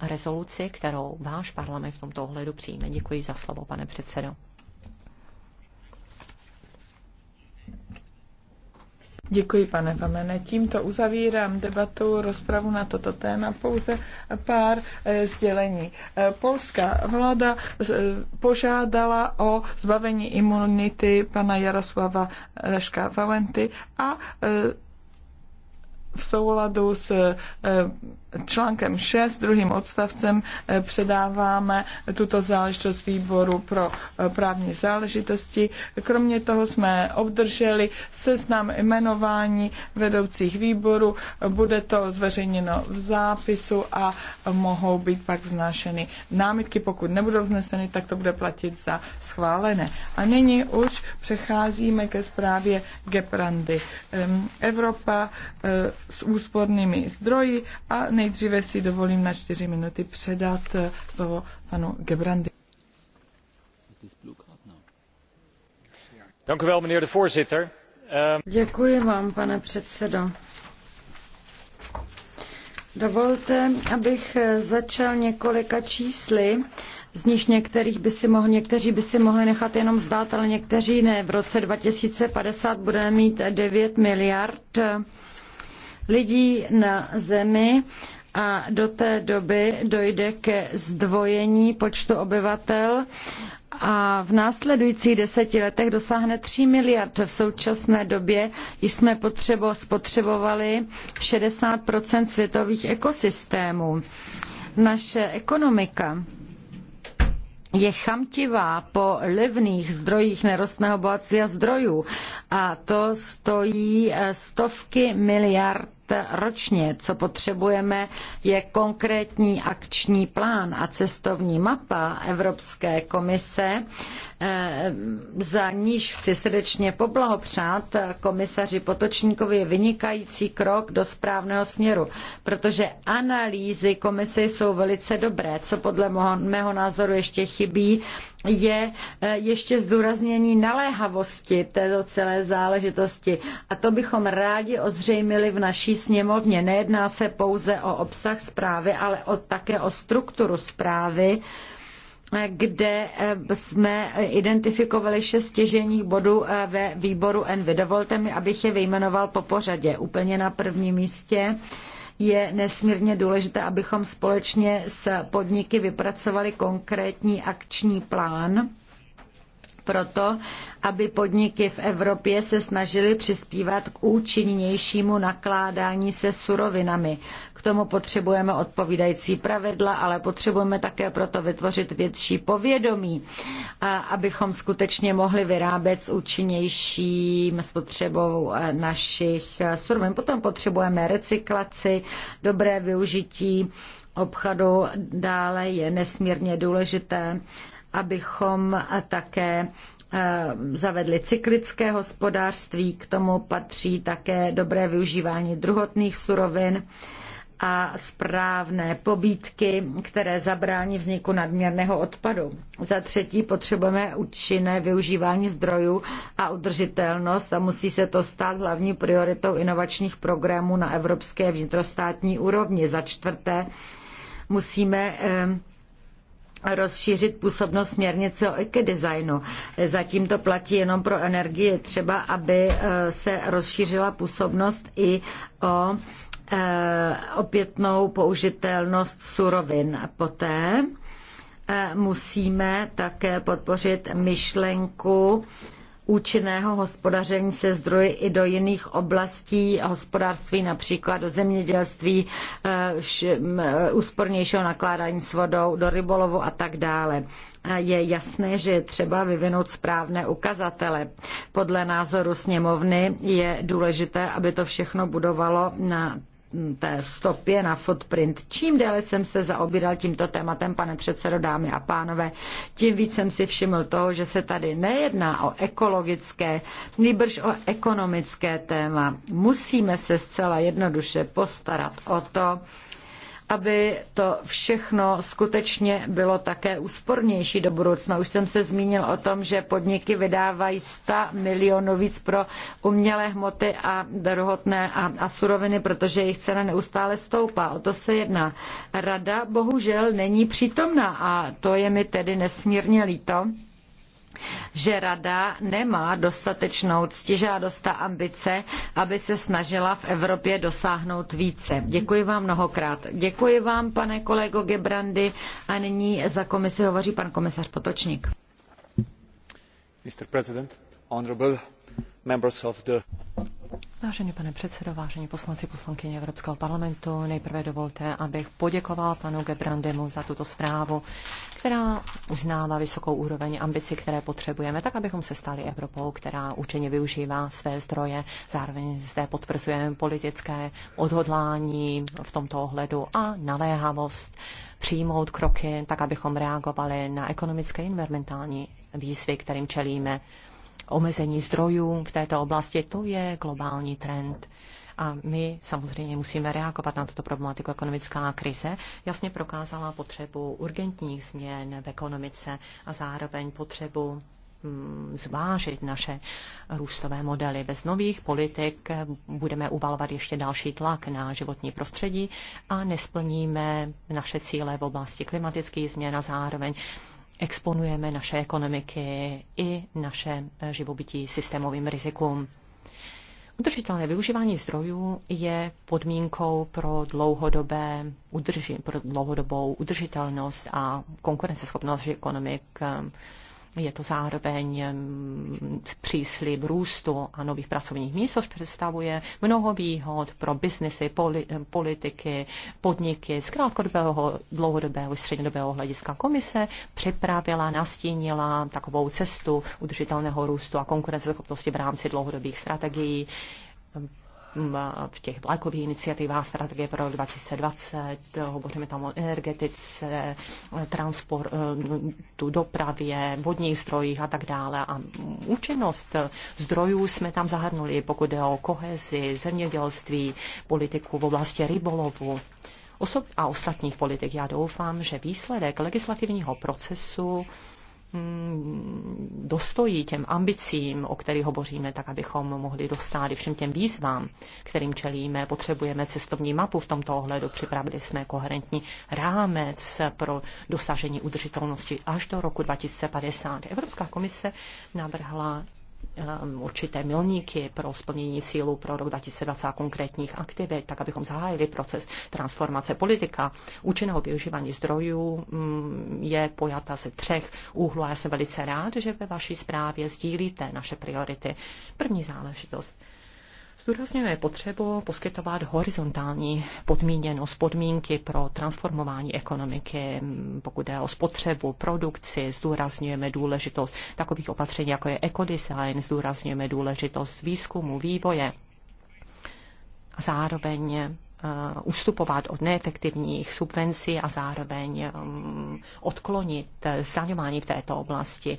rezoluci, kterou váš parlament v tomto ohledu přijme. Děkuji za slovo, pane předsedo. Děkuji, pane Vamene. Tímto uzavírám debatu, rozpravu na toto téma. Pouze pár eh, sdělení. Eh, polská vláda eh, požádala o zbavení imunity pana Jaroslava Leška Valenty a v souladu s eh, článkem 6, druhým odstavcem, eh, předáváme tuto záležitost výboru pro eh, právní záležitosti. Kromě toho jsme obdrželi seznam jmenování vedoucích výborů. Bude to zveřejněno v zápisu a mohou být pak vznášeny námitky. Pokud nebudou vzneseny, tak to bude platit za schválené. A nyní už přecházíme ke zprávě Geprandy. Evropa s úspornými zdroji a nejdříve si dovolím na čtyři minuty předat eh, slovo panu Gebrandy. Ehm, Děkuji vám, pane předsedo. Dovolte, abych eh, začal několika čísly, z nich některých by si mohli, někteří by si mohli nechat jenom zdát, ale někteří ne. V roce 2050 budeme mít 9 miliard eh, lidí na Zemi a do té doby dojde ke zdvojení počtu obyvatel a v následujících deseti letech dosáhne 3 miliard. V současné době již jsme potřebo, spotřebovali 60 světových ekosystémů. Naše ekonomika je chamtivá po levných zdrojích nerostného bohatství a zdrojů. A to stojí eh, stovky miliard ročně. Co potřebujeme, je konkrétní akční plán a cestovní mapa Evropské komise, eh, za níž chci srdečně poblahopřát komisaři Potočníkovi je vynikající krok do správného směru, protože analýzy komise jsou velice dobré. Co podle mého názoru ještě chybí, je eh, ještě zdůraznění naléhavosti této celé záležitosti. A to bychom rádi ozřejmili v naší sněmovně. Nejedná se pouze o obsah zprávy, ale o, také o strukturu zprávy, eh, kde eh, jsme identifikovali šest stěženích bodů ve výboru Envy. Dovolte mi, abych je vyjmenoval po pořadě. Úplně na prvním místě je nesmírně důležité, abychom společně s podniky vypracovali konkrétní akční plán proto, aby podniky v Evropě se snažily přispívat k účinnějšímu nakládání se surovinami. K tomu potřebujeme odpovídající pravidla, ale potřebujeme také proto vytvořit větší povědomí, abychom skutečně mohli vyrábět s účinnějším spotřebou eh, našich eh, surovin. Potom potřebujeme recyklaci, dobré využití obchodu dále je nesmírně důležité abychom také eh, zavedli cyklické hospodářství, k tomu patří také dobré využívání druhotných surovin a správné pobídky, které zabrání vzniku nadměrného odpadu. Za třetí potřebujeme účinné využívání zdrojů a udržitelnost a musí se to stát hlavní prioritou inovačních programů na evropské vnitrostátní úrovni. Za čtvrté musíme eh, rozšířit působnost směrnice o ekodesignu. Zatím to platí jenom pro energii, třeba aby eh, se rozšířila působnost i o eh, opětnou použitelnost surovin. A poté eh, musíme také podpořit myšlenku účinného hospodaření se zdroji i do jiných oblastí hospodářství, například do zemědělství, eh, eh, úspornějšího nakládání s vodou, do rybolovu a tak dále. Je jasné, že je třeba vyvinout správné ukazatele. Podle názoru sněmovny je důležité, aby to všechno budovalo na té stopě na footprint. Čím déle jsem se zaobíral tímto tématem, pane předsedo, dámy a pánové, tím víc jsem si všiml toho, že se tady nejedná o ekologické, nýbrž o ekonomické téma. Musíme se zcela jednoduše postarat o to, aby to všechno skutečně bylo také úspornější do budoucna. Už jsem se zmínil o tom, že podniky vydávají 100 milionů víc pro umělé hmoty a rohotné a, a suroviny, protože jejich cena neustále stoupá. O to se jedná. Rada bohužel není přítomná a to je mi tedy nesmírně líto že rada nemá dostatečnou ctižádost a ambice, aby se snažila v Evropě dosáhnout více. Děkuji vám mnohokrát. Děkuji vám, pane kolego Gebrandy. A nyní za komisi hovoří pan komisař Potočník. Mr. President, honorable members of the Vážený pane předsedo, vážení poslanci, poslankyně Evropského parlamentu, nejprve dovolte, abych poděkoval panu Gebrandemu za tuto zprávu, která uznává vysokou úroveň ambicí, které potřebujeme, tak abychom se stali Evropou, která účinně využívá své zdroje. Zároveň zde potvrzujeme politické odhodlání v tomto ohledu a naléhavost přijmout kroky, tak abychom reagovali na ekonomické environmentální výzvy, kterým čelíme. Omezení zdrojů v této oblasti, to je globální trend a my samozřejmě musíme reagovat na tuto problematiku. Ekonomická krize jasně prokázala potřebu urgentních změn v ekonomice a zároveň potřebu mm, zvážit naše růstové modely. Bez nových politik budeme uvalovat ještě další tlak na životní prostředí a nesplníme naše cíle v oblasti klimatických změn a zároveň exponujeme naše ekonomiky i naše živobytí systémovým rizikům. Udržitelné využívání zdrojů je podmínkou pro, dlouhodobé, udrži, pro dlouhodobou udržitelnost a konkurenceschopnost ekonomik je to zároveň příslib růstu a nových pracovních míst, což představuje mnoho výhod pro biznesy, politiky, podniky z krátkodobého, dlouhodobého, střednědobého hlediska. Komise připravila, nastínila takovou cestu udržitelného růstu a konkurenceschopnosti v rámci dlouhodobých strategií v těch vlakových iniciativách strategie pro 2020, hovoříme tam o energetice, transportu, dopravě, vodních zdrojích a tak dále. A účinnost zdrojů jsme tam zahrnuli, pokud jde o kohezi, zemědělství, politiku v oblasti rybolovu osob a ostatních politik. Já doufám, že výsledek legislativního procesu Mm, dostojí těm ambicím, o kterých hovoříme, tak abychom mohli dostát i všem těm výzvám, kterým čelíme. Potřebujeme cestovní mapu v tomto ohledu. Připravili jsme koherentní rámec pro dosažení udržitelnosti až do roku 2050. Evropská komise navrhla um, určité milníky pro splnění cílů pro rok 2020 konkrétních aktivit, tak abychom zahájili proces transformace politika. Účinného využívání zdrojů um, je pojata ze třech úhlů a já jsem velice rád, že ve vaší zprávě sdílíte naše priority. První záležitost Zdůrazňuje potřebu poskytovat horizontální podmíněnost, podmínky pro transformování ekonomiky, pokud jde o spotřebu, produkci, zdůrazňujeme důležitost takových opatření, jako je ekodesign, zdůrazňujeme důležitost výzkumu, vývoje. A zároveň eh, ustupovat od neefektivních subvencí a zároveň mm, odklonit eh, zdaňování v této oblasti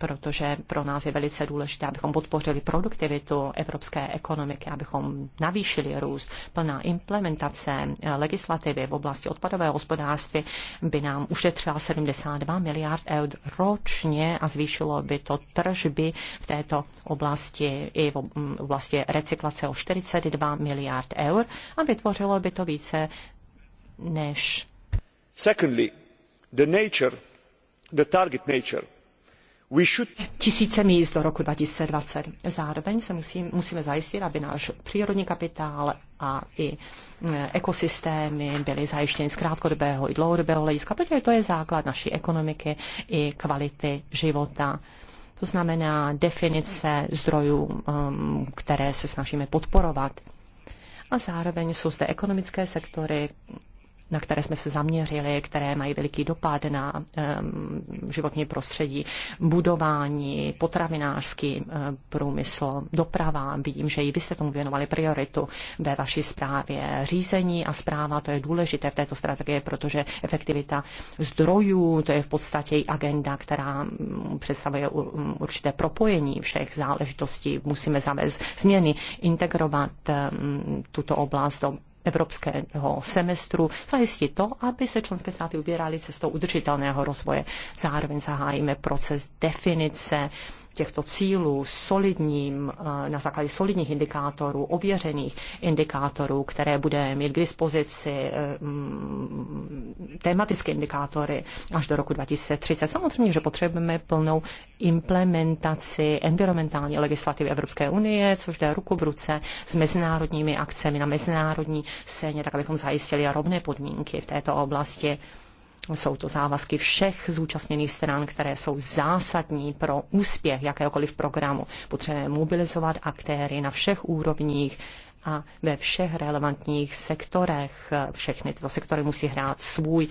protože pro nás je velice důležité, abychom podpořili produktivitu evropské ekonomiky, abychom navýšili růst. Plná implementace eh, legislativy v oblasti odpadového hospodářství by nám ušetřila 72 miliard eur ročně a zvýšilo by to tržby v této oblasti i v mm, oblasti recyklace o 42 miliard eur a vytvořilo by to více než. Secondly, the nature, the target nature Tisíce míst do roku 2020. Zároveň se musí, musíme zajistit, aby náš přírodní kapitál a i mm, ekosystémy byly zajištěny z krátkodobého i dlouhodobého hlediska, protože to je základ naší ekonomiky i kvality života. To znamená definice zdrojů, mm, které se snažíme podporovat. A zároveň jsou zde ekonomické sektory, na které jsme se zaměřili, které mají veliký dopad na um, životní prostředí, budování, potravinářský um, průmysl, doprava. Vidím, že i vy jste tomu věnovali prioritu ve vaší zprávě. Řízení a zpráva, to je důležité v této strategii, protože efektivita zdrojů, to je v podstatě i agenda, která představuje určité propojení všech záležitostí. Musíme zavést změny, integrovat um, tuto oblast do evropského semestru zajistit to, aby se členské státy ubíraly cestou udržitelného rozvoje. Zároveň zahájíme proces definice těchto cílů solidním, eh, na základě solidních indikátorů, ověřených indikátorů, které bude mít k dispozici eh, mm, tematické indikátory až do roku 2030. Samozřejmě, že potřebujeme plnou implementaci environmentální legislativy Evropské unie, což jde ruku v ruce s mezinárodními akcemi na mezinárodní scéně, tak abychom zajistili rovné podmínky v této oblasti. Jsou to závazky všech zúčastněných stran, které jsou zásadní pro úspěch jakéhokoliv programu. Potřebujeme mobilizovat aktéry na všech úrovních a ve všech relevantních sektorech. Všechny tyto sektory musí hrát svůj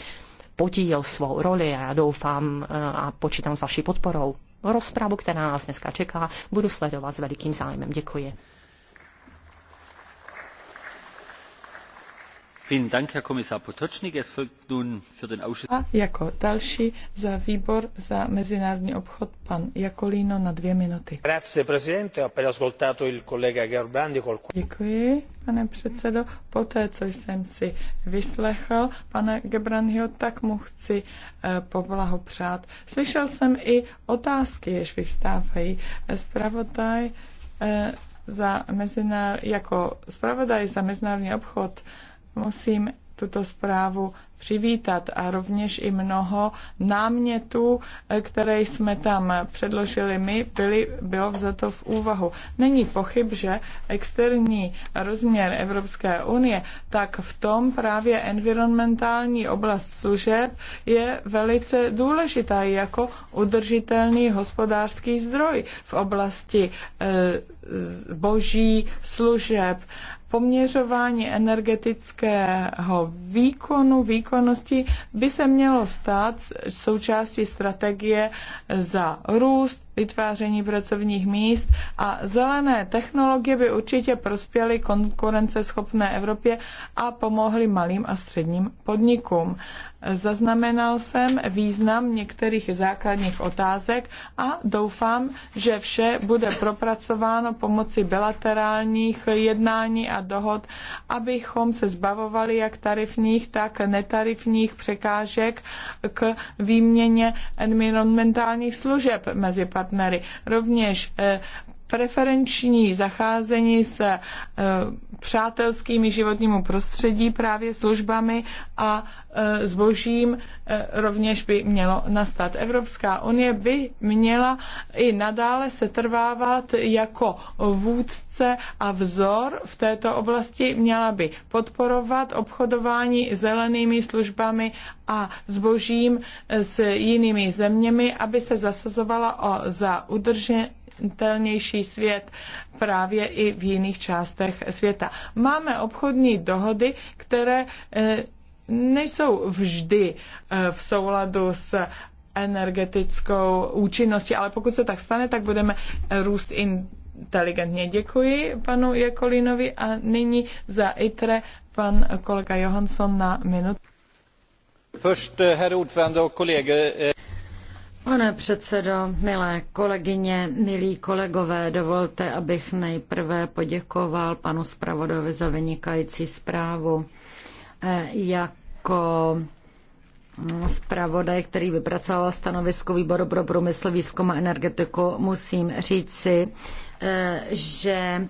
podíl, svou roli a já doufám a počítám s vaší podporou. Rozpravu, která nás dneska čeká, budu sledovat s velikým zájmem. Děkuji. jako další za výbor za mezinárodní obchod pan Jakolino na dvě minuty. Děkuji, pane předsedo. Poté, co jsem si vyslechl, pane Gebrandio, tak mu chci eh, poblahopřát. Slyšel jsem i otázky, jež vyvstávají. Zpravodaj eh, za mezinár, jako zpravodaj za mezinárodní obchod musím tuto zprávu přivítat a rovněž i mnoho námětů, eh, které jsme tam předložili my, byly, bylo vzato v úvahu. Není pochyb, že externí rozměr Evropské unie, tak v tom právě environmentální oblast služeb je velice důležitá jako udržitelný hospodářský zdroj v oblasti eh, boží služeb, poměřování energetického výkonu, výkonu výkonnosti by se mělo stát součástí strategie za růst, vytváření pracovních míst a zelené technologie by určitě prospěly konkurenceschopné Evropě a pomohly malým a středním podnikům. Zaznamenal jsem význam některých základních otázek a doufám, že vše bude propracováno pomocí bilaterálních jednání a dohod, abychom se zbavovali jak tarifních, tak netarifních překážek k výměně environmentálních služeb mezi partnery partnery. Rovněž eh, preferenční zacházení se e, přátelskými životnímu prostředí právě službami a e, zbožím e, rovněž by mělo nastat. Evropská unie by měla i nadále se trvávat jako vůdce a vzor v této oblasti. Měla by podporovat obchodování zelenými službami a zbožím s jinými zeměmi, aby se zasazovala o, za udržení viditelnější svět právě i v jiných částech světa. Máme obchodní dohody, které eh, nejsou vždy eh, v souladu s energetickou účinností, ale pokud se tak stane, tak budeme růst inteligentně. Děkuji panu Jakolinovi a nyní za ITRE pan kolega Johansson na minutu. Först, eh, herr ordförande och kollegor. Pane předsedo, milé kolegyně, milí kolegové, dovolte, abych nejprve poděkoval panu zpravodovi za vynikající zprávu. E, jako zpravodaj, který vypracoval stanovisko výboru pro průmysl, výzkum a energetiku, musím říci, e, že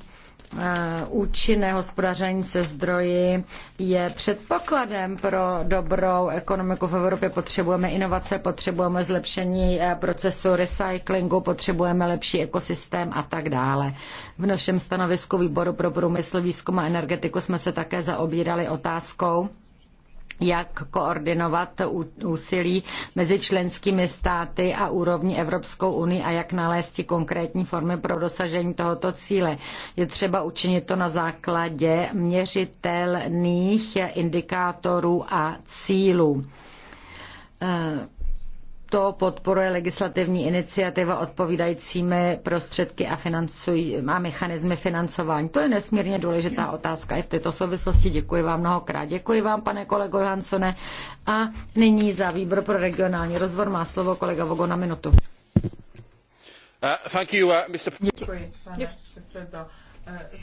Eh, účinné hospodaření se zdroji je předpokladem pro dobrou ekonomiku v Evropě. Potřebujeme inovace, potřebujeme zlepšení eh, procesu recyklingu, potřebujeme lepší ekosystém a tak dále. V našem stanovisku výboru pro průmysl, výzkum a energetiku jsme se také zaobírali otázkou, jak koordinovat úsilí mezi členskými státy a úrovní Evropskou unii a jak nalézt konkrétní formy pro dosažení tohoto cíle. Je třeba učinit to na základě měřitelných indikátorů a cílů eh, to podporuje legislativní iniciativa odpovídajícími prostředky a, financují, a mechanizmy financování. To je nesmírně důležitá otázka i v této souvislosti. Děkuji vám mnohokrát. Děkuji vám, pane kolego Johansone. A nyní za výbor pro regionální rozvoj má slovo kolega Vogo na minutu. Uh, you, uh, Děkuji, pane předsedo.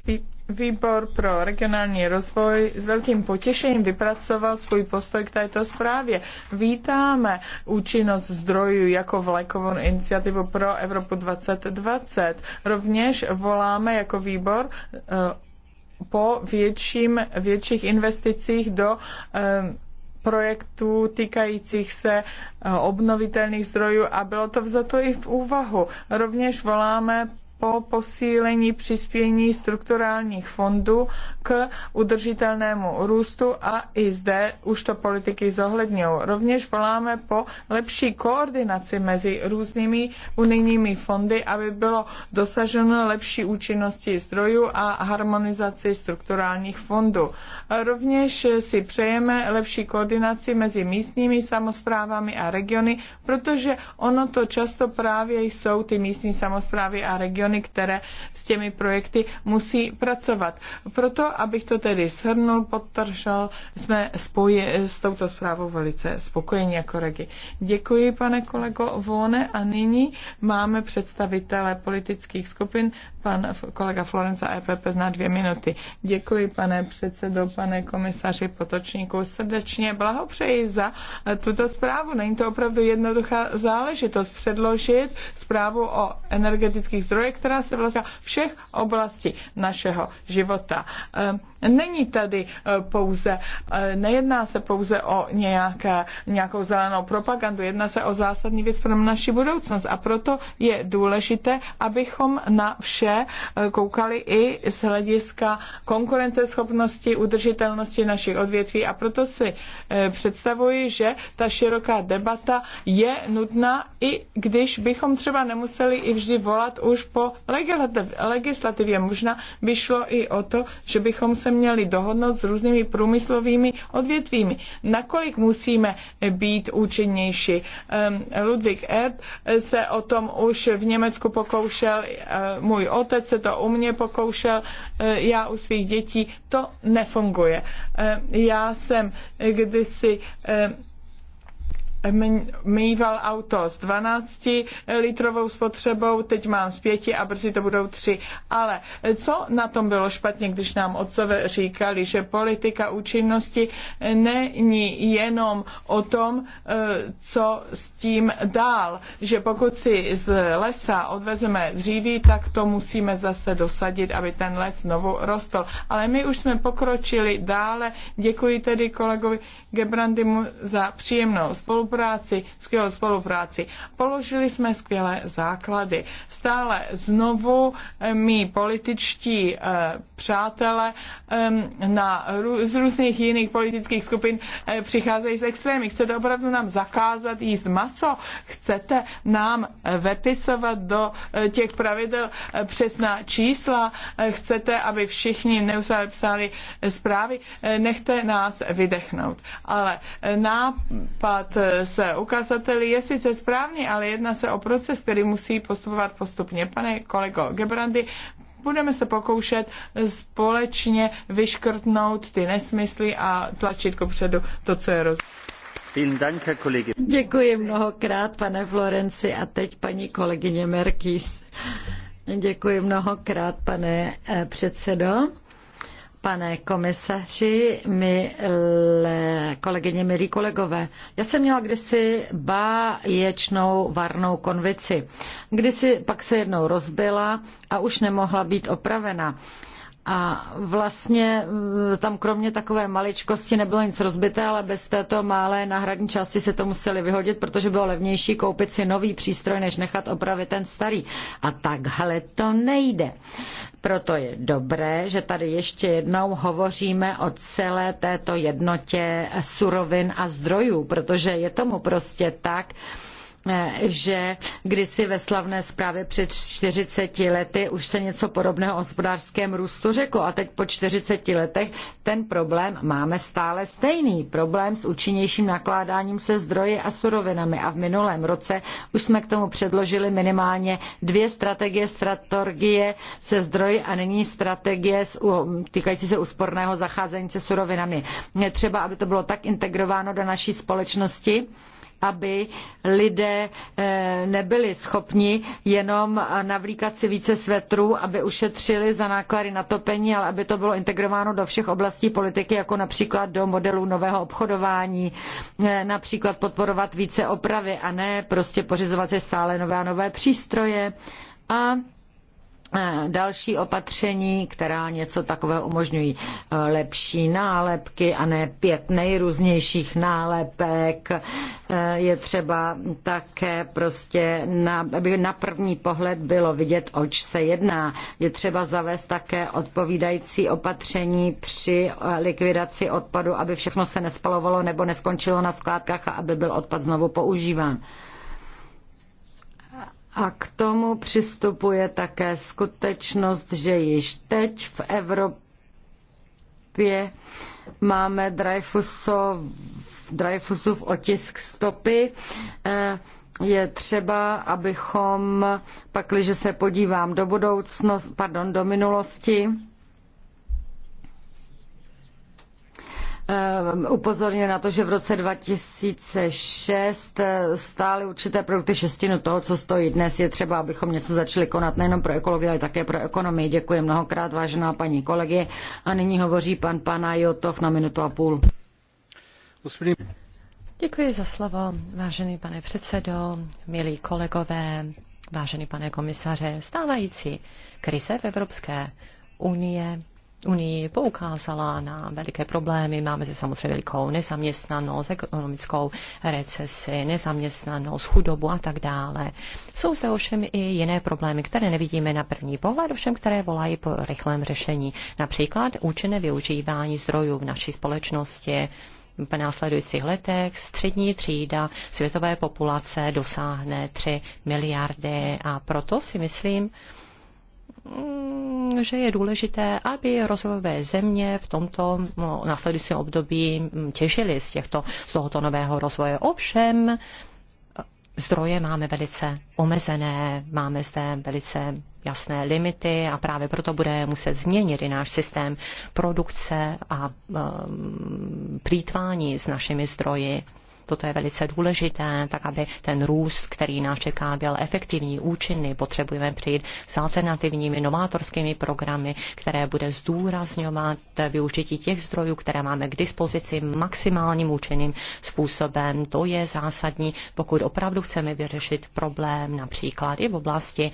Uh, Výbor pro regionální rozvoj s velkým potěšením vypracoval svůj postoj k této zprávě. Vítáme účinnost zdrojů jako vlajkovou iniciativu pro Evropu 2020. Rovněž voláme jako výbor eh, po větším, větších investicích do eh, projektů týkajících se eh, obnovitelných zdrojů a bylo to vzato i v úvahu. Rovněž voláme po posílení přispění strukturálních fondů k udržitelnému růstu a i zde už to politiky zohledňují. Rovněž voláme po lepší koordinaci mezi různými unijními fondy, aby bylo dosaženo lepší účinnosti zdrojů a harmonizaci strukturálních fondů. Rovněž si přejeme lepší koordinaci mezi místními samosprávami a regiony, protože ono to často právě jsou ty místní samozprávy a regiony, regiony, které s těmi projekty musí pracovat. Proto, abych to tedy shrnul, podtržel, jsme spoji s touto zprávou velice spokojeni jako regi. Děkuji, pane kolego Vone, a nyní máme představitele politických skupin, pan kolega Florenca EPP na dvě minuty. Děkuji, pane předsedo, pane komisaři Potočníku, srdečně blahopřeji za tuto zprávu. Není to opravdu jednoduchá záležitost předložit zprávu o energetických zdrojech, která se vlastně všech oblastí našeho života. Um, Není tady eh, pouze, eh, nejedná se pouze o nějaké, nějakou zelenou propagandu, jedná se o zásadní věc pro naši budoucnost a proto je důležité, abychom na vše eh, koukali i z hlediska konkurenceschopnosti, udržitelnosti našich odvětví a proto si představuji, že ta široká debata je nutná, i když bychom třeba nemuseli i vždy volat už po legislativě. Možná by šlo i o to, že bychom se měli dohodnout s různými průmyslovými odvětvími. Nakolik musíme být účinnější? Ludwig Erd se o tom už v Německu pokoušel, e, můj otec se to u mě pokoušel, e, já u svých dětí. To nefunguje. E, já jsem kdysi mýval auto s 12 litrovou spotřebou, teď mám z 5 a brzy to budou 3. Ale co na tom bylo špatně, když nám otcové říkali, že politika účinnosti není jenom o tom, e, co s tím dál, že pokud si z lesa odvezeme dříví, tak to musíme zase dosadit, aby ten les znovu rostl. Ale my už jsme pokročili dále. Děkuji tedy kolegovi Gebrandimu za příjemnou spolupráci spolupráci, skvělou spolupráci. Položili jsme skvělé základy. Stále znovu eh, mý političtí eh, přátelé eh, na, z různých jiných politických skupin přicházejí z extrémy. Chcete opravdu nám zakázat jíst maso? Chcete nám vepisovat do těch pravidel přesná čísla? Chcete, aby všichni neustále psali zprávy? Nechte nás vydechnout. Ale nápad s ukazateli je sice správný, ale jedná se o proces, který musí postupovat postupně. Pane kolego Gebrandy, budeme se pokoušet společně vyškrtnout ty nesmysly a tlačit kopředu to, co je roz. Děkuji mnohokrát, pane Florenci, a teď paní kolegyně Merkis. Děkuji mnohokrát, pane eh, předsedo. Pane komisaři, milé kolegyně, milí kolegové, já jsem měla kdysi báječnou varnou konvici. Kdysi pak se jednou rozbila a už nemohla být opravena. A vlastně mm, tam kromě takové maličkosti nebylo nic rozbité, ale bez této malé náhradní části se to museli vyhodit, protože bylo levnější koupit si nový přístroj, než nechat opravit ten starý. A takhle to nejde. Proto je dobré, že tady ještě jednou hovoříme o celé této jednotě surovin a zdrojů, protože je tomu prostě tak, Eh, že kdysi ve slavné zprávě před 40 lety už se něco podobného o hospodářském růstu řeklo a teď po 40 letech ten problém máme stále stejný. Problém s účinnějším nakládáním se zdroji a surovinami a v minulém roce už jsme k tomu předložili minimálně dvě strategie, strategie se zdroji a nyní strategie týkající se úsporného zacházení se surovinami. Třeba, aby to bylo tak integrováno do naší společnosti, aby lidé eh, nebyli schopni jenom navlíkat si více svetrů, aby ušetřili za náklady na topení, ale aby to bylo integrováno do všech oblastí politiky, jako například do modelů nového obchodování, eh, například podporovat více opravy a ne prostě pořizovat si stále nové a nové přístroje a Eh, další opatření, která něco takového umožňují. Eh, lepší nálepky a ne pět nejrůznějších nálepek. Eh, je třeba také prostě, na, aby na první pohled bylo vidět, oč se jedná. Je třeba zavést také odpovídající opatření při likvidaci odpadu, aby všechno se nespalovalo nebo neskončilo na skládkách a aby byl odpad znovu používán. A k tomu přistupuje také skutečnost, že již teď v Evropě máme Dreyfusov, Dreyfusův otisk stopy. Eh, je třeba, abychom, pakliže se podívám do budoucnosti, pardon, do minulosti, Ehm, upozornil na to, že v roce 2006 eh, stály určité produkty šestinu toho, co stojí dnes. Je třeba, abychom něco začali konat nejenom pro ekologii, ale také pro ekonomii. Děkuji mnohokrát, vážená paní kolegie. A nyní hovoří pan pana Jotov na minutu a půl. Děkuji za slovo, vážený pane předsedo, milí kolegové, vážený pane komisaře. Stávající krize v Evropské unie unii poukázala na veliké problémy. Máme se samozřejmě velikou nezaměstnanost, ekonomickou recesi, nezaměstnanost, chudobu a tak dále. Jsou zde ovšem i jiné problémy, které nevidíme na první pohled, ovšem které volají po rychlém řešení. Například účinné využívání zdrojů v naší společnosti, v následujících letech střední třída světové populace dosáhne 3 miliardy a proto si myslím, Mm, že je důležité, aby rozvojové země v tomto no, následujícím období mm, těžily z, těchto, z tohoto nového rozvoje. Ovšem, zdroje máme velice omezené, máme zde velice jasné limity a právě proto bude muset změnit i náš systém produkce a um, mm, plítvání s našimi zdroji. Toto je velice důležité, tak aby ten růst, který nás čeká, byl efektivní, účinný. Potřebujeme přijít s alternativními novátorskými programy, které bude zdůrazňovat využití těch zdrojů, které máme k dispozici maximálním účinným způsobem. To je zásadní, pokud opravdu chceme vyřešit problém například i v oblasti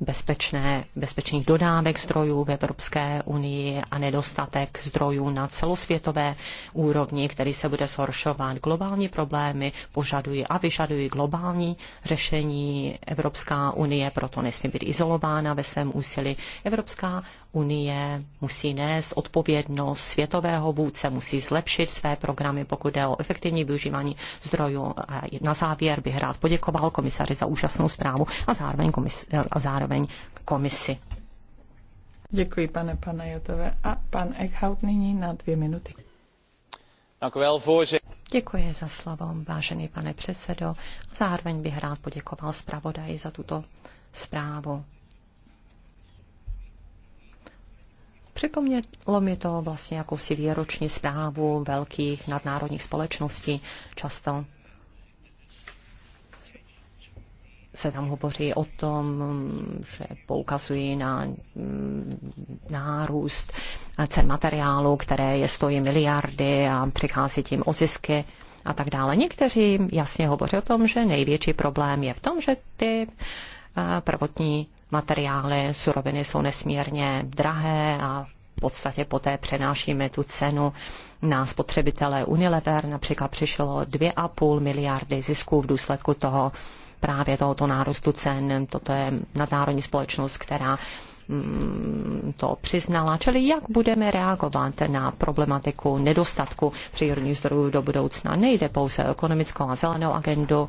bezpečné, bezpečných dodávek zdrojů v Evropské unii a nedostatek zdrojů na celosvětové úrovni, který se bude zhoršovat. Globální problémy požadují a vyžadují globální řešení. Evropská unie proto nesmí být izolována ve svém úsilí. Evropská unie musí nést odpovědnost světového vůdce, musí zlepšit své programy, pokud jde o efektivní využívání zdrojů. A na závěr bych rád poděkoval komisaři za úžasnou zprávu a zároveň, komisi, a zároveň komisi. Děkuji, pane Jotové. A pan Eckhout nyní na dvě minuty. Děkuji za slovo, vážený pane předsedo. Zároveň bych rád poděkoval zpravodaji za tuto zprávu. Připomnělo mi to vlastně jakousi výroční zprávu velkých nadnárodních společností. Často se tam hovoří o tom, že poukazují na mm, nárůst cen materiálu, které je stojí miliardy a přichází tím o zisky a tak dále. Někteří jasně hovoří o tom, že největší problém je v tom, že ty eh, prvotní materiály, suroviny jsou nesmírně drahé a v podstatě poté přenášíme tu cenu na spotřebitele Unilever. Například přišlo 2,5 miliardy zisků v důsledku toho právě tohoto nárůstu cen. Toto je nadnárodní společnost, která mm, to přiznala, čili jak budeme reagovat na problematiku nedostatku přírodních zdrojů do budoucna. Nejde pouze o ekonomickou a zelenou agendu,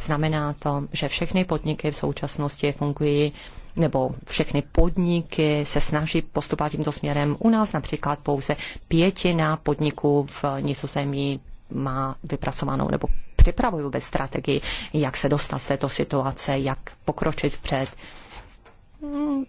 znamená to, že všechny podniky v současnosti fungují nebo všechny podniky se snaží postupovat tímto směrem. U nás například pouze pětina podniků v Nizozemí má vypracovanou nebo připravují vůbec strategii, jak se dostat z této situace, jak pokročit vpřed. Hmm,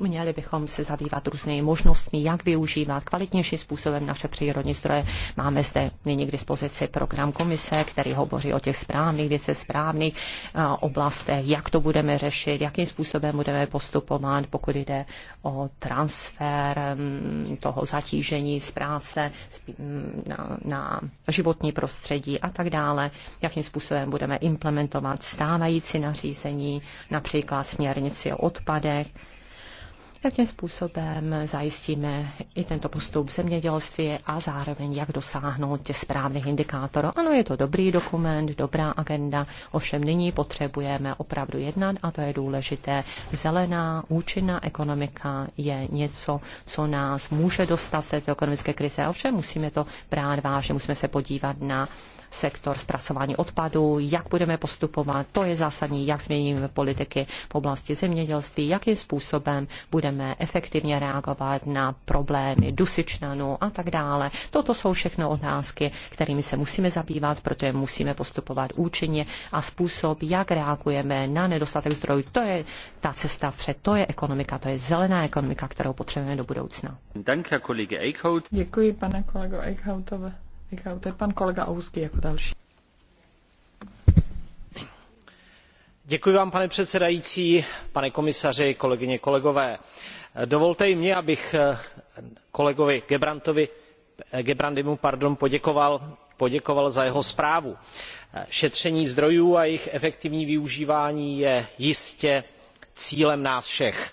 měli bychom se zabývat různými možnostmi, jak využívat kvalitnější způsobem naše přírodní zdroje. Máme zde nyní k dispozici program komise, který hovoří o těch správných věcech, správných eh, oblastech, jak to budeme řešit, jakým způsobem budeme postupovat, pokud jde o transfer mm, toho zatížení z práce mm, na, na životní prostředí a tak dále, jakým způsobem budeme implementovat stávající nařízení, například směrnici o odpadech, jakým způsobem zajistíme i tento postup zemědělství a zároveň jak dosáhnout těch správných indikátorů. Ano, je to dobrý dokument, dobrá agenda, ovšem nyní potřebujeme opravdu jednat a to je důležité. Zelená, účinná ekonomika je něco, co nás může dostat z této ekonomické krize, ovšem musíme to brát vážně, musíme se podívat na sektor zpracování odpadů, jak budeme postupovat, to je zásadní, jak změníme politiky v oblasti zemědělství, jakým způsobem budeme efektivně reagovat na problémy dusičnanů a tak dále. Toto jsou všechno otázky, kterými se musíme zabývat, protože musíme postupovat účinně a způsob, jak reagujeme na nedostatek zdrojů, to je ta cesta před to je ekonomika, to je zelená ekonomika, kterou potřebujeme do budoucna. Děkuji, pane kolego Eichhoutové. Michal, to je pan kolega Ousky jako další. Děkuji vám, pane předsedající, pane komisaři, kolegyně, kolegové. Dovolte i mě, abych eh, kolegovi Gebrantovi, eh, Gebrandimu pardon, poděkoval, poděkoval za jeho zprávu. Eh, šetření zdrojů a jejich efektivní využívání je jistě cílem nás všech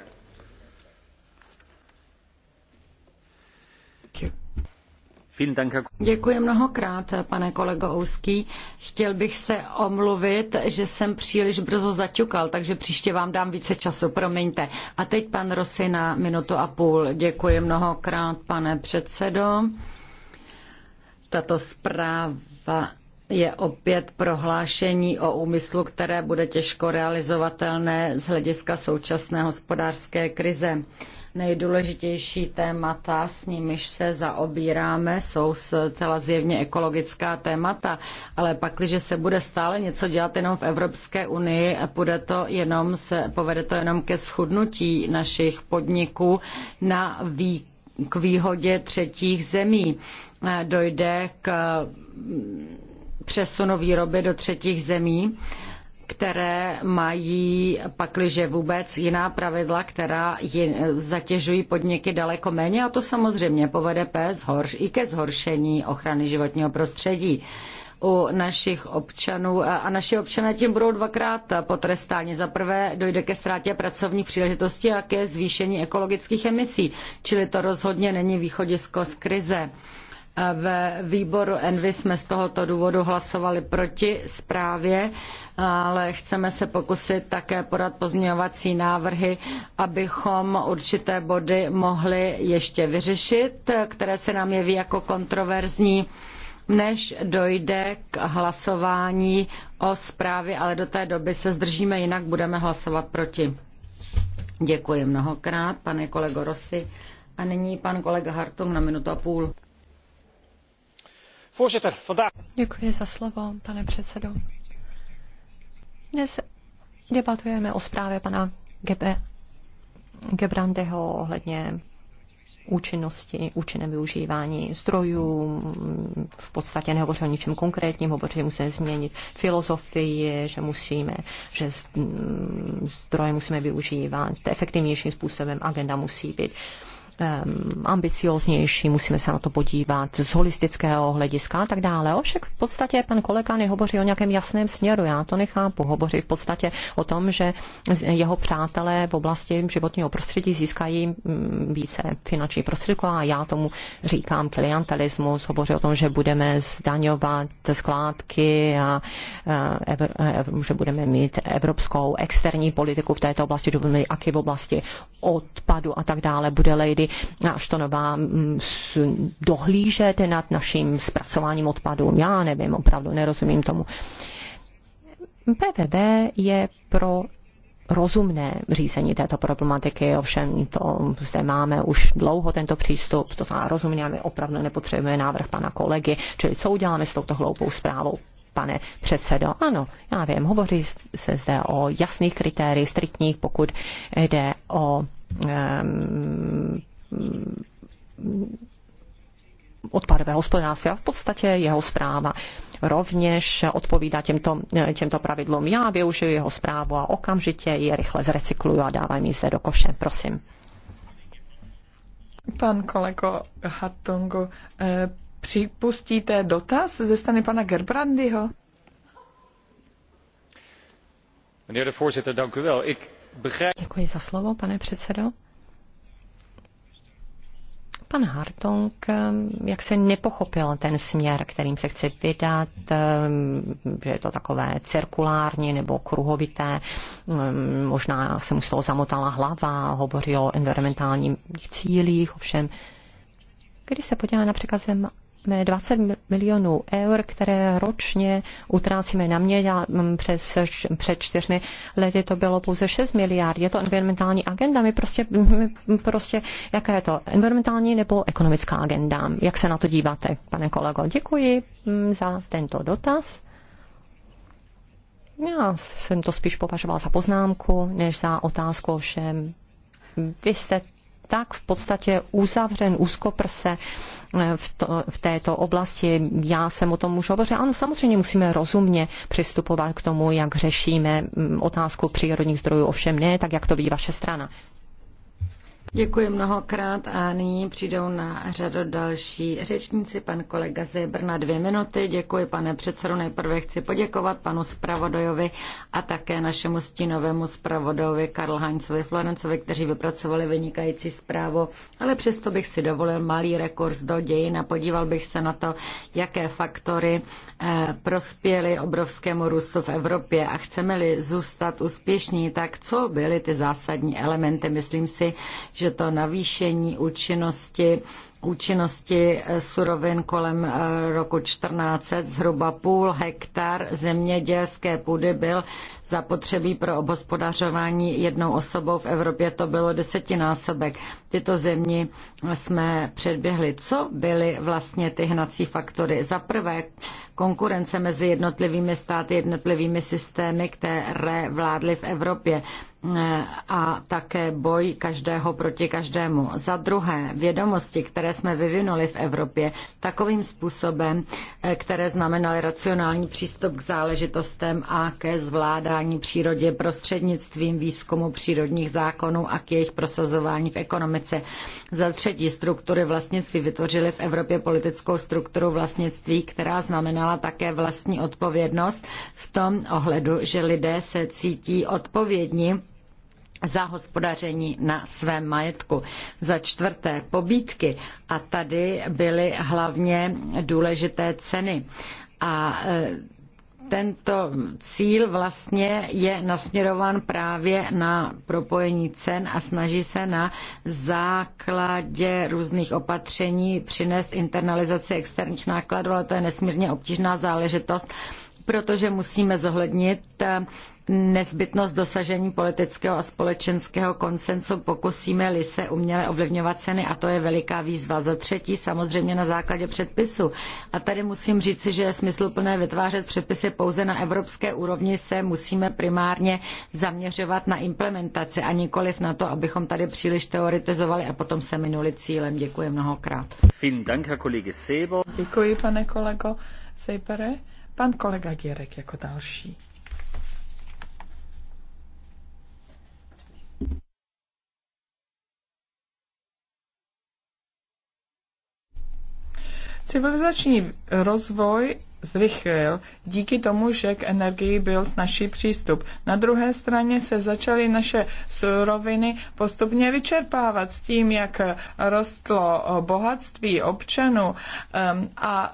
Děkuji mnohokrát, pane kolego Ouský. Chtěl bych se omluvit, že jsem příliš brzo zaťukal, takže příště vám dám více času, promiňte. A teď pan Rosy na minutu a půl. Děkuji mnohokrát, pane předsedo. Tato zpráva je opět prohlášení o úmyslu, které bude těžko realizovatelné z hlediska současné hospodářské krize. Nejdůležitější témata, s nimiž se zaobíráme, jsou zcela zjevně ekologická témata, ale pak, když se bude stále něco dělat jenom v Evropské unii, bude to jenom se, povede to jenom ke schudnutí našich podniků na vý, k výhodě třetích zemí. Eh, dojde k mm, přesunu výroby do třetích zemí které mají pakliže vůbec jiná pravidla, která zatěžují podniky daleko méně a to samozřejmě povede PS horš, i ke zhoršení ochrany životního prostředí u našich občanů a naši občané tím budou dvakrát potrestáni. Za prvé dojde ke ztrátě pracovních příležitostí a ke zvýšení ekologických emisí, čili to rozhodně není východisko z krize. Ve výboru Envy jsme z tohoto důvodu hlasovali proti zprávě, ale chceme se pokusit také podat pozměňovací návrhy, abychom určité body mohli ještě vyřešit, které se nám jeví jako kontroverzní než dojde k hlasování o zprávě, ale do té doby se zdržíme, jinak budeme hlasovat proti. Děkuji mnohokrát, pane kolego Rossi. A nyní pan kolega Hartung na minutu a půl. Děkuji za slovo, pane předsedo. Dnes debatujeme o zprávě pana Gebe, Gebrandeho ohledně účinnosti, účinné využívání zdrojů, v podstatě nehovoří o ničem konkrétním, hovoří, že musíme změnit filozofii, že musíme, že zdroje musíme využívat efektivnějším způsobem, agenda musí být ambicioznější, musíme se na to podívat z holistického hlediska a tak dále. Ovšak v podstatě pan kolega nehovoří o nějakém jasném směru, já to nechápu. Hovoří v podstatě o tom, že jeho přátelé v oblasti životního prostředí získají více finanční prostředků a já tomu říkám klientelismus. Hovoří o tom, že budeme zdaňovat skládky a, e, e, že budeme mít evropskou externí politiku v této oblasti, že budeme mít aky v oblasti odpadu a tak dále. Bude Lady Štonová mm, dohlížet nad naším zpracováním odpadů. Já nevím, opravdu nerozumím tomu. PVB je pro rozumné řízení této problematiky, ovšem to zde máme už dlouho tento přístup, to znamená rozumně, my opravdu nepotřebujeme návrh pana kolegy, čili co uděláme s touto hloupou zprávou? Pane předsedo, ano, já vím, hovoří se zde o jasných kritériích, striktních, pokud jde o um, Mm, odpadové hospodářství a v podstatě jeho zpráva rovněž odpovídá těmto, těmto pravidlům. Já využiju jeho zprávu a okamžitě ji rychle zrecykluju a dávám ji zde do koše. Prosím. Pan kolego Hatongo, eh, připustíte dotaz ze strany pana Gerbrandyho? Děkuji za slovo, pane předsedo. Pan Hartong ehm, jak se nepochopil ten směr, kterým se chce vydat, ehm, že je to takové cirkulární nebo kruhovité, ehm, možná se mu z toho zamotala hlava, hovoří o environmentálních cílích, ovšem když se podíváme například 20 milionů eur, které ročně utrácíme na mě a mm, přes, před čtyřmi lety to bylo pouze 6 miliard. Je to environmentální agenda? My prostě, my prostě, jaká je to? Environmentální nebo ekonomická agenda? Jak se na to díváte, pane kolego? Děkuji mm, za tento dotaz. Já jsem to spíš považoval za poznámku, než za otázku všem. Vy jste tak v podstatě uzavřen úzkoprse eh, v, to, v této oblasti. Já jsem o tom už hovořila. Ano, samozřejmě musíme rozumně přistupovat k tomu, jak řešíme mm, otázku přírodních zdrojů, ovšem ne, tak jak to ví vaše strana. Děkuji mnohokrát a nyní přijdou na řadu další řečníci. Pan kolega Zebr na dvě minuty. Děkuji, pane předsedu. Nejprve chci poděkovat panu zpravodajovi a také našemu stínovému zpravodajovi Karl Heinzovi Florencovi, kteří vypracovali vynikající zprávu, ale přesto bych si dovolil malý rekurs do dějin a podíval bych se na to, jaké faktory eh, prospěly obrovskému růstu v Evropě a chceme-li zůstat úspěšní, tak co byly ty zásadní elementy. Myslím si, že to navýšení účinnosti účinnosti eh, surovin kolem eh, roku 14 zhruba půl hektar zemědělské půdy byl zapotřebí pro obhospodařování jednou osobou. V Evropě to bylo desetinásobek. Tyto země jsme předběhli. Co byly vlastně ty hnací faktory? Za prvé konkurence mezi jednotlivými státy, jednotlivými systémy, které vládly v Evropě a také boj každého proti každému. Za druhé, vědomosti, které jsme vyvinuli v Evropě takovým způsobem, eh, které znamenaly racionální přístup k záležitostem a ke zvládání přírodě prostřednictvím výzkumu přírodních zákonů a k jejich prosazování v ekonomice. Za třetí, struktury vlastnictví vytvořily v Evropě politickou strukturu vlastnictví, která znamenala také vlastní odpovědnost v tom ohledu, že lidé se cítí odpovědní za hospodaření na svém majetku. Za čtvrté pobídky a tady byly hlavně důležité ceny. A e, tento cíl vlastně je nasměrován právě na propojení cen a snaží se na základě různých opatření přinést internalizaci externích nákladů, ale to je nesmírně obtížná záležitost protože musíme zohlednit eh, nezbytnost dosažení politického a společenského konsensu, pokusíme-li se uměle ovlivňovat ceny a to je veliká výzva. Za třetí samozřejmě na základě předpisu. A tady musím říci, že je smysluplné vytvářet předpisy pouze na evropské úrovni, se musíme primárně zaměřovat na implementaci a nikoliv na to, abychom tady příliš teoretizovali a potom se minuli cílem. Děkuji mnohokrát. Děkuji, pane kolego Sejbere. Pan kolega Děrek jako další. Civilizační rozvoj zrychlil díky tomu, že k energii byl snažší přístup. Na druhé straně se začaly naše suroviny postupně vyčerpávat s tím, jak rostlo bohatství občanů um, a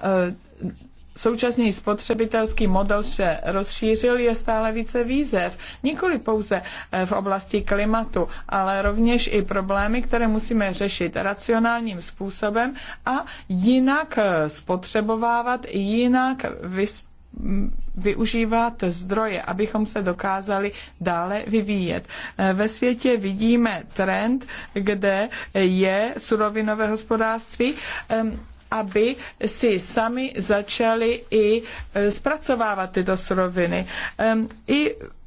současný spotřebitelský model se rozšířil, je stále více výzev. Nikoli pouze eh, v oblasti klimatu, ale rovněž i problémy, které musíme řešit racionálním způsobem a jinak eh, spotřebovávat, jinak vys- využívat zdroje, abychom se dokázali dále vyvíjet. Eh, ve světě vidíme trend, kde je surovinové hospodářství ehm, aby si sami začali i eh, zpracovávat tyto suroviny. I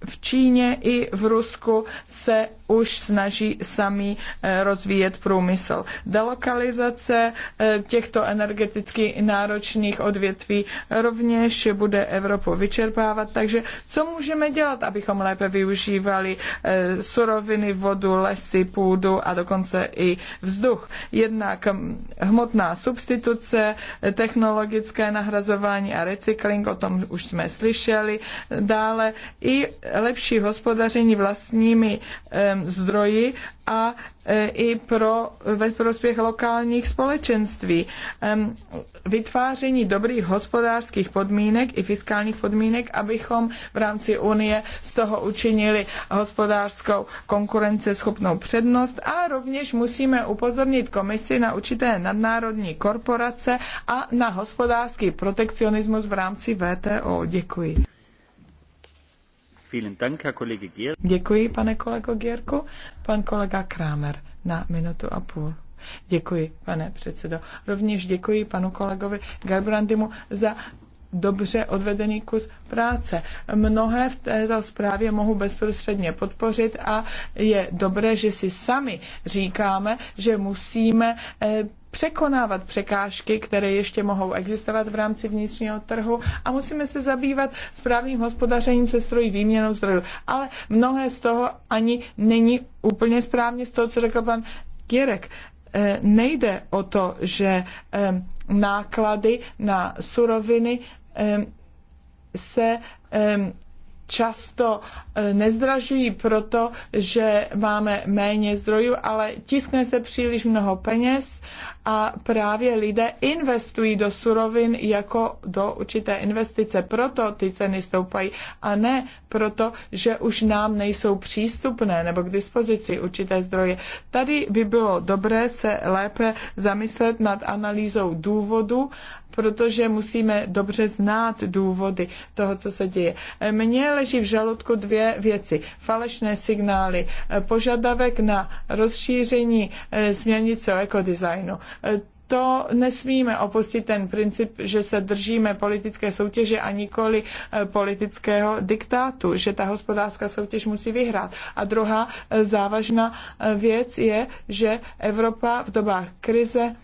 v Číně i v Rusku se už snaží sami eh, rozvíjet průmysl. Delokalizace eh, těchto energeticky náročných odvětví rovněž bude Evropu vyčerpávat. Takže co můžeme dělat, abychom lépe využívali eh, suroviny, vodu, lesy, půdu a dokonce i vzduch? Jednak hm, hmotná substituce, technologické nahrazování a recykling, o tom už jsme slyšeli. Dále i lepší hospodaření vlastními zdroji a e, i pro, ve prospěch lokálních společenství. Vytváření dobrých hospodářských podmínek i fiskálních podmínek, abychom v rámci Unie z toho učinili hospodářskou konkurenceschopnou přednost a rovněž musíme upozornit komisi na určité nadnárodní korporace a na hospodářský protekcionismus v rámci VTO. Děkuji. Děkuji, pane kolego Gierku. Pan kolega Kramer na minutu a půl. Děkuji, pane předsedo. Rovněž děkuji panu kolegovi Gerbrandimu za dobře odvedený kus práce. Mnohé v této zprávě mohu bezprostředně podpořit a je dobré, že si sami říkáme, že musíme eh, překonávat překážky, které ještě mohou existovat v rámci vnitřního trhu a musíme se zabývat správným hospodařením se strojí výměnou zdrojů. Ale mnohé z toho ani není úplně správně z toho, co řekl pan Kirek. Eh, nejde o to, že eh, náklady na suroviny eh, se často eh, nezdražují proto, že máme méně zdrojů, ale tiskne se příliš mnoho peněz a právě lidé investují do surovin jako do určité investice. Proto ty ceny stoupají a ne proto, že už nám nejsou přístupné nebo k dispozici určité zdroje. Tady by bylo dobré se lépe zamyslet nad analýzou důvodu protože musíme dobře znát důvody toho, co se děje. Mně leží v žaludku dvě věci. Falešné signály, požadavek na rozšíření eh, směrnice o ekodesignu eh, to nesmíme opustit ten princip, že se držíme politické soutěže a nikoli eh, politického diktátu, že ta hospodářská soutěž musí vyhrát. A druhá závažná věc je, že Evropa v dobách krize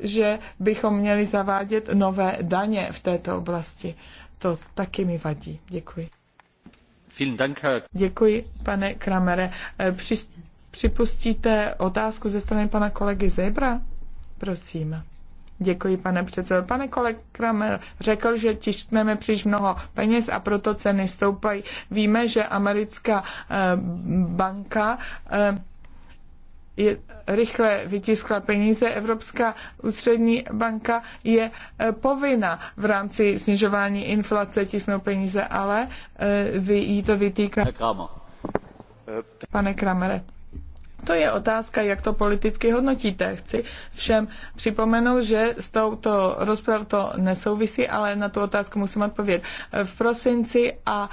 že bychom měli zavádět nové daně v této oblasti. To taky mi vadí. Děkuji. Děkuji, pane Kramere. Eh, Při, připustíte otázku ze strany pana kolegy Zebra? Prosím. Děkuji, pane předsedo. Pane kolega Kramer řekl, že tištneme příliš mnoho peněz a proto ceny stoupají. Víme, že americká eh, banka eh, rychle vytiskla peníze, Evropská ústřední banka je e, povinna v rámci snižování inflace tisknout peníze, ale e, jí to vytýká. Pane Kramere. To je otázka, jak to politicky hodnotíte. Chci všem připomenout, že s touto rozpravou to nesouvisí, ale na tu otázku musím odpovědět. V prosinci a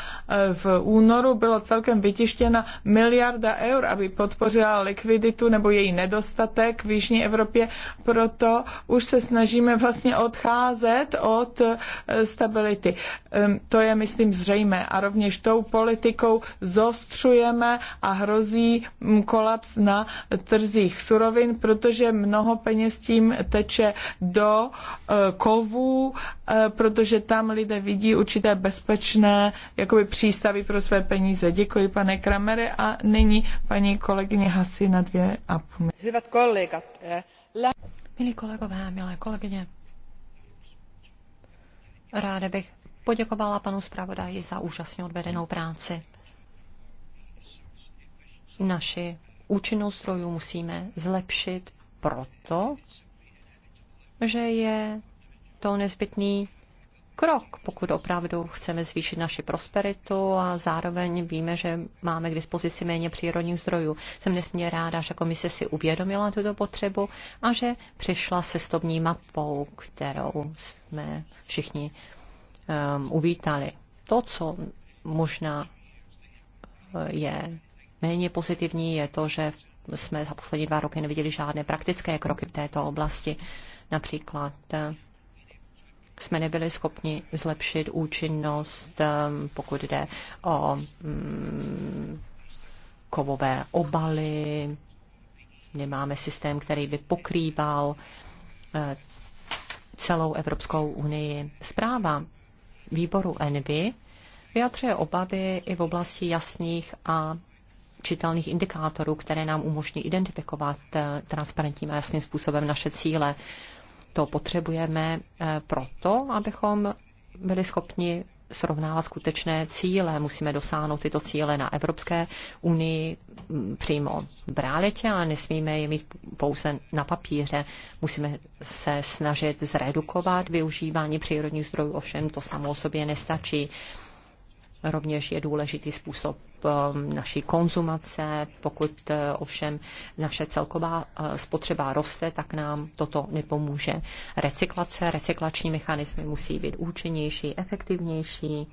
v únoru bylo celkem vytištěna miliarda eur, aby podpořila likviditu nebo její nedostatek v Jižní Evropě. Proto už se snažíme vlastně odcházet od eh, stability. Ehm, to je, myslím, zřejmé. A rovněž tou politikou zostřujeme a hrozí mm, kolaps na trzích surovin, protože mnoho peněz tím teče do e, kovů, e, protože tam lidé vidí určité bezpečné jakoby přístavy pro své peníze. Děkuji, pane Kramere, a nyní paní kolegyně Hasi na dvě a půl. E, Milí kolegové, milé kolegyně, ráda bych poděkovala panu zpravodaji za úžasně odvedenou práci. Naši účinnou strojů musíme zlepšit proto, že je to nezbytný krok, pokud opravdu chceme zvýšit naši prosperitu a zároveň víme, že máme k dispozici méně přírodních zdrojů. Jsem nesmírně ráda, že komise si uvědomila tuto potřebu a že přišla se stopní mapou, kterou jsme všichni um, uvítali. To, co možná uh, je Méně pozitivní je to, že jsme za poslední dva roky neviděli žádné praktické kroky v této oblasti. Například eh, jsme nebyli schopni zlepšit účinnost, eh, pokud jde o mm, kovové obaly, nemáme systém, který by pokrýval eh, celou Evropskou unii. Zpráva výboru ENVY vyjadřuje obavy i v oblasti jasných a čitelných indikátorů, které nám umožní identifikovat eh, transparentním a jasným způsobem naše cíle. To potřebujeme eh, proto, abychom byli schopni srovnávat skutečné cíle. Musíme dosáhnout tyto cíle na Evropské unii mm, přímo v realitě a nesmíme je mít pouze na papíře. Musíme se snažit zredukovat využívání přírodních zdrojů, ovšem to samo o sobě nestačí rovněž je důležitý způsob um, naší konzumace. Pokud uh, ovšem naše celková uh, spotřeba roste, tak nám toto nepomůže. Recyklace, recyklační mechanismy musí být účinnější, efektivnější.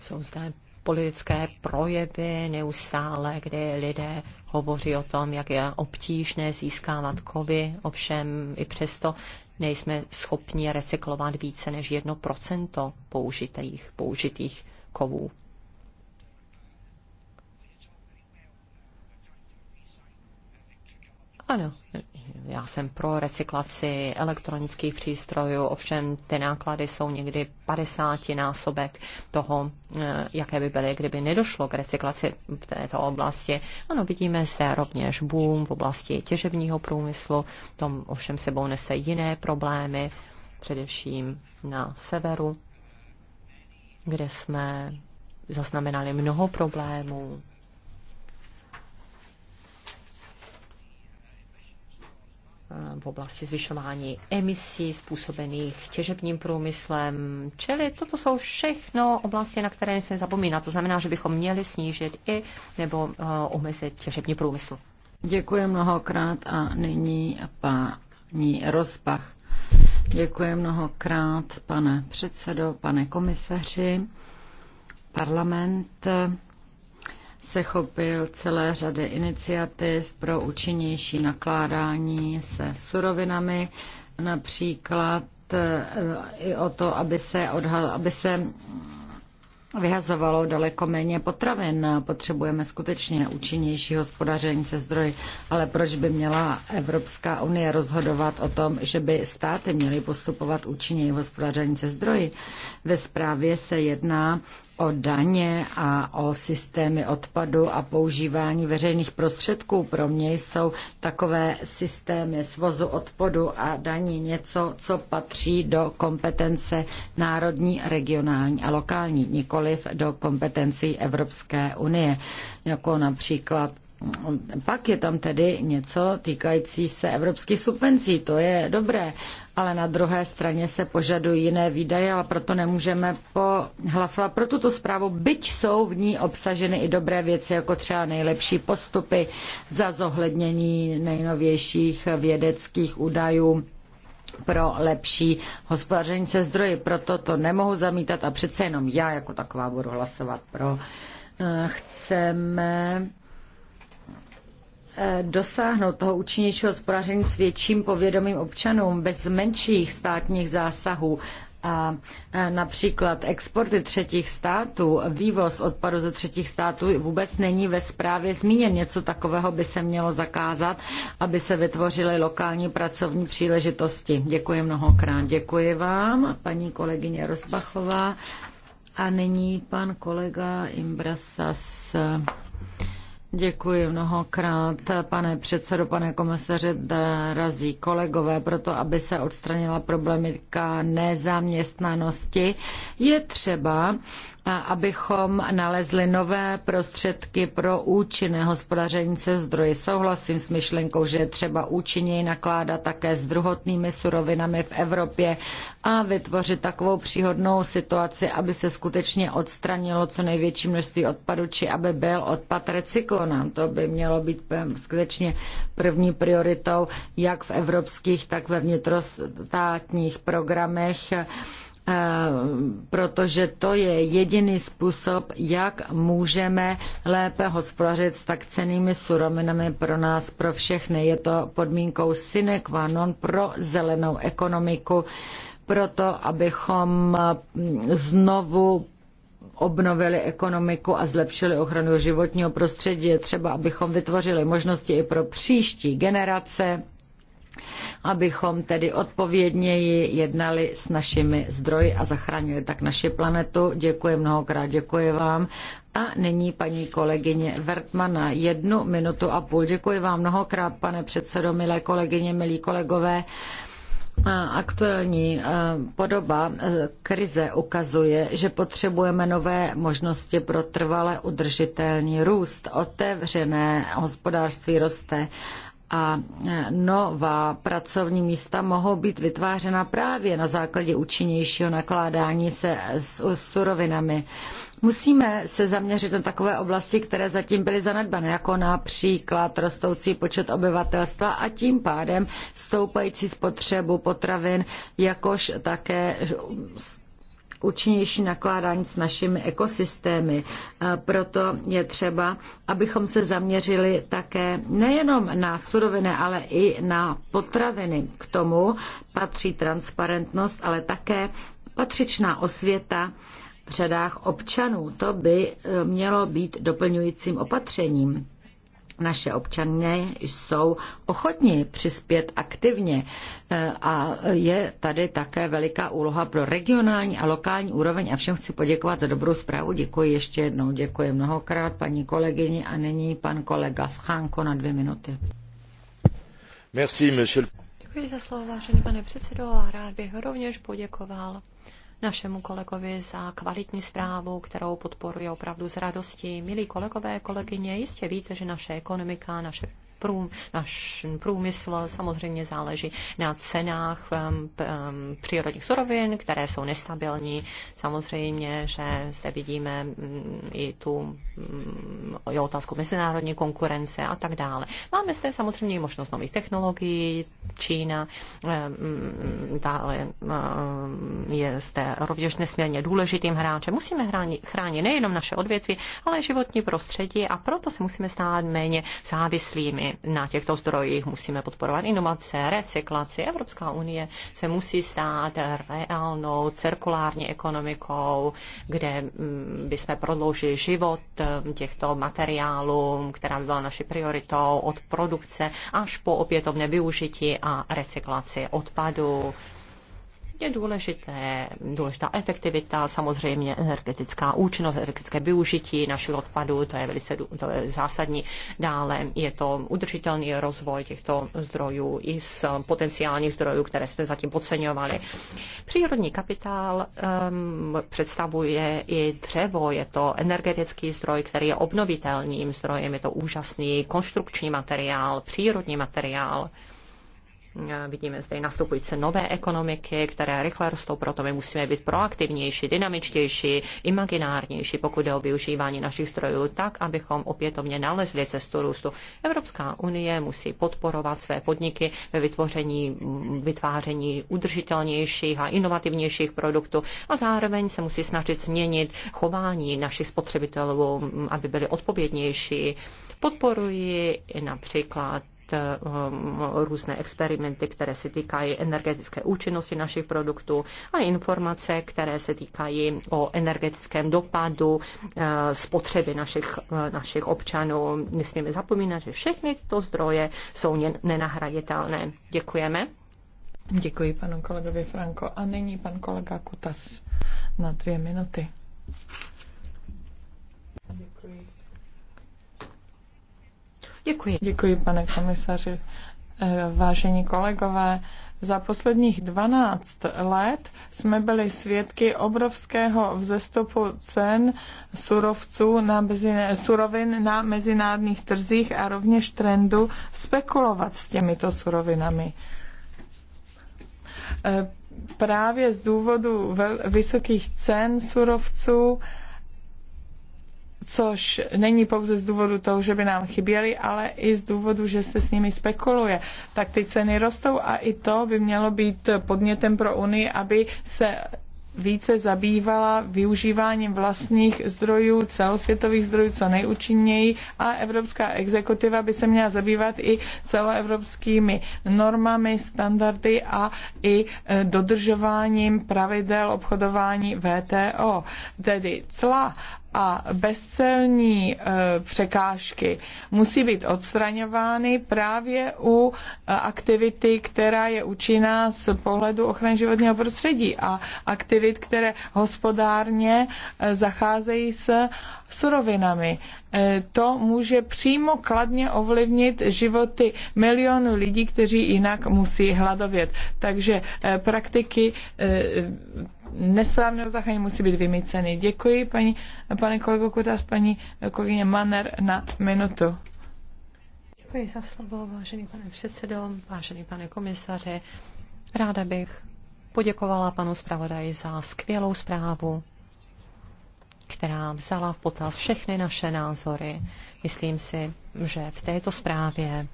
Jsou zde politické projevy neustále, kdy lidé hovoří o tom, jak je obtížné získávat kovy, ovšem i přesto nejsme schopni recyklovat více než 1% použitých, použitých kovů. Ano, já jsem pro recyklaci elektronických přístrojů, ovšem ty náklady jsou někdy 50 násobek toho, eh, jaké by byly, kdyby nedošlo k recyklaci v této oblasti. Ano, vidíme zde rovněž boom v oblasti těžebního průmyslu, tom ovšem sebou nese jiné problémy, především na severu, kde jsme zaznamenali mnoho problémů Eh, v oblasti zvyšování emisí způsobených těžebním průmyslem. Čili toto jsou všechno oblasti, na které se zapomíná. To znamená, že bychom měli snížit i nebo eh, omezit těžební průmysl. Děkuji mnohokrát a nyní paní Rozbach. Děkuji mnohokrát, pane předsedo, pane komisaři. Parlament se chopil celé řady iniciativ pro účinnější nakládání se surovinami, například e, i o to, aby se, odha- aby se vyhazovalo daleko méně potravin. Potřebujeme skutečně účinnější hospodaření se zdroji, ale proč by měla Evropská unie rozhodovat o tom, že by státy měly postupovat účinněji v hospodaření se zdroji? Ve zprávě se jedná o daně a o systémy odpadu a používání veřejných prostředků. Pro mě jsou takové systémy svozu odpadu a daní něco, co patří do kompetence národní, regionální a lokální, nikoliv do kompetencí Evropské unie, jako například pak je tam tedy něco týkající se evropských subvencí, to je dobré, ale na druhé straně se požadují jiné výdaje, ale proto nemůžeme hlasovat pro tuto zprávu, byť jsou v ní obsaženy i dobré věci, jako třeba nejlepší postupy za zohlednění nejnovějších vědeckých údajů pro lepší hospodaření se zdroji. Proto to nemohu zamítat a přece jenom já jako taková budu hlasovat pro. Eh, chceme Eh, dosáhnout toho účinnějšího hospodaření s větším povědomím občanům bez menších státních zásahů a eh, například exporty třetích států, vývoz odpadu ze třetích států vůbec není ve zprávě zmíněn. Něco takového by se mělo zakázat, aby se vytvořily lokální pracovní příležitosti. Děkuji mnohokrát. Děkuji vám, paní kolegyně Rozbachová. A nyní pan kolega Imbrasas Děkuji mnohokrát, pane předsedo, pane komisaře, drazí kolegové, proto aby se odstranila problematika nezaměstnanosti, je třeba abychom nalezli nové prostředky pro účinné hospodaření se zdroji. Souhlasím s myšlenkou, že je třeba účinněji nakládat také s druhotnými surovinami v Evropě a vytvořit takovou příhodnou situaci, aby se skutečně odstranilo co největší množství odpadu, či aby byl odpad recyklován. To by mělo být skutečně první prioritou jak v evropských, tak ve vnitrostátních programech Eh, protože to je jediný způsob, jak můžeme lépe hospodařit s tak cenými surovinami pro nás, pro všechny. Je to podmínkou sine qua non pro zelenou ekonomiku, proto abychom hm, znovu obnovili ekonomiku a zlepšili ochranu životního prostředí. Je třeba, abychom vytvořili možnosti i pro příští generace abychom tedy odpovědněji jednali s našimi zdroji a zachránili tak naši planetu. Děkuji mnohokrát, děkuji vám. A nyní paní kolegyně Vertmana, jednu minutu a půl. Děkuji vám mnohokrát, pane předsedo, milé kolegyně, milí kolegové. Aktuální eh, podoba eh, krize ukazuje, že potřebujeme nové možnosti pro trvale udržitelný růst. Otevřené hospodářství roste a e, nová pracovní místa mohou být vytvářena právě na základě účinnějšího nakládání se s surovinami. Musíme se zaměřit na takové oblasti, které zatím byly zanedbané, jako například rostoucí počet obyvatelstva a tím pádem stoupající spotřebu potravin, jakož také účinnější nakládání s našimi ekosystémy. Proto je třeba, abychom se zaměřili také nejenom na suroviny, ale i na potraviny. K tomu patří transparentnost, ale také patřičná osvěta v řadách občanů. To by e, mělo být doplňujícím opatřením naše občané jsou ochotní přispět aktivně eh, a je tady také veliká úloha pro regionální a lokální úroveň a všem chci poděkovat za dobrou zprávu. Děkuji ještě jednou, děkuji mnohokrát paní kolegyni a nyní pan kolega Franko na dvě minuty. Merci, monsieur. Děkuji za slovo, vážený pane předsedo, a rád bych rovněž poděkoval našemu kolegovi za kvalitní zprávu, kterou podporuje opravdu s radostí. Milí kolegové, kolegyně, jistě víte, že naše ekonomika, naše prům, náš průmysl samozřejmě záleží na cenách um, um, přírodních surovin, které jsou nestabilní. Samozřejmě, že zde vidíme mm, i tu um, otázku mezinárodní konkurence a tak dále. Máme zde samozřejmě i možnost nových technologií, Čína, um, dále um, je zde rovněž nesmírně důležitým hráčem. Musíme chránit, chránit nejenom naše odvětví, ale životní prostředí a proto se musíme stát méně závislými na těchto zdrojích. Musíme podporovat inovace, recyklaci. Evropská unie se musí stát reálnou cirkulární ekonomikou, kde mm, bychom prodloužili život mm, těchto materiálů, která by byla naší prioritou od produkce až po opětovné využití a recyklaci odpadu, je důležité, důležitá efektivita, samozřejmě energetická účinnost, energetické využití našich odpadů, to je velice to je zásadní. Dále je to udržitelný rozvoj těchto zdrojů i z potenciálních zdrojů, které jsme zatím podceňovali. Přírodní kapitál um, představuje i dřevo, je to energetický zdroj, který je obnovitelným zdrojem, je to úžasný konstrukční materiál, přírodní materiál. Vidíme zde nastupující nové ekonomiky, které rychle rostou, proto my musíme být proaktivnější, dynamičtější, imaginárnější, pokud jde o využívání našich strojů, tak, abychom opětovně nalezli cestu růstu. Evropská unie musí podporovat své podniky ve vytvoření, vytváření udržitelnějších a inovativnějších produktů a zároveň se musí snažit změnit chování našich spotřebitelů, aby byli odpovědnější. Podporuji například Eh, různé experimenty, které se týkají energetické účinnosti našich produktů a informace, které se týkají o energetickém dopadu eh, spotřeby našich, eh, našich občanů. Nesmíme zapomínat, že všechny tyto zdroje jsou nenahraditelné. Děkujeme. Děkuji panu kolegovi Franko. A nyní pan kolega Kutas na dvě minuty. Děkuji. Děkuji, pane komisaři. Eh, vážení kolegové, za posledních 12 let jsme byli svědky obrovského vzestupu cen surovců na bezine, surovin na mezinárodních trzích a rovněž trendu spekulovat s těmito surovinami. Eh, právě z důvodu vysokých cen surovců což není pouze z důvodu toho, že by nám chyběly, ale i z důvodu, že se s nimi spekuluje. Tak ty ceny rostou a i to by mělo být podnětem pro Unii, aby se více zabývala využíváním vlastních zdrojů, celosvětových zdrojů co nejúčinněji a evropská exekutiva by se měla zabývat i celoevropskými normami, standardy a i e, dodržováním pravidel obchodování VTO. Tedy cla a bezcelní eh, překážky musí být odstraňovány právě u eh, aktivity, která je účinná z pohledu ochrany životního prostředí a aktivit, které hospodárně eh, zacházejí s surovinami. To může přímo kladně ovlivnit životy milionů lidí, kteří jinak musí hladovět. Takže praktiky nesprávného zachání musí být vymyceny. Děkuji, paní, pane kolego Kutas, paní kolegyně Manner na minutu. Děkuji za slovo, vážený pane předsedo, vážený pane komisaře. Ráda bych poděkovala panu zpravodaji za skvělou zprávu, která vzala v potaz všechny naše názory. Myslím si, že v této zprávě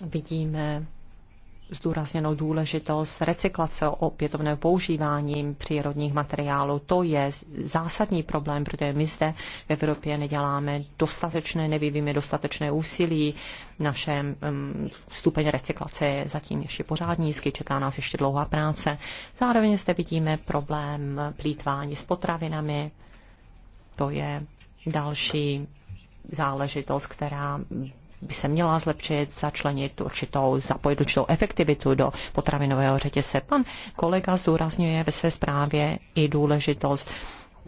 vidíme zdůrazněnou důležitost recyklace, opětovného používání přírodních materiálů. To je zásadní problém, protože my zde v Evropě neděláme dostatečné, nevyvíjíme dostatečné úsilí. Naše um, stupeň recyklace je zatím ještě pořád nízký, čeká nás ještě dlouhá práce. Zároveň zde vidíme problém plítvání s potravinami. To je další záležitost, která by se měla zlepšit, začlenit určitou, zapojit určitou efektivitu do potravinového řetězce. Pan kolega zdůrazňuje ve své zprávě i důležitost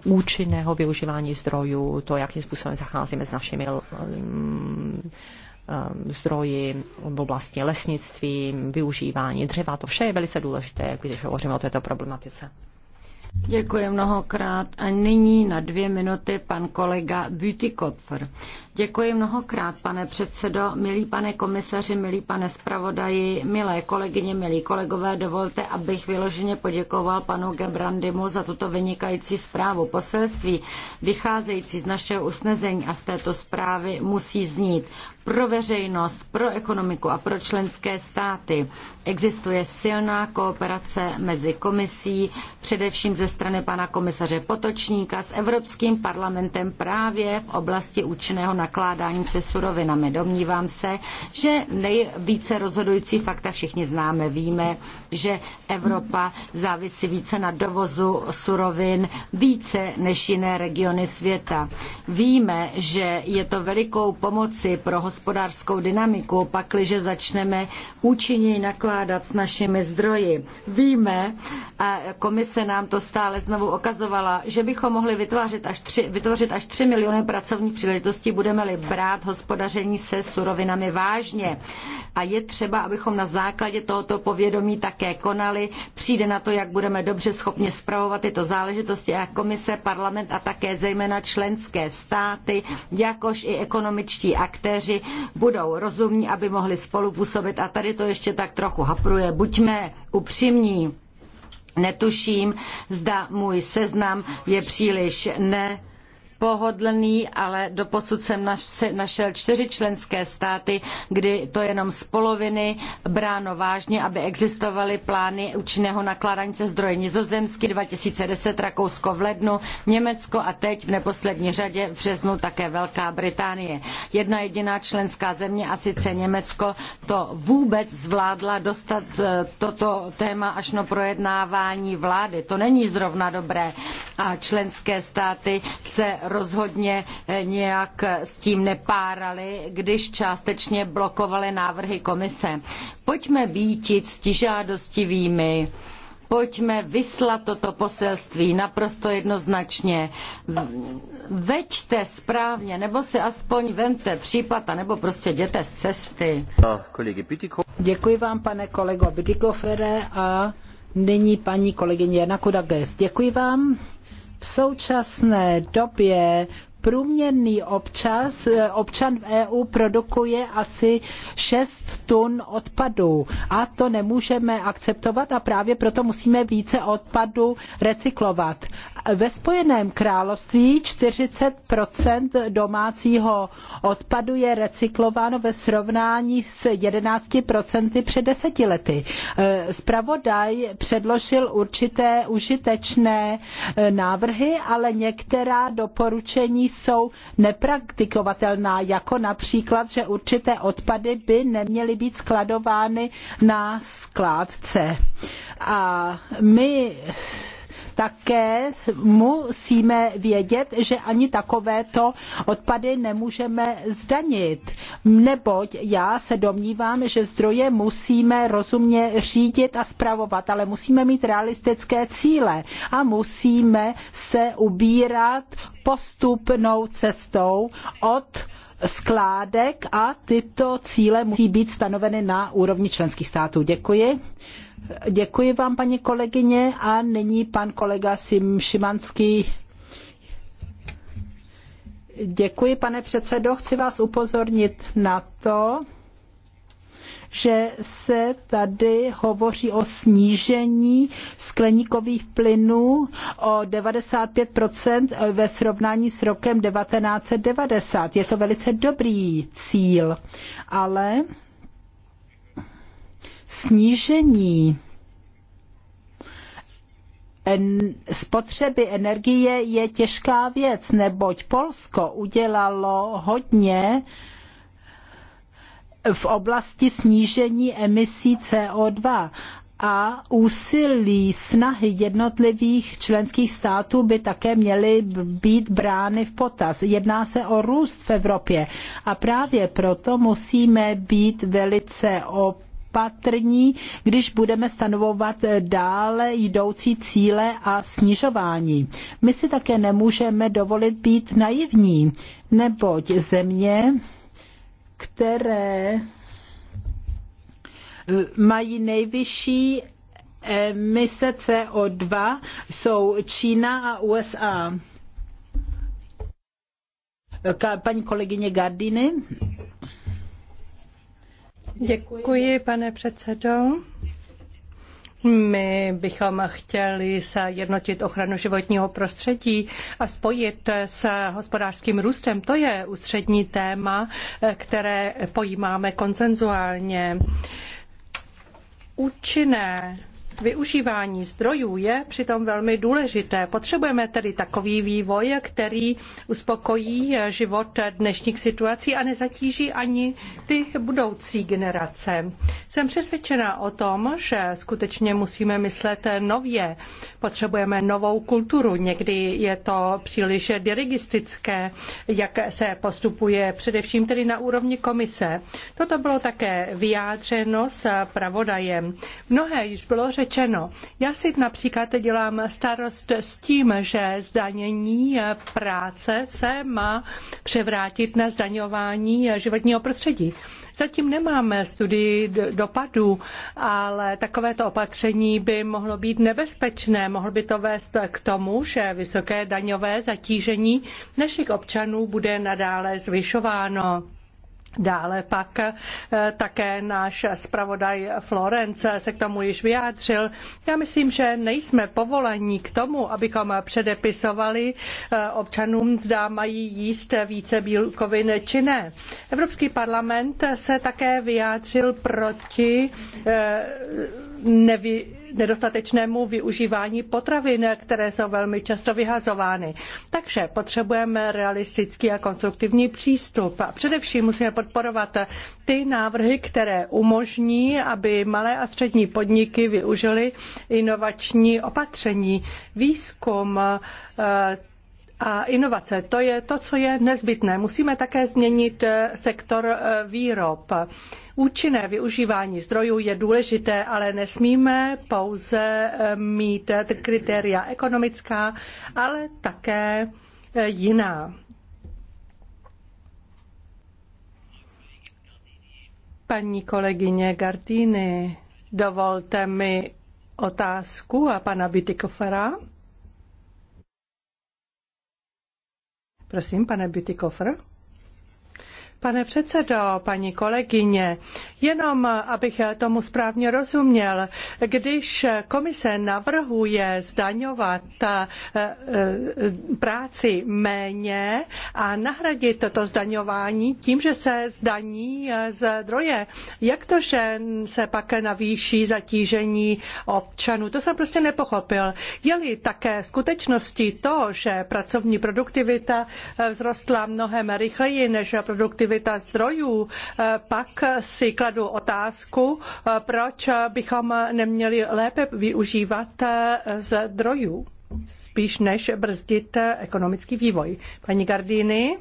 účinného využívání zdrojů, to, jakým způsobem zacházíme s našimi mm, mm, zdroji v oblasti lesnictví, využívání dřeva, to vše je velice důležité, když hovoříme o této problematice. Děkuji mnohokrát. A nyní na dvě minuty pan kolega Bütikopfer. Děkuji mnohokrát, pane předsedo, milý pane komisaři, milý pane zpravodaji, milé kolegyně, milí kolegové, dovolte, abych vyloženě poděkoval panu Gebrandimu za tuto vynikající zprávu. Poselství vycházející z našeho usnezení a z této zprávy musí znít pro veřejnost, pro ekonomiku a pro členské státy. Existuje silná kooperace mezi komisí, především ze strany pana komisaře Potočníka s Evropským parlamentem právě v oblasti účinného nakládání se surovinami. Domnívám se, že nejvíce rozhodující fakta všichni známe. Víme, že Evropa závisí více na dovozu surovin, více než jiné regiony světa. Víme, že je to velikou pomoci pro hospodářství hospodářskou dynamiku, pakliže začneme účinněji nakládat s našimi zdroji. Víme, a komise nám to stále znovu okazovala, že bychom mohli vytvářet až vytvořit až 3 miliony pracovních příležitostí, budeme-li brát hospodaření se surovinami vážně. A je třeba, abychom na základě tohoto povědomí také konali. Přijde na to, jak budeme dobře schopni spravovat tyto záležitosti a komise, parlament a také zejména členské státy, jakož i ekonomičtí aktéři budou rozumní, aby mohli spolupůsobit a tady to ještě tak trochu hapruje. Buďme upřímní. Netuším, zda můj seznam je příliš ne pohodlný, ale doposud jsem našel čtyři členské státy, kdy to jenom z poloviny bráno vážně, aby existovaly plány účinného nakládání se zdroje Nizozemsky 2010, Rakousko v lednu, Německo a teď v neposlední řadě v březnu také Velká Británie. Jedna jediná členská země, a sice Německo, to vůbec zvládla dostat eh, toto téma až na projednávání vlády. To není zrovna dobré. A členské státy se rozhodně eh, nějak eh, s tím nepárali, když částečně blokovali návrhy komise. Pojďme být stižádostivými pojďme vyslat toto poselství naprosto jednoznačně. Veďte správně, nebo si aspoň vemte případ, nebo prostě jděte z cesty. Děkuji vám, pane kolego Bidikofere, a nyní paní kolegyně Jana Kudages. Děkuji vám. V současné době Průměrný občas, eh, občan v EU produkuje asi 6 tun odpadu a to nemůžeme akceptovat a právě proto musíme více odpadu recyklovat. Ve Spojeném království 40 domácího odpadu je recyklováno ve srovnání s 11 před deseti lety. Spravodaj eh, předložil určité užitečné eh, návrhy, ale některá doporučení jsou nepraktikovatelná, jako například, že určité odpady by neměly být skladovány na skládce. A my také musíme vědět, že ani takovéto odpady nemůžeme zdanit, neboť já se domnívám, že zdroje musíme rozumně řídit a spravovat, ale musíme mít realistické cíle a musíme se ubírat postupnou cestou od skládek a tyto cíle musí být stanoveny na úrovni členských států. Děkuji. Děkuji vám, paní kolegyně, a nyní pan kolega Sim Šimanský. Děkuji, pane předsedo. Chci vás upozornit na to, že se tady hovoří o snížení skleníkových plynů o 95% ve srovnání s rokem 1990. Je to velice dobrý cíl, ale snížení spotřeby energie je těžká věc, neboť Polsko udělalo hodně v oblasti snížení emisí CO2 a úsilí snahy jednotlivých členských států by také měly být brány v potaz. Jedná se o růst v Evropě a právě proto musíme být velice op opatrní, když budeme stanovovat dále jdoucí cíle a snižování. My si také nemůžeme dovolit být naivní, neboť země, které eh, mají nejvyšší emise CO2 jsou Čína a USA. Paní kolegyně Gardiny. Děkuji, pane předsedo. My bychom chtěli se jednotit ochranu životního prostředí a spojit s hospodářským růstem. To je ústřední téma, které pojímáme konsenzuálně. Účinné Využívání zdrojů je přitom velmi důležité. Potřebujeme tedy takový vývoj, který uspokojí život dnešních situací a nezatíží ani ty budoucí generace. Jsem přesvědčena o tom, že skutečně musíme myslet nově. Potřebujeme novou kulturu. Někdy je to příliš dirigistické, jak se postupuje především tedy na úrovni komise. Toto bylo také vyjádřeno s pravodajem. Mnohé již bylo řečeno řečeno. Já si například dělám starost s tím, že zdanění práce se má převrátit na zdaňování životního prostředí. Zatím nemáme studii dopadů, ale takovéto opatření by mohlo být nebezpečné. Mohlo by to vést k tomu, že vysoké daňové zatížení našich občanů bude nadále zvyšováno. Dále pak eh, také náš zpravodaj Florence se k tomu již vyjádřil. Já myslím, že nejsme povolení k tomu, abychom předepisovali eh, občanům, zda mají jíst více bílkovin či ne. Evropský parlament se také vyjádřil proti eh, nevy nedostatečnému využívání potravin, které jsou velmi často vyhazovány. Takže potřebujeme realistický a konstruktivní přístup. A především musíme podporovat ty návrhy, které umožní, aby malé a střední podniky využily inovační opatření, výzkum, eh, a inovace, to je to, co je nezbytné. Musíme také změnit eh, sektor eh, výrob. Účinné využívání zdrojů je důležité, ale nesmíme pouze eh, mít kritéria ekonomická, ale také jiná. Paní kolegyně Gardini, dovolte mi otázku a pana Bytykofera. Prosím, pane Beauty Koffer. Pane předsedo, paní kolegyně, jenom abych tomu správně rozuměl, když komise navrhuje zdaňovat eh, eh, práci méně a nahradit toto zdaňování tím, že se zdaní eh, zdroje, jak to, že se pak navýší zatížení občanů? To jsem prostě nepochopil. Je-li také skutečností to, že pracovní produktivita vzrostla mnohem rychleji než produktivita efektivita zdrojů, eh, pak si kladu otázku, eh, proč bychom neměli lépe využívat eh, zdrojů, spíš než brzdit ekonomický vývoj. Paní Gardini?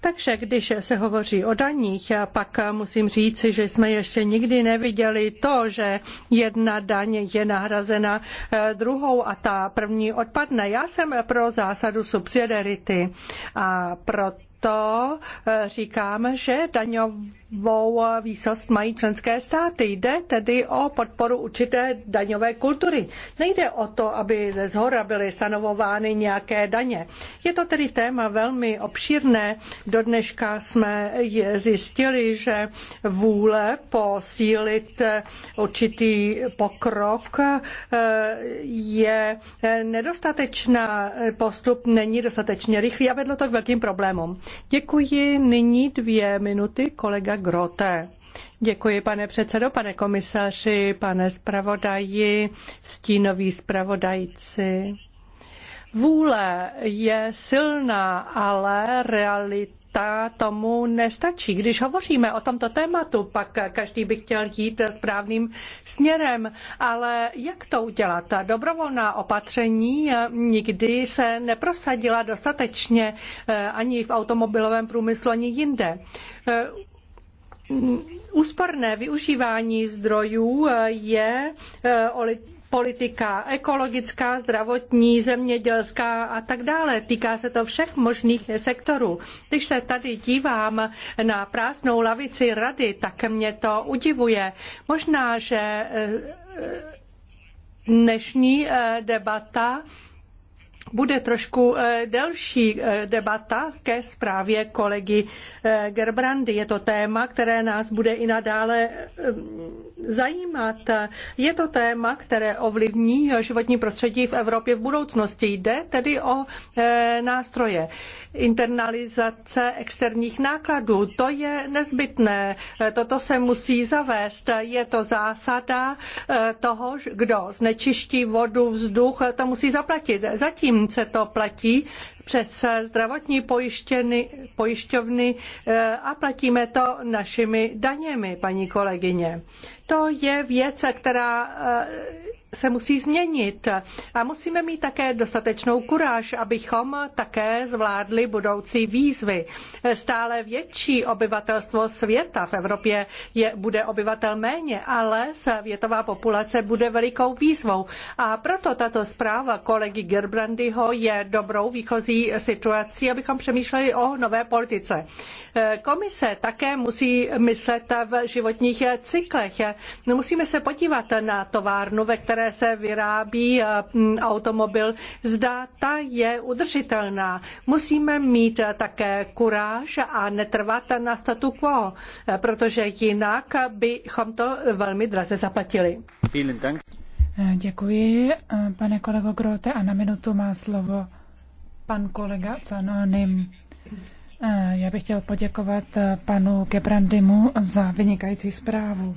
Takže když se hovoří o daních, pak musím říci, že jsme ještě nikdy neviděli to, že jedna daň je nahrazena eh, druhou a ta první odpadne. Já jsem pro zásadu subsidiarity a proto to eh, říkám, že daňové dvou eh, výsost mají členské státy. Jde tedy o podporu určité daňové kultury. Nejde o to, aby ze zhora byly stanovovány nějaké daně. Je to tedy téma velmi obšírné. Do dneška jsme zjistili, že vůle posílit eh, určitý pokrok eh, je nedostatečná. Postup není dostatečně rychlý a vedlo to k velkým problémům. Děkuji. Nyní dvě minuty kolega Grote. Děkuji, pane předsedo, pane komisaři, pane zpravodaji, stínoví zpravodajci. Vůle je silná, ale realita tomu nestačí. Když hovoříme o tomto tématu, pak každý by chtěl jít správným směrem, ale jak to udělat? Dobrovolná opatření nikdy se neprosadila dostatečně eh, ani v automobilovém průmyslu, ani jinde eh, Úsporné využívání zdrojů eh, je eh, politika ekologická, zdravotní, zemědělská a tak dále. Týká se to všech možných sektorů. Když se tady dívám na prázdnou lavici rady, tak mě to udivuje. Možná, že eh, dnešní debata bude trošku eh, delší eh, debata ke zprávě kolegy eh, Gerbrandy. Je to téma, které nás bude i nadále zajímat. Je to téma, které ovlivní životní prostředí v Evropě v budoucnosti. Jde tedy o nástroje internalizace externích nákladů. To je nezbytné. Toto se musí zavést. Je to zásada eh, toho, kdo znečiští vodu, vzduch, to musí zaplatit. Zatím se to platí přes zdravotní pojišťovny eh, a platíme to našimi daněmi, paní kolegyně. To je věc, která eh, se musí změnit. A musíme mít také dostatečnou kuráž, abychom také zvládli budoucí výzvy. Stále větší obyvatelstvo světa v Evropě je, bude obyvatel méně, ale světová populace bude velikou výzvou. A proto tato zpráva kolegy Gerbrandyho je dobrou výchozí situací, abychom přemýšleli o nové politice. Eh, komise také musí myslet v životních cyklech. No, musíme se podívat na továrnu, ve které se vyrábí eh, mm, automobil. Zda ta je udržitelná. Musíme mít také kuráž a netrvat na statu quo, eh, protože jinak bychom to velmi draze zaplatili. Eh, děkuji, pane kolego Grote, a na minutu má slovo pan kolega Canonim. Já bych chtěl poděkovat panu Gebrandimu za vynikající zprávu.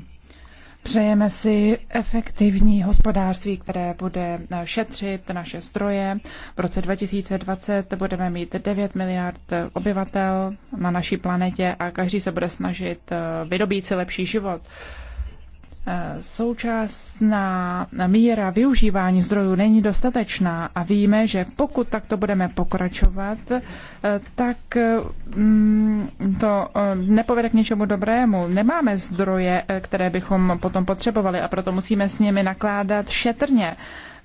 Přejeme si efektivní hospodářství, které bude šetřit naše stroje. V roce 2020 budeme mít 9 miliard obyvatel na naší planetě a každý se bude snažit eh, vydobít si lepší život. Eh, současná míra využívání zdrojů není dostatečná a víme, že pokud takto budeme pokračovat, eh, tak mm, to eh, nepovede k něčemu dobrému. Nemáme zdroje, které bychom potom potřebovali a proto musíme s nimi nakládat šetrně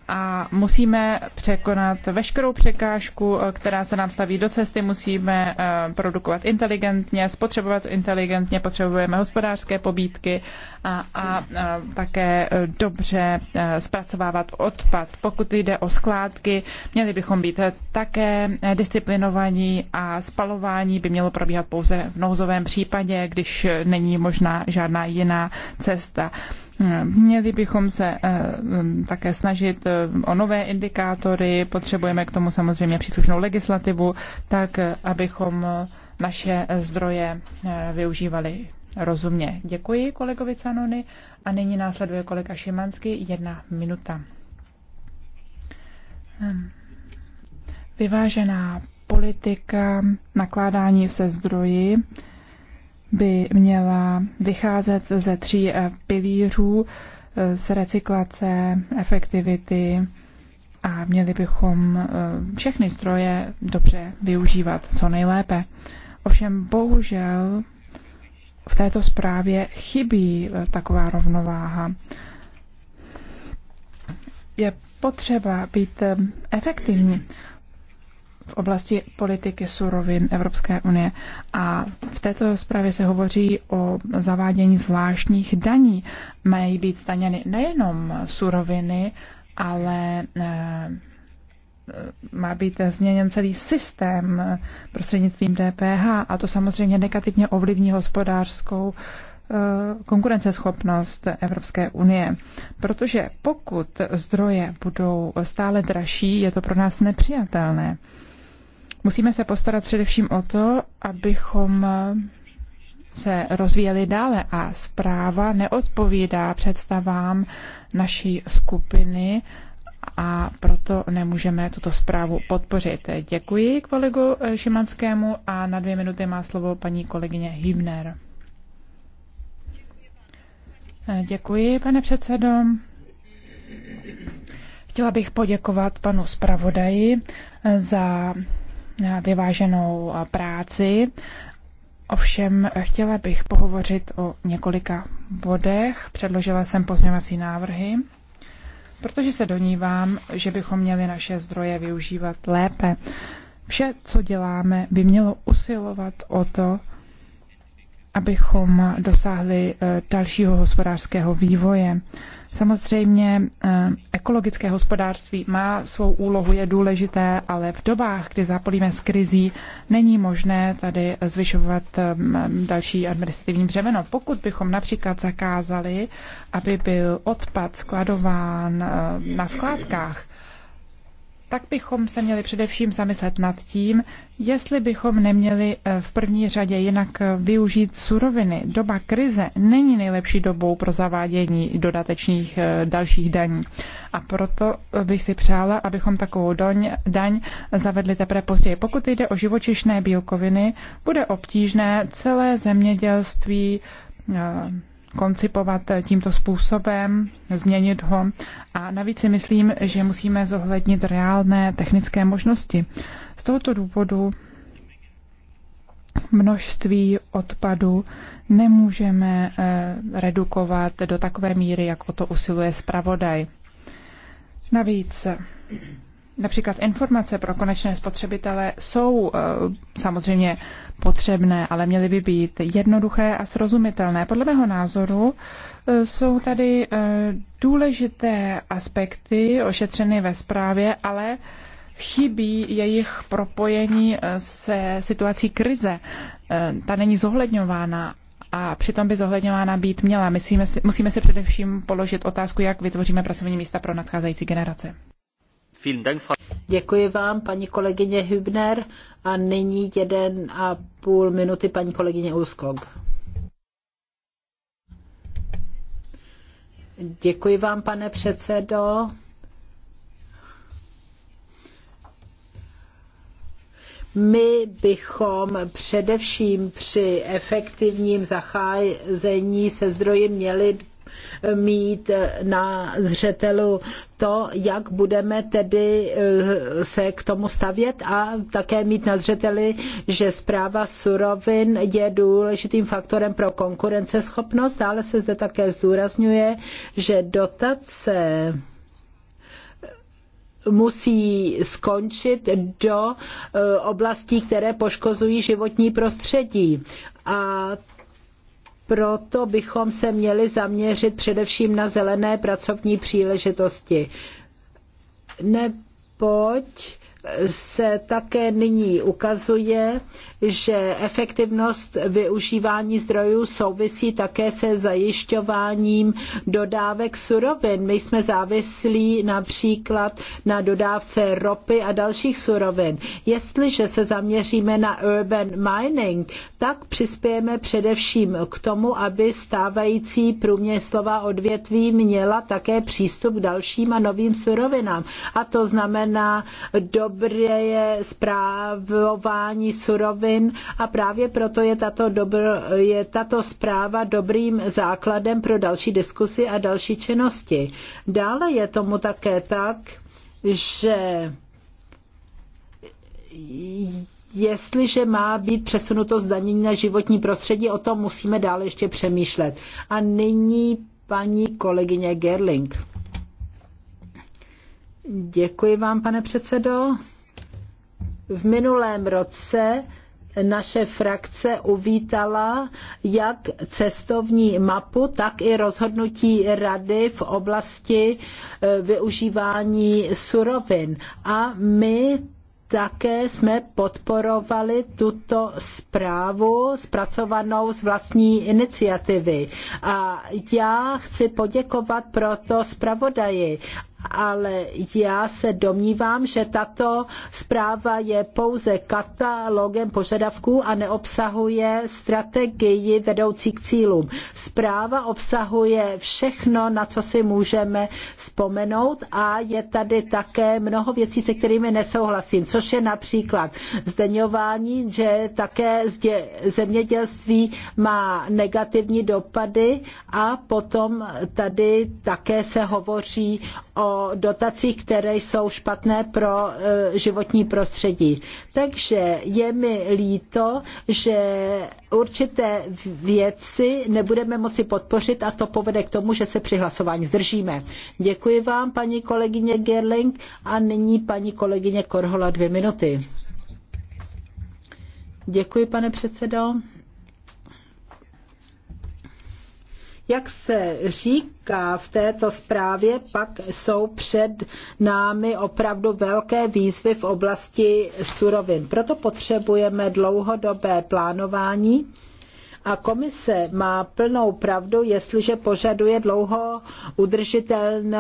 a musíme překonat veškerou překážku, eh, která se nám staví do cesty. Musíme eh, produkovat inteligentně, spotřebovat inteligentně, potřebujeme hospodářské pobídky a, a eh, také dobře zpracovávat odpad. Pokud jde o skládky, měli bychom být také disciplinovaní a spalování by mělo probíhat pouze v nouzovém případě, když není možná žádná jiná cesta. Měli bychom se eh, také snažit eh, o nové indikátory, potřebujeme k tomu samozřejmě příslušnou legislativu, tak eh, abychom naše zdroje využívali rozumně. Děkuji kolegovi Canony a nyní následuje kolega Šimanský jedna minuta. Ehm, vyvážená politika nakládání se zdroji by měla vycházet ze tří eh, pilířů eh, z recyklace, efektivity a měli bychom eh, všechny stroje dobře využívat co nejlépe. Ovšem bohužel v této zprávě chybí taková rovnováha. Je potřeba být efektivní v oblasti politiky surovin Evropské unie. A v této zprávě se hovoří o zavádění zvláštních daní. Mají být staněny nejenom suroviny, ale eh, má být změněn celý systém eh, prostřednictvím DPH a to samozřejmě negativně ovlivní hospodářskou eh, konkurenceschopnost Evropské unie. Protože pokud zdroje budou stále dražší, je to pro nás nepřijatelné. Musíme se postarat především o to, abychom se rozvíjeli dále a zpráva neodpovídá představám naší skupiny a proto nemůžeme tuto zprávu podpořit. Děkuji kolegu Šimanskému a na dvě minuty má slovo paní kolegyně Hübner. Děkuji, pane předsedo. Chtěla bych poděkovat panu zpravodaji za vyváženou eh, práci. Ovšem eh, chtěla bych pohovořit o několika bodech. Předložila jsem pozměňovací návrhy, protože se donívám, že bychom měli naše zdroje využívat lépe. Vše, co děláme, by mělo usilovat o to, abychom dosáhli eh, dalšího hospodářského vývoje. Samozřejmě eh, ekologické hospodářství má svou úlohu, je důležité, ale v dobách, kdy zápolíme s krizí, není možné tady zvyšovat eh, další administrativní břemeno. Pokud bychom například zakázali, aby byl odpad skladován eh, na skládkách, tak bychom se měli především zamyslet nad tím, jestli bychom neměli eh, v první řadě jinak eh, využít suroviny. Doba krize není nejlepší dobou pro zavádění dodatečných eh, dalších daní. A proto bych si přála, abychom takovou doň, daň zavedli teprve později. Pokud jde o živočišné bílkoviny, bude obtížné celé zemědělství koncipovat tímto způsobem, změnit ho. A navíc si myslím, že musíme zohlednit reálné technické možnosti. Z tohoto důvodu množství odpadu nemůžeme eh, redukovat do takové míry, jak o to usiluje zpravodaj. Navíc Například informace pro konečné spotřebitele jsou eh, samozřejmě potřebné, ale měly by být jednoduché a srozumitelné. Podle mého názoru eh, jsou tady eh, důležité aspekty ošetřeny ve zprávě, ale chybí jejich propojení se situací krize. Ta není zohledňována a přitom by zohledňována být měla. si, musíme si především položit otázku, jak vytvoříme pracovní místa pro nadcházející generace. Děkuji vám, paní kolegyně Hübner. A nyní jeden a půl minuty paní kolegyně Úskog. Děkuji vám, pane předsedo. My bychom především při efektivním zacházení se zdroji měli mít na zřetelu to, jak budeme tedy eh, se k tomu stavět a také mít na zřeteli, že zpráva surovin je důležitým faktorem pro konkurenceschopnost. Dále se zde také zdůrazňuje, že dotace musí skončit do eh, oblastí, které poškozují životní prostředí. A proto bychom se měli zaměřit především na zelené pracovní příležitosti. Neboť se také nyní ukazuje, že efektivnost využívání zdrojů souvisí také se zajišťováním dodávek surovin. My jsme závislí například na dodávce ropy a dalších surovin. Jestliže se zaměříme na urban mining, tak přispějeme především k tomu, aby stávající průmyslová odvětví měla také přístup k dalším a novým surovinám. A to znamená dob dobré zprávování surovin a právě proto je tato, dobro, je tato zpráva dobrým základem pro další diskusy a další činnosti. Dále je tomu také tak, že jestliže má být přesunuto zdanění na životní prostředí, o tom musíme dále ještě přemýšlet. A nyní paní kolegyně Gerling. Děkuji vám, pane předsedo. V minulém roce naše frakce uvítala jak cestovní mapu, tak i rozhodnutí rady v oblasti e, využívání surovin. A my také jsme podporovali tuto zprávu zpracovanou z vlastní iniciativy. A já chci poděkovat proto zpravodaji ale já se domnívám, že tato zpráva je pouze katalogem požadavků a neobsahuje strategii vedoucí k cílům. Zpráva obsahuje všechno, na co si můžeme vzpomenout a je tady také mnoho věcí, se kterými nesouhlasím, což je například zdeňování, že také zemědělství má negativní dopady a potom tady také se hovoří o o dotacích, které jsou špatné pro e, životní prostředí. Takže je mi líto, že určité věci nebudeme moci podpořit a to povede k tomu, že se při hlasování zdržíme. Děkuji vám, paní kolegyně Gerling a nyní paní kolegyně Korhola dvě minuty. Děkuji, pane předsedo. Jak se říká v této zprávě, pak jsou před námi opravdu velké výzvy v oblasti surovin. Proto potřebujeme dlouhodobé plánování, a komise má plnou pravdu, jestliže požaduje dlouho udržitelné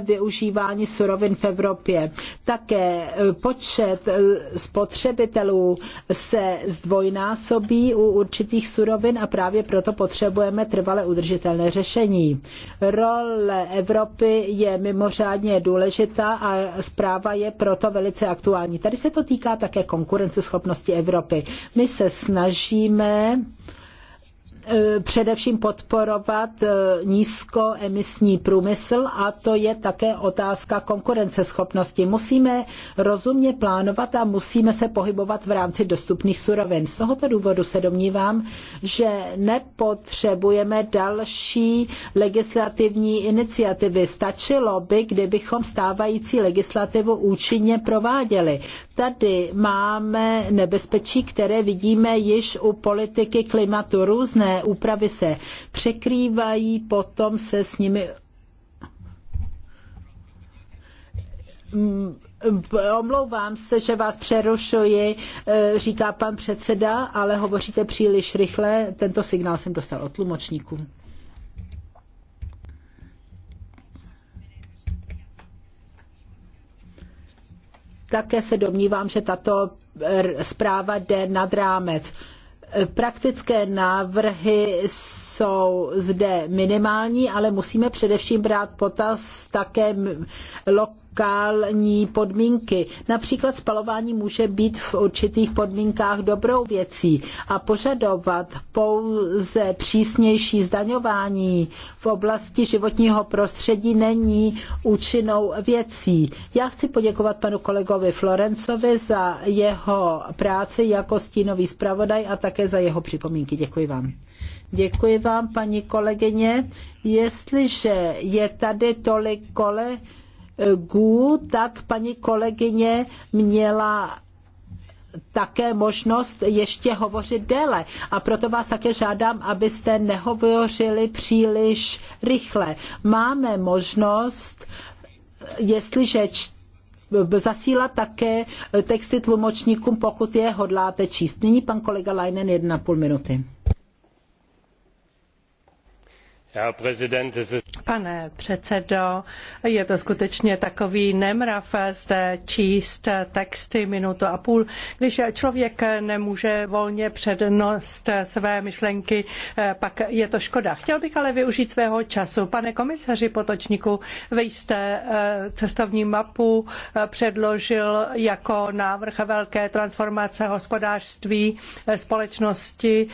využívání surovin v Evropě. Také eh, počet eh, spotřebitelů se zdvojnásobí u určitých surovin a právě proto potřebujeme trvale udržitelné řešení. Role Evropy je mimořádně důležitá a zpráva je proto velice aktuální. Tady se to týká také konkurenceschopnosti Evropy. My se snažíme E, především podporovat e, nízkoemisní průmysl a to je také otázka konkurenceschopnosti. Musíme rozumně plánovat a musíme se pohybovat v rámci dostupných surovin. Z tohoto důvodu se domnívám, že nepotřebujeme další legislativní iniciativy. Stačilo by, kdybychom stávající legislativu účinně prováděli. Tady máme nebezpečí, které vidíme již u politiky klimatu. Různé úpravy se překrývají, potom se s nimi mm, Omlouvám se, že vás přerušuji, eh, říká pan předseda, ale hovoříte příliš rychle. Tento signál jsem dostal od tlumočníků. Také se domnívám, že tato zpráva jde nad rámec praktické návrhy jsou zde minimální, ale musíme především brát potaz také lokální podmínky. Například spalování může být v určitých podmínkách dobrou věcí a požadovat pouze přísnější zdaňování v oblasti životního prostředí není účinnou věcí. Já chci poděkovat panu kolegovi Florencovi za jeho práci jako stínový zpravodaj a také za jeho připomínky. Děkuji vám. Děkuji vám, paní kolegyně. Jestliže je tady tolik kolegů, tak paní kolegyně měla také možnost ještě hovořit déle. A proto vás také žádám, abyste nehovořili příliš rychle. Máme možnost, jestliže zasílat také texty tlumočníkům, pokud je hodláte číst. Nyní pan kolega Leinen, jedna půl minuty. Pane předsedající je to skutečně takový nemrav zde číst texty minutu a půl, když člověk nemůže volně přednost své myšlenky, pak je to škoda. Chtěl bych ale využít svého času. Pane komisaři Potočníku, vy jste eh, cestovní mapu eh, předložil jako návrh velké transformace hospodářství, eh, společnosti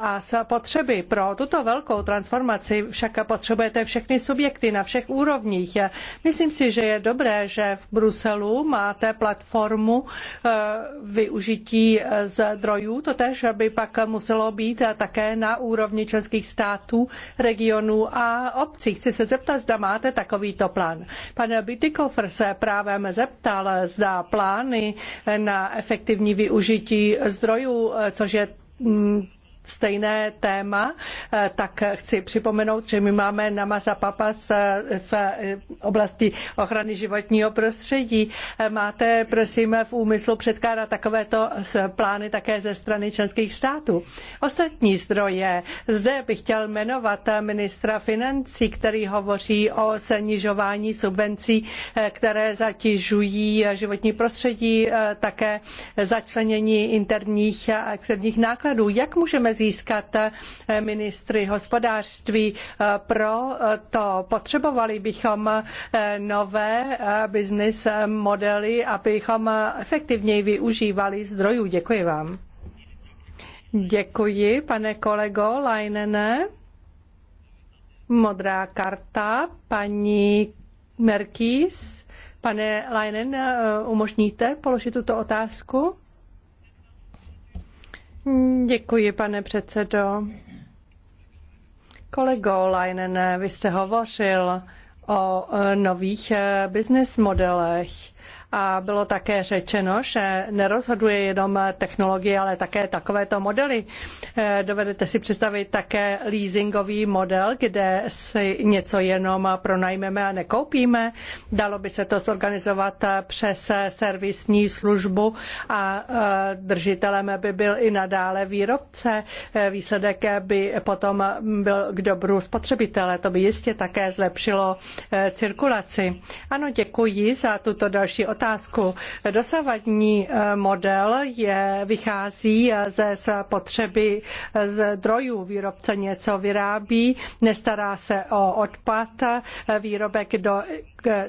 a potřeby pro tuto velkou transformaci informaci však potřebujete všechny subjekty na všech úrovních. Myslím si, že je dobré, že v Bruselu máte platformu eh, využití eh, zdrojů, totež by pak muselo být také na úrovni členských států, regionů a obcí. Chci se zeptat, zda máte takovýto plán. Pan Bytykofr se právě zeptal, zda plány na efektivní využití zdrojů, eh, což je mm, stejné téma, eh, tak chci připomenout, že my máme Namaza Papas eh, v eh, oblasti ochrany životního prostředí. Máte, prosím, v úmyslu předkládat takovéto plány také ze strany členských států. Ostatní zdroje. Zde bych chtěl jmenovat ministra financí, který hovoří o snižování subvencí, které zatěžují životní prostředí, také začlenění interních a externích nákladů. Jak můžeme získat eh, ministry hospodářství. Eh, pro eh, to potřebovali bychom nové business modely, abychom efektivněji využívali zdrojů. Děkuji vám. Děkuji, pane kolego Leinene. Modrá karta, paní Merkis. Pane Leinen, umožníte položit tuto otázku? Děkuji, pane předsedo. Kolego Leinen, vy jste hovořil o e, nových e, business modelech a bylo také řečeno, že nerozhoduje jenom technologie, ale také takovéto modely. Eh, dovedete si představit také leasingový model, kde si něco jenom pronajmeme a nekoupíme. Dalo by se to zorganizovat přes servisní službu a eh, držitelem by byl i nadále výrobce. Eh, výsledek by potom byl k dobru spotřebitele. To by jistě také zlepšilo cirkulaci. Ano, děkuji za tuto další otázku otázku. Dosavadní eh, model je, vychází eh, ze potřeby eh, zdrojů. Výrobce něco vyrábí, nestará se o odpad, výrobek do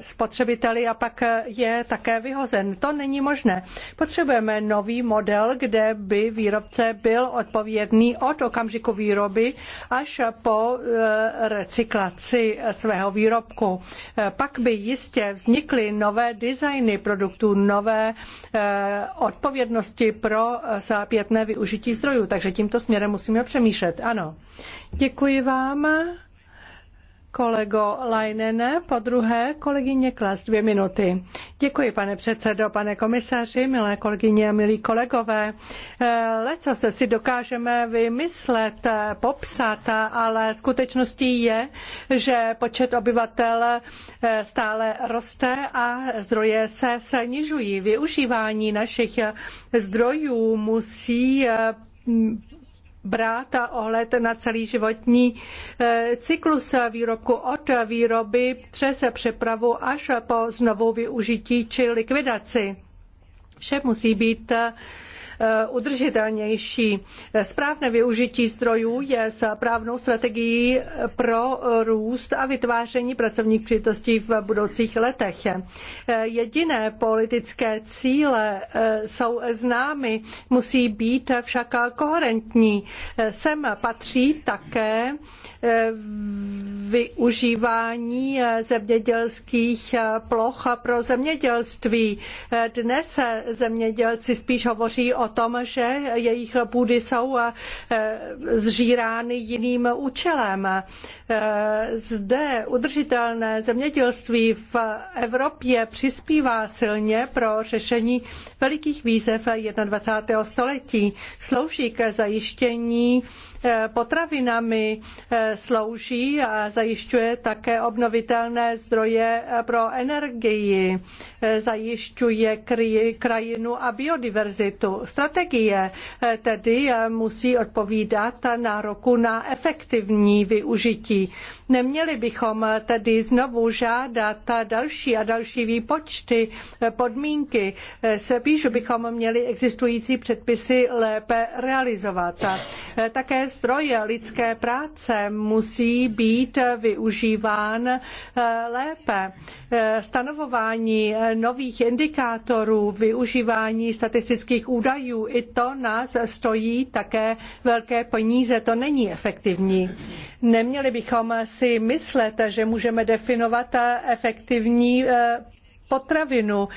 spotřebiteli a pak je také vyhozen. To není možné. Potřebujeme nový model, kde by výrobce byl odpovědný od okamžiku výroby až po eh, recyklaci svého výrobku. Eh, pak by jistě vznikly nové designy produktů, nové eh, odpovědnosti pro zápětné využití zdrojů. Takže tímto směrem musíme přemýšlet. Ano. Děkuji vám kolego Leinen, po druhé kolegyně Klas, dvě minuty. Děkuji, pane předsedo, pane komisaři, milé kolegyně a milí kolegové. Eh, Leco se si dokážeme vymyslet, eh, popsat, ale skutečností je, že počet obyvatel eh, stále roste a zdroje se snižují. Využívání našich zdrojů musí brát ohled na celý životní eh, cyklus výrobku od výroby přes přepravu až po znovu využití či likvidaci. Vše musí být eh, Eh, udržitelnější. Správné využití zdrojů je správnou strategií pro růst a vytváření pracovních příležitostí v budoucích letech. Eh, jediné politické cíle eh, jsou známy, musí být však koherentní. Sem patří také využívání eh, zemědělských eh, ploch pro zemědělství. Eh, dnes zemědělci spíš hovoří o tom, že jejich půdy jsou zžírány jiným účelem. Zde udržitelné zemědělství v Evropě přispívá silně pro řešení velikých výzev 21. století. Slouží k zajištění Eh, potravinami eh, slouží a zajišťuje také obnovitelné zdroje eh, pro energii, zajišťuje krajinu a biodiverzitu. Strategie tedy musí odpovídat nároku na efektivní využití. Neměli bychom tedy znovu žádat další a další výpočty, podmínky. Spíš bychom měli existující předpisy lépe realizovat. Také stroj lidské práce musí být využíván eh, lépe. Eh, stanovování nových indikátorů, využívání statistických údajů, i to nás stojí také velké peníze. To není efektivní. Neměli bychom si myslet, že můžeme definovat efektivní eh, potravinu.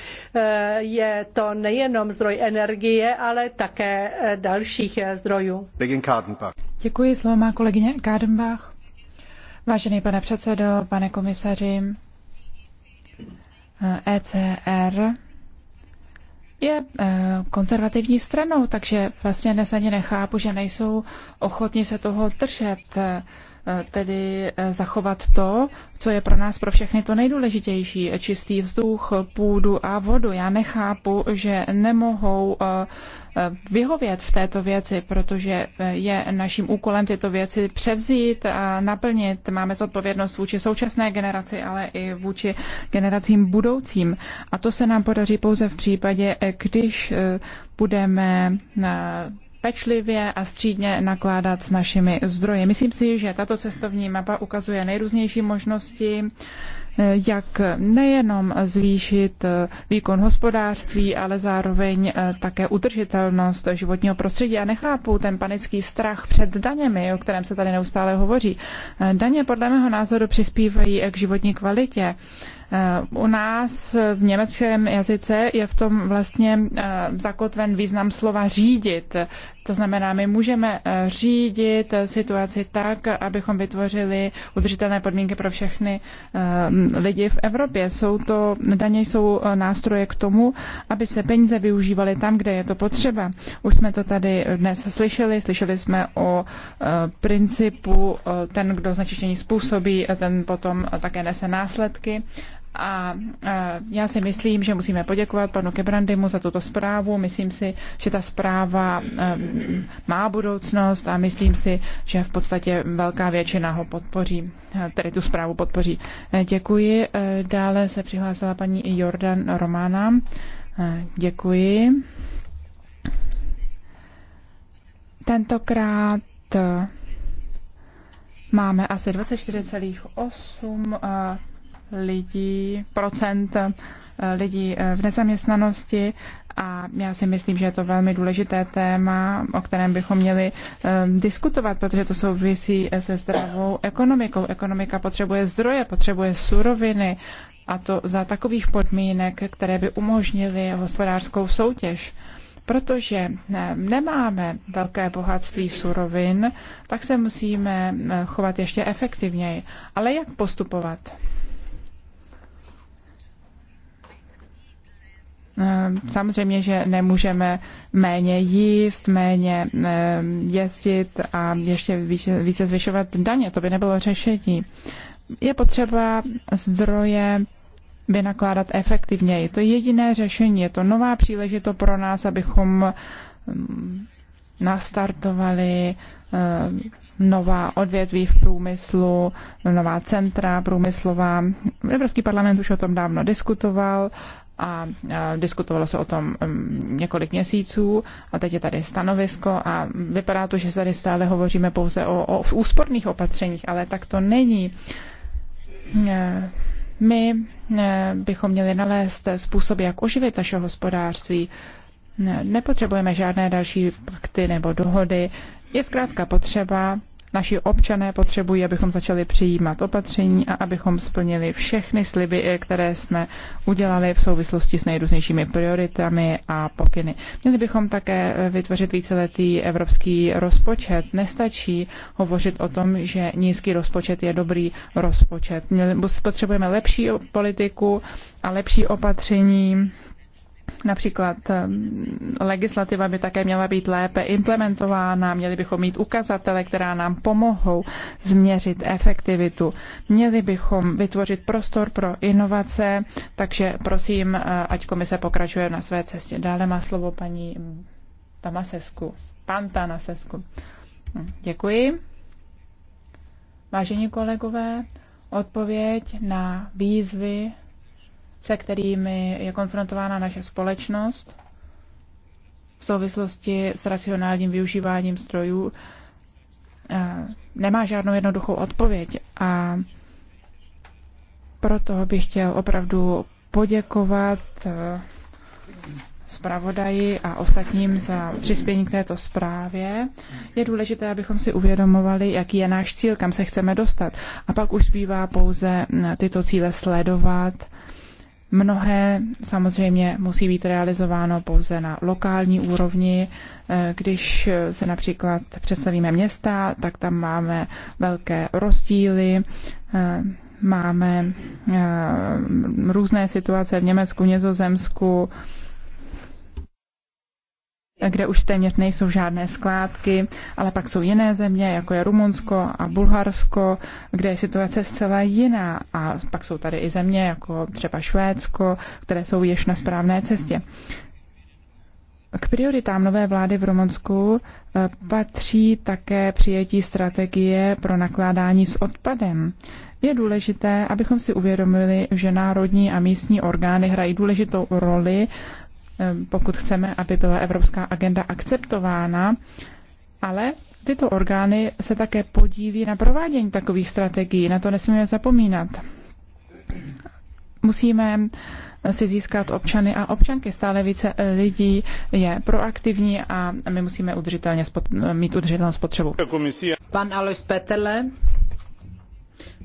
Je to nejenom zdroj energie, ale také dalších zdrojů. Děkuji, slovo má kolegyně Kádenbach. Vážený pane předsedo, pane komisaři, ECR eh, e je eh, konzervativní stranou, takže vlastně dnes ani nechápu, že nejsou ochotni se toho držet. Eh, tedy eh, zachovat to, co je pro nás pro všechny to nejdůležitější, čistý vzduch, půdu a vodu. Já nechápu, že nemohou eh, vyhovět v této věci, protože je naším úkolem tyto věci převzít a naplnit. Máme zodpovědnost vůči současné generaci, ale i vůči generacím budoucím. A to se nám podaří pouze v případě, když budeme pečlivě a střídně nakládat s našimi zdroji. Myslím si, že tato cestovní mapa ukazuje nejrůznější možnosti, eh, jak nejenom zvýšit eh, výkon hospodářství, ale zároveň eh, také udržitelnost životního prostředí. A nechápu ten panický strach před daněmi, o kterém se tady neustále hovoří. Daně podle mého názoru přispívají k životní kvalitě u nás v německém jazyce je v tom vlastně eh, zakotven význam slova řídit. To znamená, my můžeme eh, řídit eh, situaci tak, abychom vytvořili udržitelné podmínky pro všechny lidi v Evropě. Jsou to, daně jsou nástroje k tomu, aby se peníze využívaly tam, kde je to potřeba. Už jsme to tady dnes slyšeli, slyšeli jsme o principu ten, kdo znečištění způsobí, ten potom také nese následky. A e, já si myslím, že musíme poděkovat panu Kebrandymu za tuto zprávu. Myslím si, že ta zpráva e, má budoucnost a myslím si, že v podstatě velká většina ho podpoří, e, tedy tu zprávu podpoří. Děkuji. Dále se přihlásila paní Jordan Romana. Děkuji. Tentokrát máme asi 24,8 lidí, procent eh, lidí eh, v nezaměstnanosti a já si myslím, že je to velmi důležité téma, o kterém bychom měli um, diskutovat, protože to souvisí se zdravou ekonomikou. Ekonomika potřebuje zdroje, potřebuje suroviny a to za takových podmínek, které by umožnily hospodářskou soutěž. Protože nemáme velké bohatství surovin, tak se musíme chovat ještě efektivněji. Ale jak postupovat? Eh, samozřejmě, že nemůžeme méně jíst, méně eh, jezdit a ještě více, více zvyšovat daně. To by nebylo řešení. Je potřeba zdroje vynakládat efektivněji. To je jediné řešení. Je to nová příležitost pro nás, abychom mm, nastartovali eh, nová odvětví v průmyslu, nová centra průmyslová. Evropský parlament už o tom dávno diskutoval a diskutovalo se o tom um, několik měsíců a teď je tady stanovisko a vypadá to, že tady stále hovoříme pouze o, o úsporných opatřeních, ale tak to není. E, my e, bychom měli nalézt způsob, jak oživit naše hospodářství. E, nepotřebujeme žádné další pakty nebo dohody. Je zkrátka potřeba naši občané potřebují, abychom začali přijímat opatření a abychom splnili všechny sliby, eh, které jsme udělali v souvislosti s nejrůznějšími prioritami a pokyny. Měli bychom také eh, vytvořit víceletý evropský rozpočet. Nestačí hovořit o tom, že nízký rozpočet je dobrý rozpočet. Potřebujeme lepší politiku a lepší opatření Například ehm, legislativa by také měla být lépe implementována, měli bychom mít ukazatele, která nám pomohou změřit efektivitu. Měli bychom vytvořit prostor pro inovace, takže prosím, eh, ať komise pokračuje na své cestě. Dále má slovo paní Tamasesku. Pan Tanasesku. Hm, děkuji. Vážení kolegové, odpověď na výzvy se kterými je konfrontována naše společnost v souvislosti s racionálním využíváním strojů, eh, nemá žádnou jednoduchou odpověď. A proto bych chtěl opravdu poděkovat eh, zpravodaji a ostatním za přispění k této zprávě. Je důležité, abychom si uvědomovali, jaký je náš cíl, kam se chceme dostat. A pak už bývá pouze mm, tyto cíle sledovat Mnohé samozřejmě musí být realizováno pouze na lokální úrovni. Eh, Když se například představíme města, tak tam máme velké rozdíly, eh, máme eh, různé situace v Německu, Nězozemsku, kde už téměř nejsou žádné skládky, ale pak jsou jiné země, jako je Rumunsko a Bulharsko, kde je situace zcela jiná. A pak jsou tady i země, jako třeba Švédsko, které jsou již na správné cestě. K prioritám nové vlády v Rumunsku eh, patří také přijetí strategie pro nakládání s odpadem. Je důležité, abychom si uvědomili, že národní a místní orgány hrají důležitou roli Ehm, pokud chceme, aby byla evropská agenda akceptována, ale tyto orgány se také podíví na provádění takových strategií. Na to nesmíme zapomínat. Musíme si získat občany a občanky. Stále více lidí je proaktivní a my musíme udržitelně spot, mít udržitelnou spotřebu. Pan Alois Petele.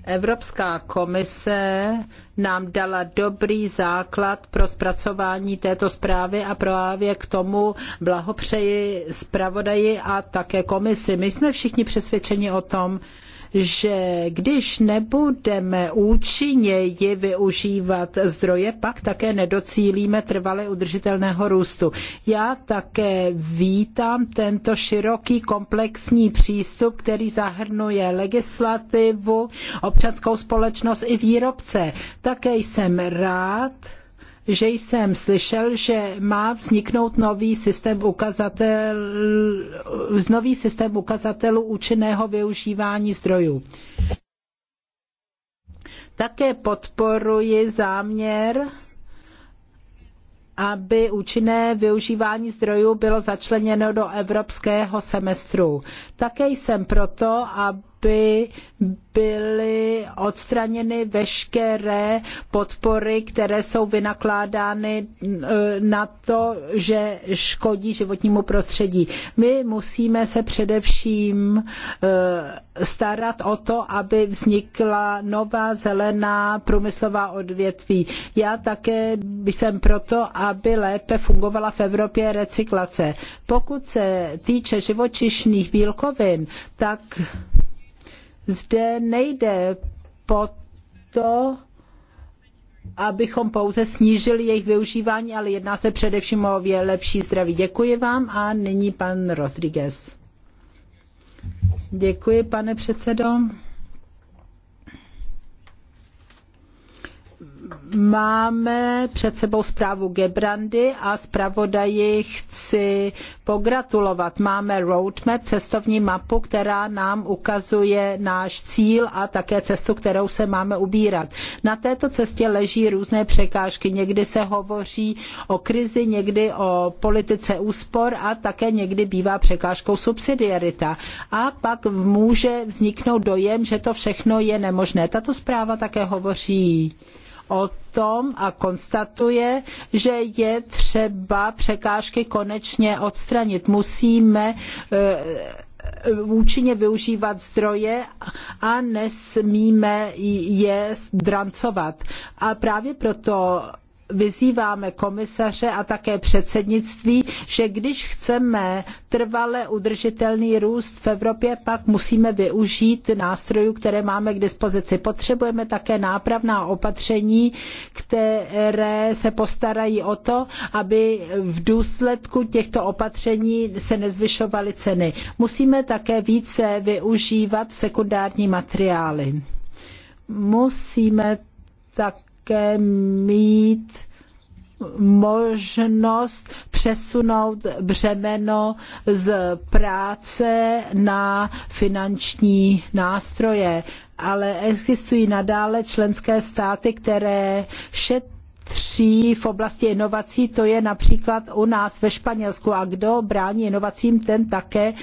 Evropská komise nám dala dobrý základ pro zpracování této zprávy a právě k tomu blahopřeji zpravodaji a také komisi. My jsme všichni přesvědčeni o tom, že když nebudeme účinněji využívat zdroje, pak také nedocílíme trvale udržitelného růstu. Já také vítám tento široký komplexní přístup, který zahrnuje legislativu, občanskou společnost i výrobce. Také jsem rád, že jsem slyšel, že má vzniknout nový systém, ukazatel, nový systém ukazatelů účinného využívání zdrojů. Také podporuji záměr aby účinné využívání zdrojů bylo začleněno do evropského semestru. Také jsem proto, aby aby byly odstraněny veškeré podpory, které jsou vynakládány eh, na to, že škodí životnímu prostředí. My musíme se především eh, starat o to, aby vznikla nová zelená průmyslová odvětví. Já také jsem proto, aby lépe fungovala v Evropě recyklace. Pokud se týče živočišných bílkovin, tak zde nejde po to, abychom pouze snížili jejich využívání, ale jedná se především o lepší zdraví. Děkuji vám a nyní pan Rodriguez. Děkuji, pane předsedo. Máme před sebou zprávu Gebrandy a zpravodaji chci pogratulovat. Máme roadmap, cestovní mapu, která nám ukazuje náš cíl a také cestu, kterou se máme ubírat. Na této cestě leží různé překážky. Někdy se hovoří o krizi, někdy o politice úspor a také někdy bývá překážkou subsidiarita. A pak může vzniknout dojem, že to všechno je nemožné. Tato zpráva také hovoří o tom a konstatuje, že je třeba překážky konečně odstranit. Musíme eh, účinně využívat zdroje a nesmíme je drancovat. A právě proto vyzýváme komisaře a také předsednictví, že když chceme trvale udržitelný růst v Evropě, pak musíme využít nástrojů, které máme k dispozici. Potřebujeme také nápravná opatření, které se postarají o to, aby v důsledku těchto opatření se nezvyšovaly ceny. Musíme také více využívat sekundární materiály. Musíme tak také mít možnost přesunout břemeno z práce na finanční nástroje. Ale existují nadále členské státy, které šetří tří v oblasti inovací, to je například u nás ve Španělsku. A kdo brání inovacím, ten také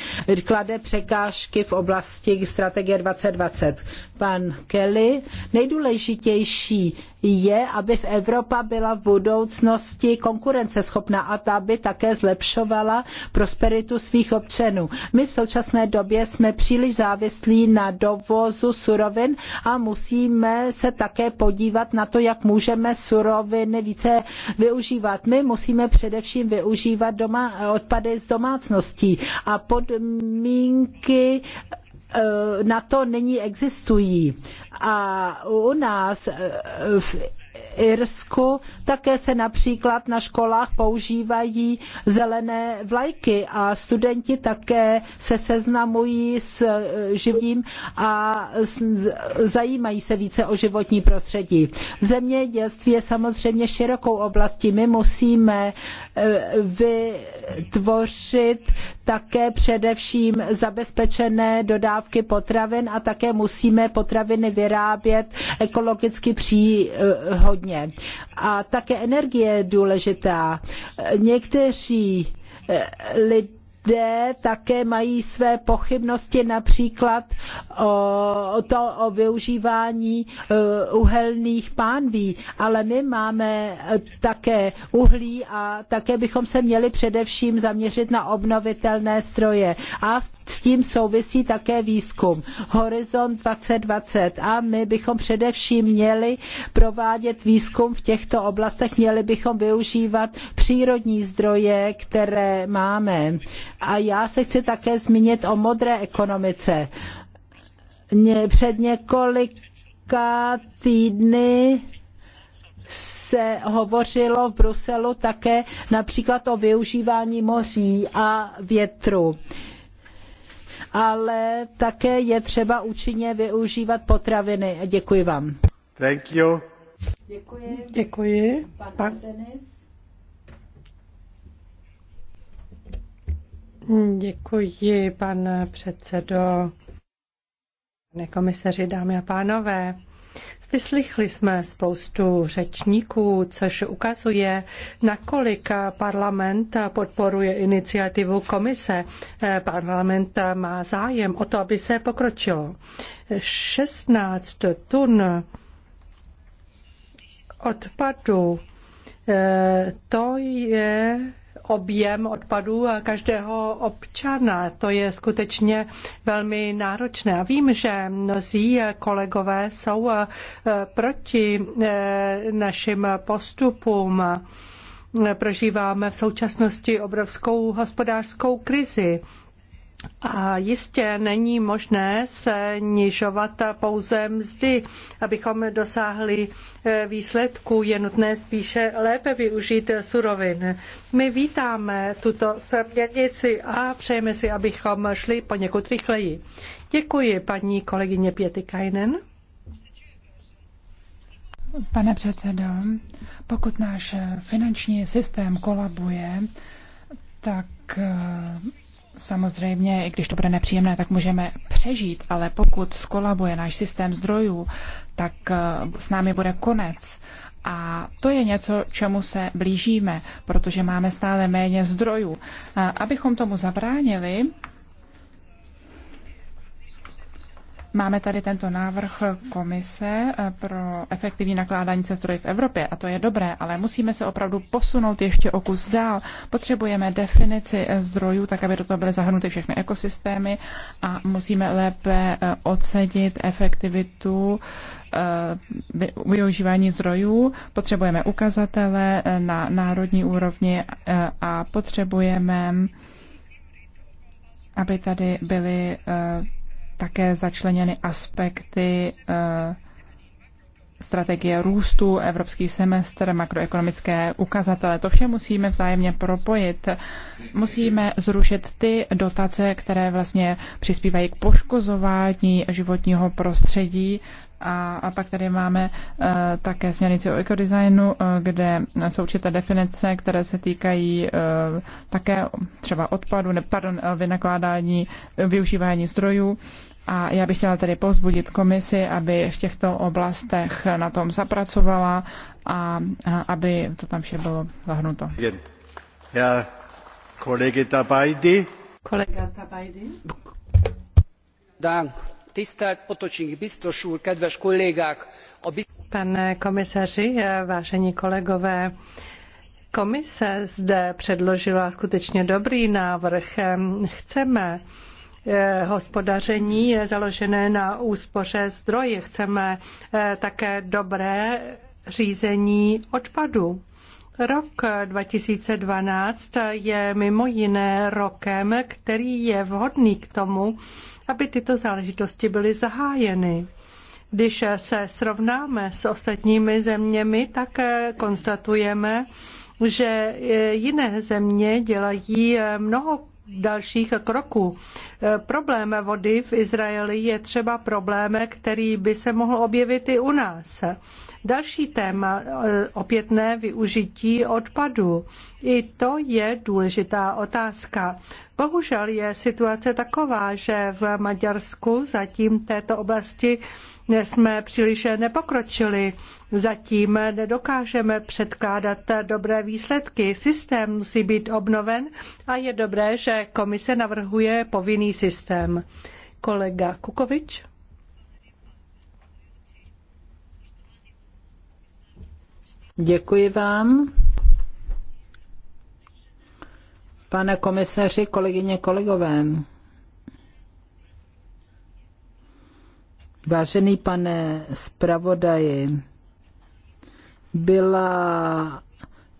klade překážky v oblasti strategie 2020 pan Kelly. Nejdůležitější je, aby v Evropa byla v budoucnosti konkurenceschopná a aby také zlepšovala prosperitu svých občanů. My v současné době jsme příliš závislí na dovozu surovin a musíme se také podívat na to, jak můžeme suroviny více využívat. My musíme především využívat doma, odpady z domácností a podmínky Eh, na to není existují. A u nás eh, v Irsku také se například na školách používají zelené vlajky a studenti také se seznamují s eh, živím a zajímají se více o životní prostředí. Zemědělství je samozřejmě širokou oblastí. My musíme eh, vytvořit také především zabezpečené dodávky potravin a také musíme potraviny vyrábět ekologicky příhodně podobně. A také energie je důležitá. Někteří eh, lidé lidé také mají své pochybnosti například o, to, o využívání e, uhelných pánví, ale my máme e, také uhlí a také bychom se měli především zaměřit na obnovitelné stroje. A s tím souvisí také výzkum Horizont 2020 a my bychom především měli provádět výzkum v těchto oblastech, měli bychom využívat přírodní zdroje, které máme a já se chci také zmínit o modré ekonomice. Před několika týdny se hovořilo v Bruselu také například o využívání moří a větru ale také je třeba účinně využívat potraviny. Děkuji vám. Thank you. Děkuji. Děkuji. Pan Arsenis. Děkuji, pane předsedo. Pane komisaři, dámy a pánové, vyslychli jsme spoustu řečníků, což ukazuje, nakolik parlament podporuje iniciativu komise. Parlament má zájem o to, aby se pokročilo. 16 tun odpadu, to je objem odpadů každého občana. To je skutečně velmi náročné. A vím, že mnozí kolegové jsou eh, proti eh, našim postupům. Prožíváme v současnosti obrovskou hospodářskou krizi. A jistě není možné se nižovat pouze mzdy. Abychom dosáhli e, výsledku, je nutné spíše lépe využít surovin. My vítáme tuto směrnici a přejeme si, abychom šli poněkud rychleji. Děkuji, paní kolegyně Pěty Kajnen. Pane předsedo, pokud náš finanční systém kolabuje, tak Samozřejmě, i když to bude nepříjemné, tak můžeme přežít, ale pokud skolabuje náš systém zdrojů, tak eh, s námi bude konec. A to je něco, čemu se blížíme, protože máme stále méně zdrojů. Abychom tomu zabránili, Máme tady tento návrh komise eh, pro efektivní nakládání se zdroji v Evropě a to je dobré, ale musíme se opravdu posunout ještě o kus dál. Potřebujeme definici eh, zdrojů, tak aby do toho byly zahrnuty všechny ekosystémy a musíme lépe eh, ocenit efektivitu využívání zdrojů, potřebujeme ukazatele na národní úrovni a potřebujeme, aby tady byly také začleněny aspekty eh, strategie růstu, evropský semestr, makroekonomické ukazatele. To vše musíme vzájemně propojit. Musíme zrušit ty dotace, které vlastně přispívají k poškozování životního prostředí. A, a pak tady máme uh, také směrnici o ekodesignu, uh, kde jsou určité definice, které se týkají uh, také třeba odpadu, ne, pardon, vynakládání, využívání zdrojů. A já bych chtěla tedy povzbudit komisi, aby v těchto oblastech na tom zapracovala a, aby to tam vše bylo zahrnuto. Já, kolegy Tabajdy. Kolega Tabajdy. Dank. Tisztelt Potocsink biztos úr, kedves kollégák! A Pane komisaři, vážení kolegové, komise zde předložila skutečně dobrý návrh. Chceme Eh, hospodaření je založené na úspoře zdroje. Chceme eh, také dobré řízení odpadu. Rok 2012 je mimo jiné rokem, který je vhodný k tomu, aby tyto záležitosti byly zahájeny. Když se srovnáme s ostatními zeměmi, tak eh, konstatujeme, že jiné země dělají mnoho dalších kroků. E, problém vody v Izraeli je třeba problém, který by se mohl objevit i u nás. Další téma, e, opětné využití odpadu. I to je důležitá otázka. Bohužel je situace taková, že v Maďarsku zatím této oblasti jsme příliš nepokročili. Zatím nedokážeme předkládat dobré výsledky. Systém musí být obnoven a je dobré, že komise navrhuje povinný systém. Kolega Kukovič. Děkuji vám. Pane komisaři, kolegyně, kolegové. Vážený pane zpravodaji, byla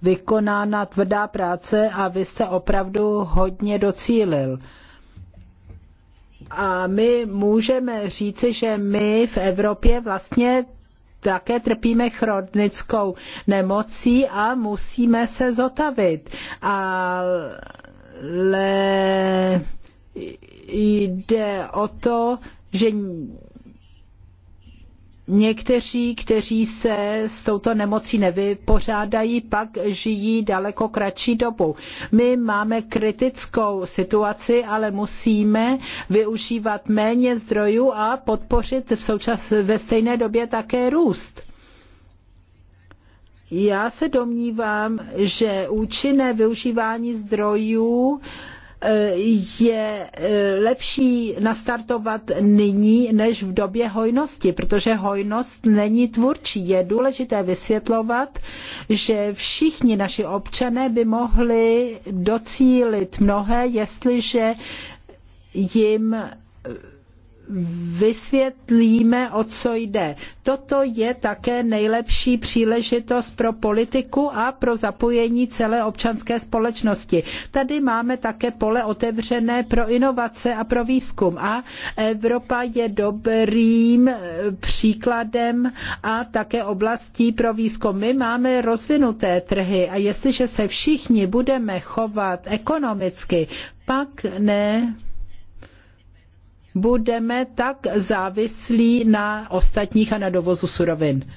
vykonána tvrdá práce a vy jste opravdu hodně docílil. A my můžeme říci, že my v Evropě vlastně také trpíme chronickou nemocí a musíme se zotavit. Ale jde o to, že Někteří, kteří se s touto nemocí nevypořádají, pak žijí daleko kratší dobu. My máme kritickou situaci, ale musíme využívat méně zdrojů a podpořit v součas, ve stejné době také růst. Já se domnívám, že účinné využívání zdrojů Eh, je eh, lepší nastartovat nyní než v době hojnosti, protože hojnost není tvůrčí. Je důležité vysvětlovat, že všichni naši občané by mohli docílit mnohé, jestliže jim vysvětlíme, o co jde. Toto je také nejlepší příležitost pro politiku a pro zapojení celé občanské společnosti. Tady máme také pole otevřené pro inovace a pro výzkum a Evropa je dobrým eh, příkladem a také oblastí pro výzkum. My máme rozvinuté trhy a jestliže se všichni budeme chovat ekonomicky, pak ne budeme tak závislí na ostatních a na dovozu surovin.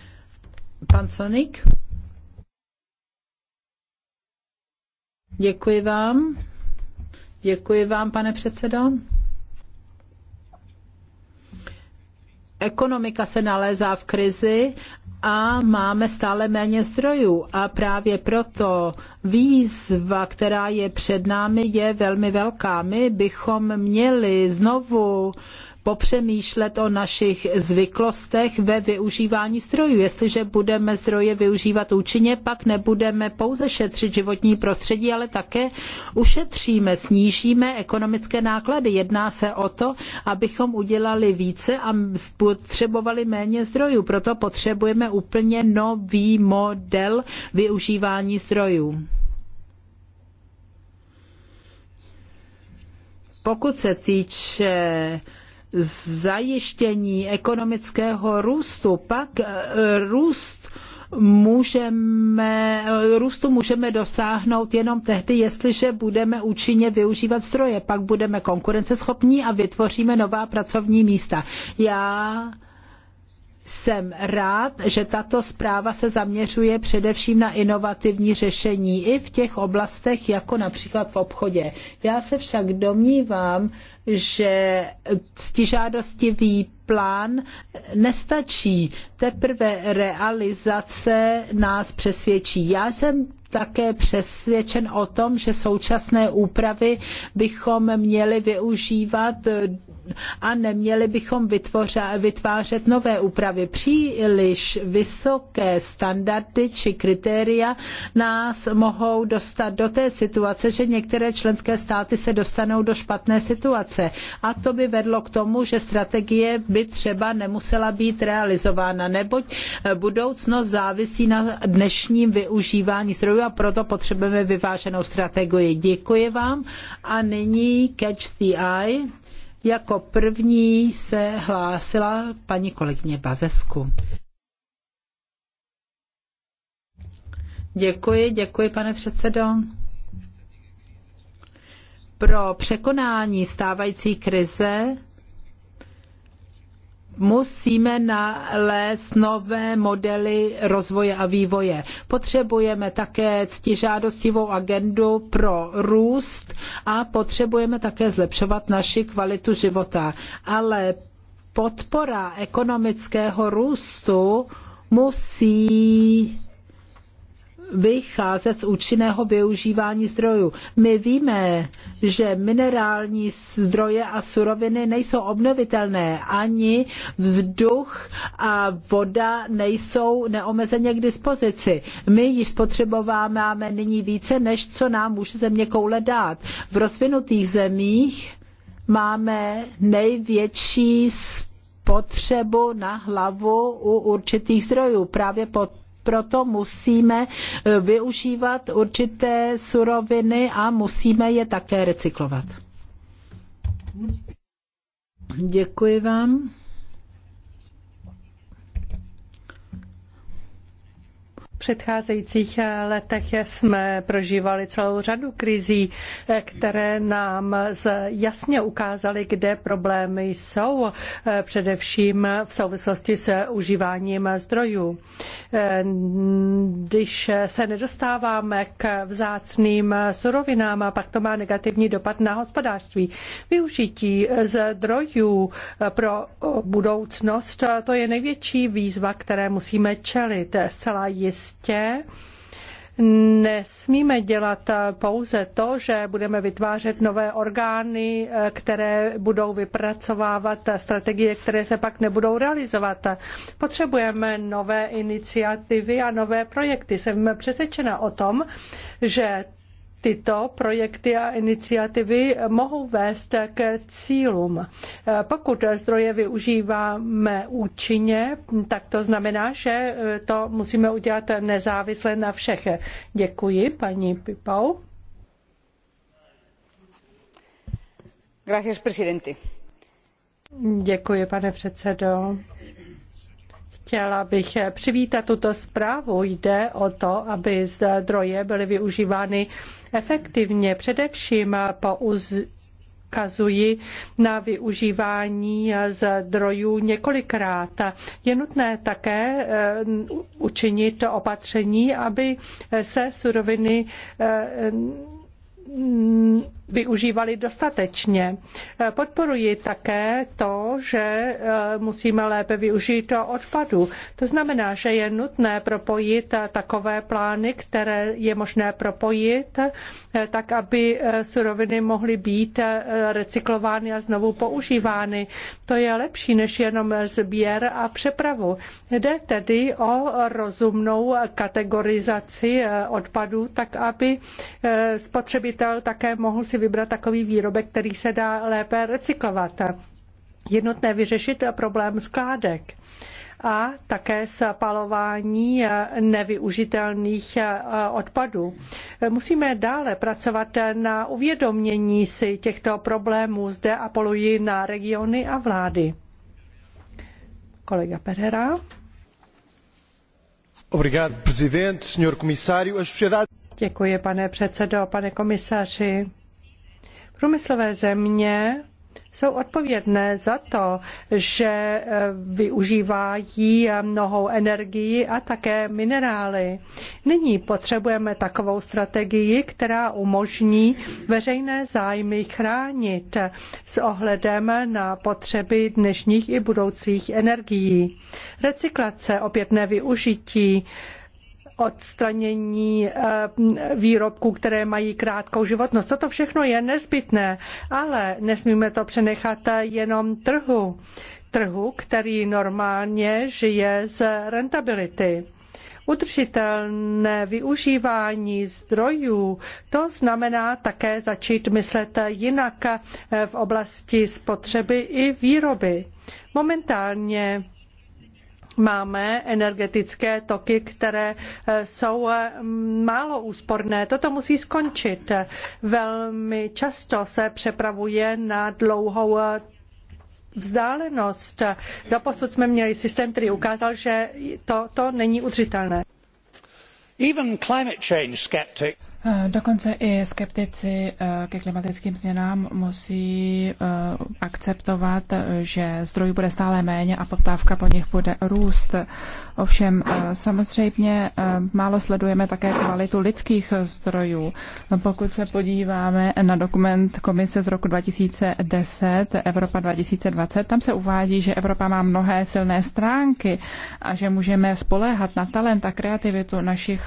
Pan Sonik? Děkuji vám. Děkuji vám, pane předsedo. Ekonomika se nalézá v krizi a máme stále méně zdrojů a právě proto výzva, která je před námi, je velmi velká. My bychom měli znovu popřemýšlet o našich zvyklostech ve využívání zdrojů. Jestliže budeme zdroje využívat účinně, pak nebudeme pouze šetřit životní prostředí, ale také ušetříme, snížíme ekonomické náklady. Jedná se o to, abychom udělali více a potřebovali méně zdrojů. Proto potřebujeme úplně nový model využívání zdrojů. Pokud se týče zajištění ekonomického růstu, pak eh, růst můžeme, eh, růstu můžeme dosáhnout jenom tehdy, jestliže budeme účinně využívat zdroje. Pak budeme konkurenceschopní a vytvoříme nová pracovní místa. Já jsem rád, že tato zpráva se zaměřuje především na inovativní řešení i v těch oblastech, jako například v obchodě. Já se však domnívám, že stižádostivý plán nestačí. Teprve realizace nás přesvědčí. Já jsem také přesvědčen o tom, že současné úpravy bychom měli využívat a neměli bychom vytvářet nové úpravy. Příliš vysoké standardy či kritéria nás mohou dostat do té situace, že některé členské státy se dostanou do špatné situace. A to by vedlo k tomu, že strategie by třeba nemusela být realizována, neboť eh, budoucnost závisí na dnešním využívání zdrojů a proto potřebujeme vyváženou strategii. Děkuji vám a nyní Catch the Eye. Jako první se hlásila paní kolegyně Bazesku. Děkuji, děkuji, pane předsedo. Pro překonání stávající krize musíme nalézt nové modely rozvoje a vývoje. Potřebujeme také ctižádostivou agendu pro růst a potřebujeme také zlepšovat naši kvalitu života. Ale podpora ekonomického růstu musí vycházet z účinného využívání zdrojů. My víme, že minerální zdroje a suroviny nejsou obnovitelné, ani vzduch a voda nejsou neomezeně k dispozici. My již spotřebováváme nyní více, než co nám může země koule dát. V rozvinutých zemích máme největší potřebu na hlavu u určitých zdrojů. Právě pod proto musíme e, využívat určité suroviny a musíme je také recyklovat. Děkuji vám. předcházejících eh, letech jsme prožívali celou řadu krizí, eh, které nám jasně ukázaly, kde problémy jsou, eh, především v souvislosti s užíváním zdrojů. Když se nedostáváme k vzácným surovinám, pak to má negativní dopad na hospodářství. Využití zdrojů pro budoucnost, to je největší výzva, které musíme čelit. Zcela jistě místě prostě nesmíme dělat pouze to, že budeme vytvářet nové orgány, které budou vypracovávat strategie, které se pak nebudou realizovat. Potřebujeme nové iniciativy a nové projekty. Jsem přesvědčena o tom, že tyto projekty a iniciativy mohou vést k cílům. Pokud zdroje využíváme účinně, tak to znamená, že to musíme udělat nezávisle na všech. Děkuji, paní Pipau. Gracias, presidente. Děkuji, pane předsedo. Chtěla bych přivítat tuto zprávu. Jde o to, aby zdroje byly využívány efektivně, především po uz na využívání zdrojů několikrát. Je nutné také eh, učinit opatření, aby se suroviny eh, využívali dostatečně. Eh, podporuji také to, že eh, musíme lépe využít odpadu. To znamená, že je nutné propojit eh, takové plány, které je možné propojit, tak aby suroviny mohly být recyklovány a znovu používány. To je lepší než jenom sběr a přepravu. Jde tedy o rozumnou kategorizaci odpadů, tak aby spotřebitel také mohl si si vybrat takový výrobek, který se dá lépe recyklovat. Jednotné vyřešit problém skládek a také spalování nevyužitelných odpadů. Musíme dále pracovat na uvědomění si těchto problémů. Zde apeluji na regiony a vlády. Kolega Pereira. Obrigado, presidente, senhor comissário. A sociedade... Děkuji, pane předsedo, pane komisaři. Průmyslové země jsou odpovědné za to, že eh, využívají eh, mnohou energii a také minerály. Nyní potřebujeme takovou strategii, která umožní veřejné zájmy chránit s ohledem na potřeby dnešních i budoucích energií. Recyklace, opětné využití, odstranění eh, výrobků, které mají krátkou životnost. Toto všechno je nezbytné, ale nesmíme to přenechat jenom trhu. Trhu, který normálně žije z rentability udržitelné využívání zdrojů, to znamená také začít myslet jinak eh, v oblasti spotřeby i výroby. Momentálně máme energetické toky, které eh, jsou eh, málo úsporné. Toto musí skončit. Velmi často se přepravuje na dlouhou eh, vzdálenost. Doposud jsme měli systém, který ukázal, že to, to není udržitelné. Eh, dokonce i skeptici eh, ke klimatickým změnám musí eh, akceptovat, že zdrojů bude stále méně a poptávka po nich bude růst. Ovšem samozřejmě málo sledujeme také kvalitu lidských zdrojů. Pokud se podíváme na dokument komise z roku 2010 Evropa 2020, tam se uvádí, že Evropa má mnohé silné stránky a že můžeme spoléhat na talent a kreativitu našich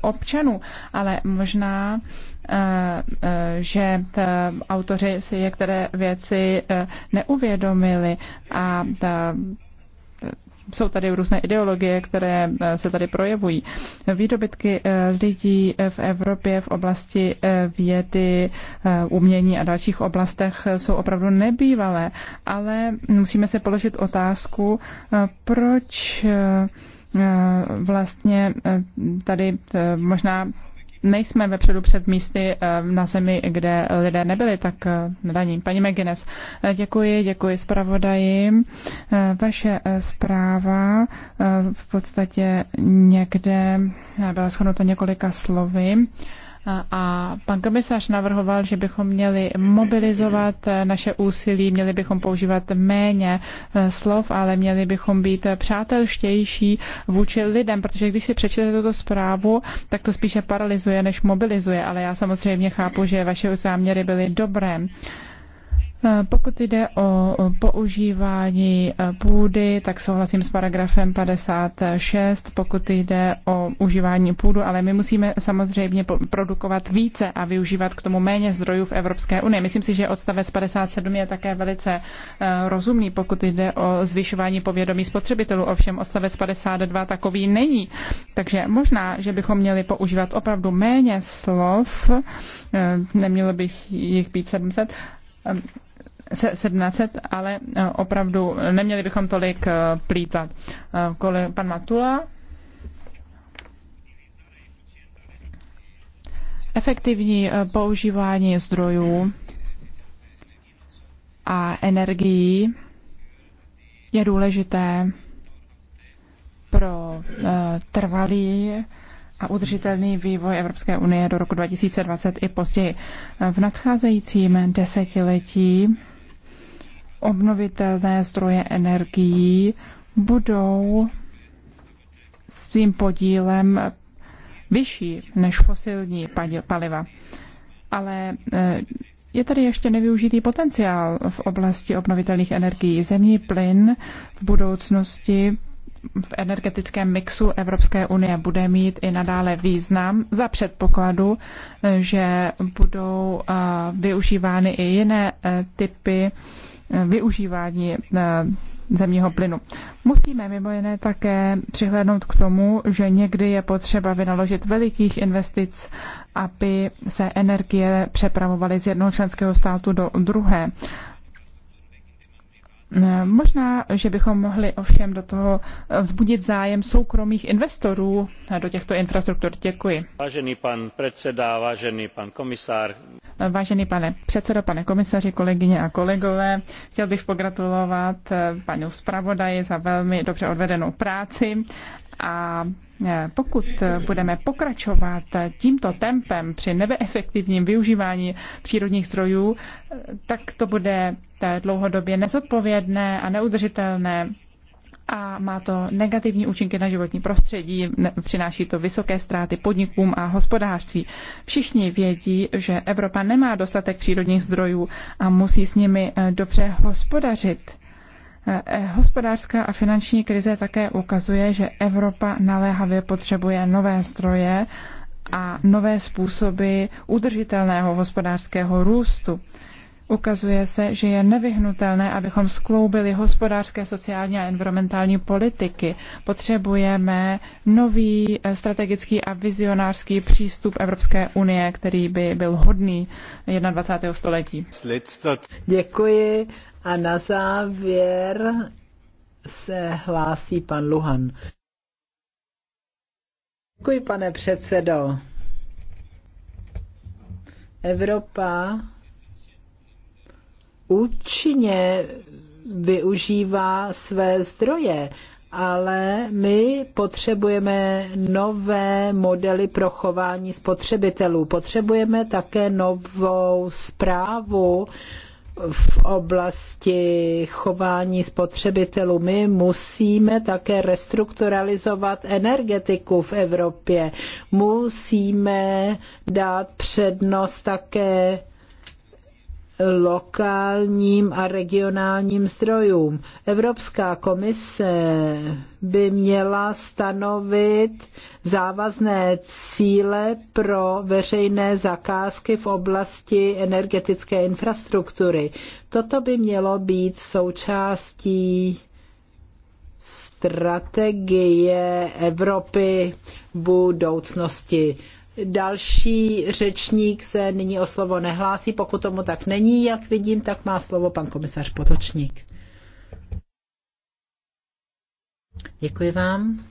občanů, ale možná možná, eh, eh, že autoři si některé věci eh, neuvědomili a jsou tady různé ideologie, které se tady projevují. Výdobytky lidí v Evropě v oblasti vědy, umění a dalších oblastech jsou opravdu nebývalé, ale musíme se položit otázku, proč vlastně tady možná nejsme vepředu před místy eh, na zemi, kde lidé nebyli tak eh, nadaní. Paní McGuinness, eh, děkuji, děkuji zpravodaji. Vaše zpráva v podstatě někde byla schodnota několika slovy. A pan komisař navrhoval, že bychom měli mobilizovat naše úsilí, měli bychom používat méně eh, slov, ale měli bychom být přátelštější vůči lidem, protože když si přečtete tuto zprávu, tak to spíše paralizuje, než mobilizuje. Ale já samozřejmě chápu, že vaše záměry byly dobré. Eh, pokud jde o používání eh, půdy, tak souhlasím s paragrafem 56, pokud jde o užívání půdu, ale my musíme samozřejmě produkovat více a využívat k tomu méně zdrojů v Evropské unii. Myslím si, že odstavec 57 je také velice eh, rozumný, pokud jde o zvyšování povědomí spotřebitelů. Ovšem odstavec 52 takový není. Takže možná, že bychom měli používat opravdu méně slov, nemělo bych jich být 700, 1700, ale eh, opravdu neměli bychom tolik eh, plítat. Eh, kole, pan Matula. Efektivní používání zdrojů a energií je důležité pro trvalý a udržitelný vývoj Evropské unie do roku 2020 i později. V nadcházejícím desetiletí obnovitelné zdroje energií budou svým podílem vyšší než fosilní paliva. Ale e, je tady ještě nevyužitý potenciál v oblasti obnovitelných energií. Zemní plyn v budoucnosti v energetickém mixu Evropské unie bude mít i nadále význam za předpokladu, že budou e, využívány i jiné e, typy využívání eh, zemního plynu. Musíme mimo jiné také přihlédnout k tomu, že někdy je potřeba vynaložit velikých investic, aby se energie přepravovaly z jednoho členského státu do druhé. Možná, že bychom mohli ovšem do toho vzbudit zájem soukromých investorů do těchto infrastruktur. Děkuji. Vážený pan předseda, vážený pan komisár. Vážený pane předsedo, pane komisaři, kolegyně a kolegové, chtěl bych pogratulovat panu zpravodaji za velmi dobře odvedenou práci a e, pokud budeme pokračovat tímto tempem při nebeefektivním využívání přírodních zdrojů, e, tak to bude e, dlouhodobě nezodpovědné a neudržitelné a má to negativní účinky na životní prostředí, přináší to vysoké ztráty podnikům a hospodářství. Všichni vědí, že Evropa nemá dostatek přírodních zdrojů a musí s nimi dobře hospodařit. Eh, hospodářská a finanční krize také ukazuje, že Evropa naléhavě potřebuje nové stroje a nové způsoby udržitelného hospodářského růstu. Ukazuje se, že je nevyhnutelné, abychom skloubili hospodářské, sociální a environmentální politiky. Potřebujeme nový eh, strategický a vizionářský přístup Evropské unie, který by byl hodný 21. století. Děkuji a na závěr se hlásí pan Luhan. Děkuji, pane předsedo. Evropa účinně využívá své zdroje, ale my potřebujeme nové modely pro chování spotřebitelů. Potřebujeme také novou zprávu v oblasti chování spotřebitelů. My musíme také restrukturalizovat energetiku v Evropě. Musíme dát přednost také lokálním a regionálním zdrojům. Evropská komise by měla stanovit závazné cíle pro veřejné zakázky v oblasti energetické infrastruktury. Toto by mělo být součástí strategie Evropy budoucnosti. Další řečník se nyní o slovo nehlásí. Pokud tomu tak není, jak vidím, tak má slovo pan komisař Potočník. Děkuji vám.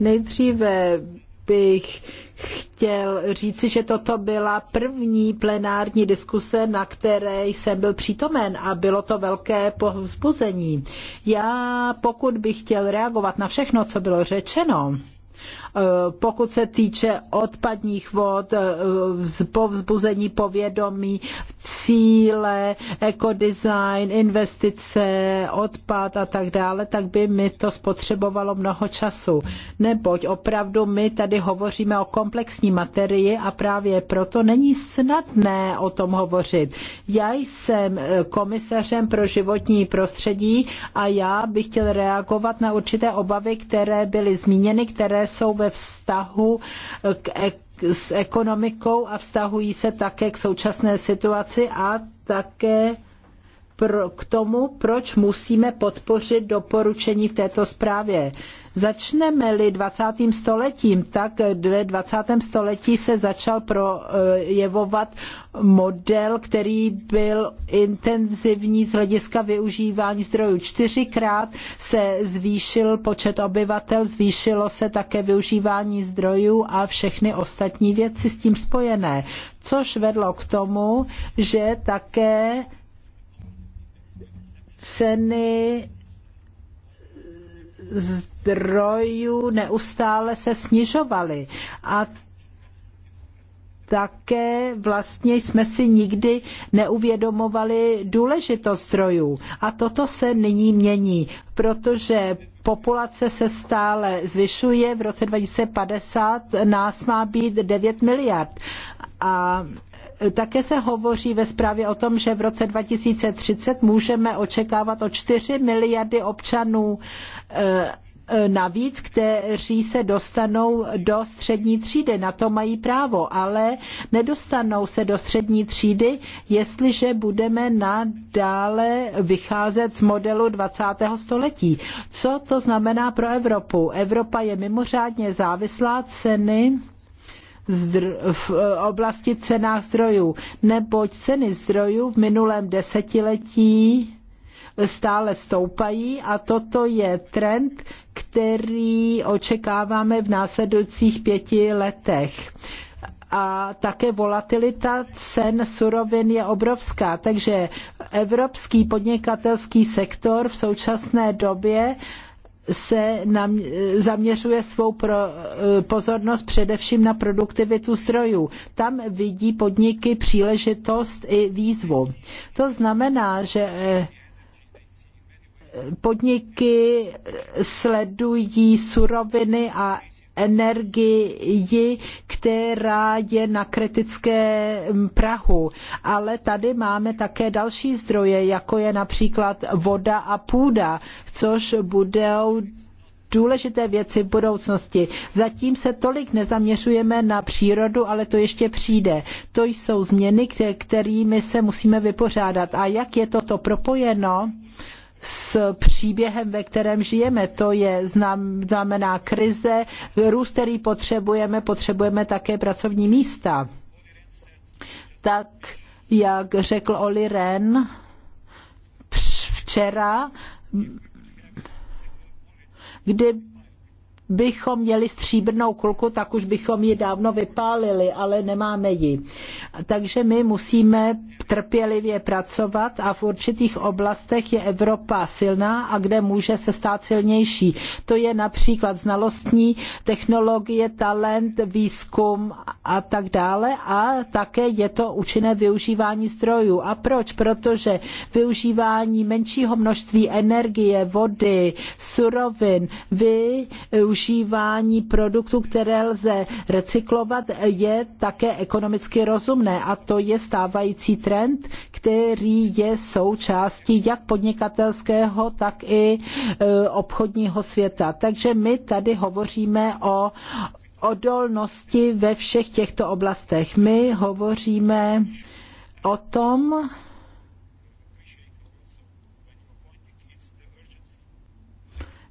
Nejdříve bych chtěl říci, že toto byla první plenární diskuse, na které jsem byl přítomen a bylo to velké povzbuzení. Já, pokud bych chtěl reagovat na všechno, co bylo řečeno, Eh, pokud se týče odpadních vod, eh, povzbuzení povědomí, cíle, ekodesign, investice, odpad a tak dále, tak by mi to spotřebovalo mnoho času. Neboť opravdu my tady hovoříme o komplexní materii a právě proto není snadné o tom hovořit. Já jsem eh, komisařem pro životní prostředí a já bych chtěl reagovat na určité obavy, které byly zmíněny, které jsou ve vztahu k s ekonomikou a vztahují se také k současné situaci a také pro, k tomu, proč musíme podpořit doporučení v této zprávě. Začneme-li 20. stoletím, tak ve 20. století se začal projevovat model, který byl intenzivní z hlediska využívání zdrojů. Čtyřikrát se zvýšil počet obyvatel, zvýšilo se také využívání zdrojů a všechny ostatní věci s tím spojené, což vedlo k tomu, že také ceny zdrojů neustále se snižovaly. A také vlastně jsme si nikdy neuvědomovali důležitost zdrojů. A toto se nyní mění, protože populace se stále zvyšuje. V roce 2050 nás má být 9 miliard. A také se hovoří ve zprávě o tom, že v roce 2030 můžeme očekávat o 4 miliardy občanů e, e, navíc, kteří se dostanou do střední třídy. Na to mají právo, ale nedostanou se do střední třídy, jestliže budeme nadále vycházet z modelu 20. století. Co to znamená pro Evropu? Evropa je mimořádně závislá ceny v eh, oblasti cenách zdrojů, neboť ceny zdrojů v minulém desetiletí stále stoupají a toto je trend, který očekáváme v následujících pěti letech a také volatilita cen surovin je obrovská. Takže evropský podnikatelský sektor v současné době se nam, zaměřuje svou pro, pozornost především na produktivitu zdrojů. Tam vidí podniky příležitost i výzvu. To znamená, že eh, podniky sledují suroviny a energii, která je na kritickém mm, prahu. Ale tady máme také další zdroje, jako je například voda a půda, což budou důležité věci v budoucnosti. Zatím se tolik nezaměřujeme na přírodu, ale to ještě přijde. To jsou změny, kterými se musíme vypořádat. A jak je toto propojeno? s příběhem, ve kterém žijeme. To je znamená krize, růst, který potřebujeme, potřebujeme také pracovní místa. Tak, jak řekl Oli Ren včera, kdy bychom měli stříbrnou kulku, tak už bychom ji dávno vypálili, ale nemáme ji. Takže my musíme trpělivě pracovat a v určitých oblastech je Evropa silná a kde může se stát silnější. To je například znalostní technologie, talent, výzkum a tak dále a také je to účinné využívání zdrojů. A proč? Protože využívání menšího množství energie, vody, surovin, využívání využívání produktů, které lze recyklovat, je také ekonomicky rozumné a to je stávající trend, který je součástí jak podnikatelského, tak i e, obchodního světa. Takže my tady hovoříme o odolnosti ve všech těchto oblastech. My hovoříme o tom,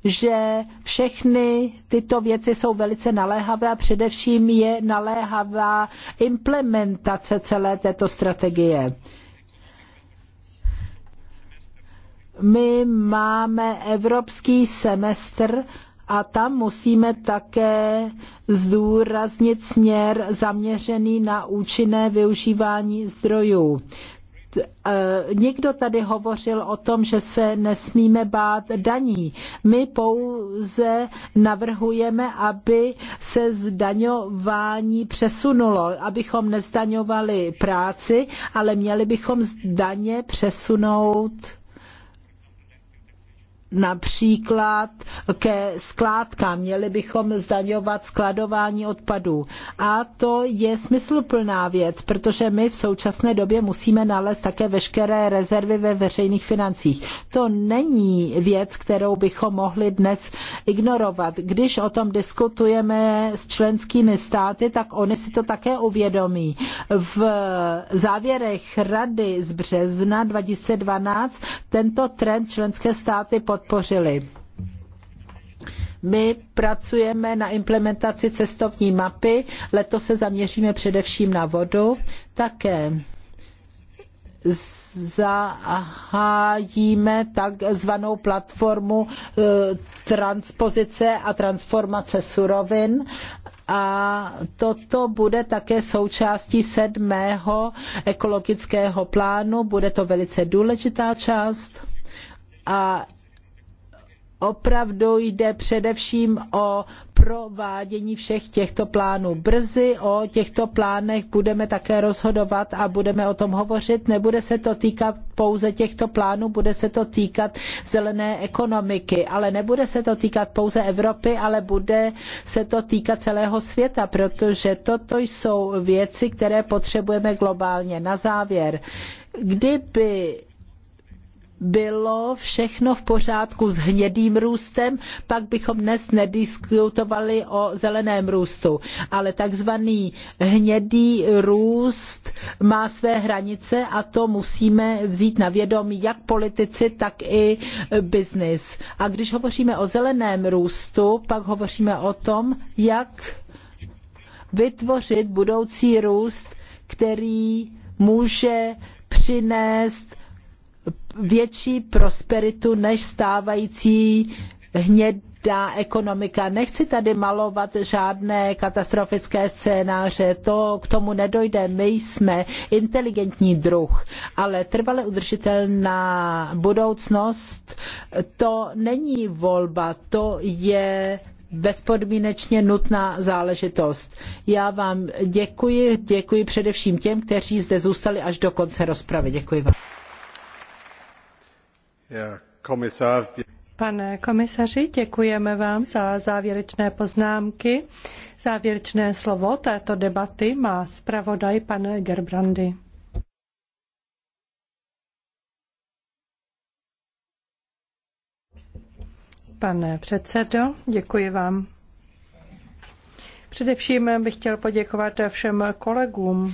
že všechny tyto věci jsou velice naléhavé a především je naléhavá implementace celé této strategie. My máme evropský semestr a tam musíme také zdůraznit směr zaměřený na účinné využívání zdrojů. Eh, někdo tady hovořil o tom, že se nesmíme bát daní. My pouze navrhujeme, aby se zdaňování přesunulo, abychom nezdaňovali práci, ale měli bychom daně přesunout například ke skládkám. Měli bychom zdaňovat skladování odpadů. A to je smysluplná věc, protože my v současné době musíme nalézt také veškeré rezervy ve veřejných financích. To není věc, kterou bychom mohli dnes ignorovat. Když o tom diskutujeme s členskými státy, tak oni si to také uvědomí. V závěrech Rady z března 2012 tento trend členské státy pod podpořili. My pracujeme na implementaci cestovní mapy, letos se zaměříme především na vodu, také zahájíme takzvanou platformu e, transpozice a transformace surovin a toto bude také součástí sedmého ekologického plánu, bude to velice důležitá část a opravdu jde především o provádění všech těchto plánů. Brzy o těchto plánech budeme také rozhodovat a budeme o tom hovořit. Nebude se to týkat pouze těchto plánů, bude se to týkat zelené ekonomiky, ale nebude se to týkat pouze Evropy, ale bude se to týkat celého světa, protože toto jsou věci, které potřebujeme globálně. Na závěr, kdyby bylo všechno v pořádku s hnědým růstem, pak bychom dnes nediskutovali o zeleném růstu. Ale takzvaný hnědý růst má své hranice a to musíme vzít na vědomí jak politici, tak i biznis. A když hovoříme o zeleném růstu, pak hovoříme o tom, jak vytvořit budoucí růst, který může přinést větší prosperitu než stávající hnědá ekonomika. Nechci tady malovat žádné katastrofické scénáře, to k tomu nedojde. My jsme inteligentní druh, ale trvale udržitelná budoucnost to není volba, to je bezpodmínečně nutná záležitost. Já vám děkuji, děkuji především těm, kteří zde zůstali až do konce rozpravy. Děkuji vám. Pane komisaři, děkujeme vám za závěrečné poznámky. Závěrečné slovo této debaty má zpravodaj pan Gerbrandy. Pane předsedo, děkuji vám. Především bych chtěl poděkovat všem kolegům,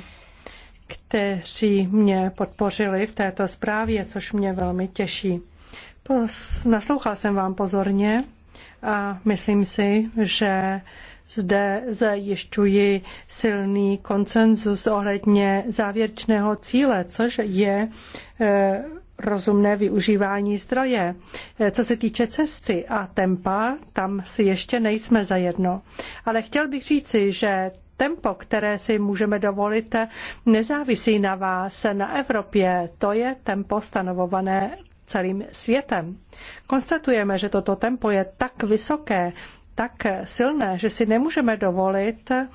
kteří mě podpořili v této zprávě, což mě velmi těší. Naslouchal jsem vám pozorně a myslím si, že zde zajišťuji silný konsenzus ohledně závěrečného cíle, což je e, rozumné využívání zdroje. E, co se týče cesty a tempa, tam si ještě nejsme zajedno. Ale chtěl bych říci, že tempo, které si můžeme dovolit, nezávisí na vás, na Evropě. To je tempo stanovované celým světem. Konstatujeme, že toto tempo je tak vysoké, tak silné, že si nemůžeme dovolit eh,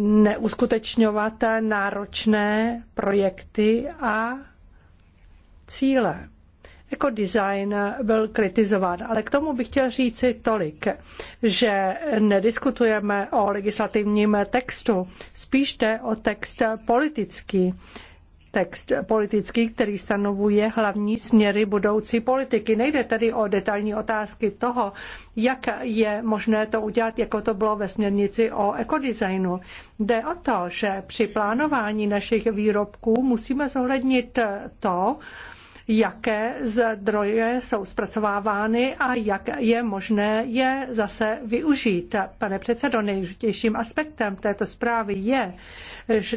neuskutečňovat náročné projekty a cíle. Jako design byl kritizován. Ale k tomu bych chtěl říci tolik, že nediskutujeme o legislativním textu, spíš jde o text politický text politický, který stanovuje hlavní směry budoucí politiky. Nejde tedy o detailní otázky toho, jak je možné to udělat, jako to bylo ve směrnici o ekodesignu. Jde o to, že při plánování našich výrobků musíme zohlednit to, jaké zdroje jsou zpracovávány a jak je možné je zase využít. Pane předsedo, nejdůležitějším aspektem této zprávy je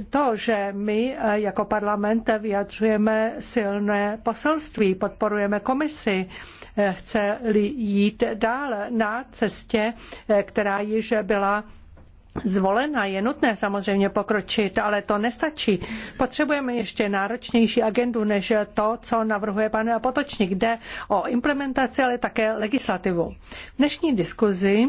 to, že my eh, jako parlament vyjadřujeme silné poselství, podporujeme komisi, eh, chce-li jít dál na cestě, eh, která již byla zvolena. Je nutné samozřejmě pokročit, ale to nestačí. Potřebujeme ještě náročnější agendu než to, co navrhuje pan Potočník. Jde o implementaci, ale také legislativu. V dnešní diskuzi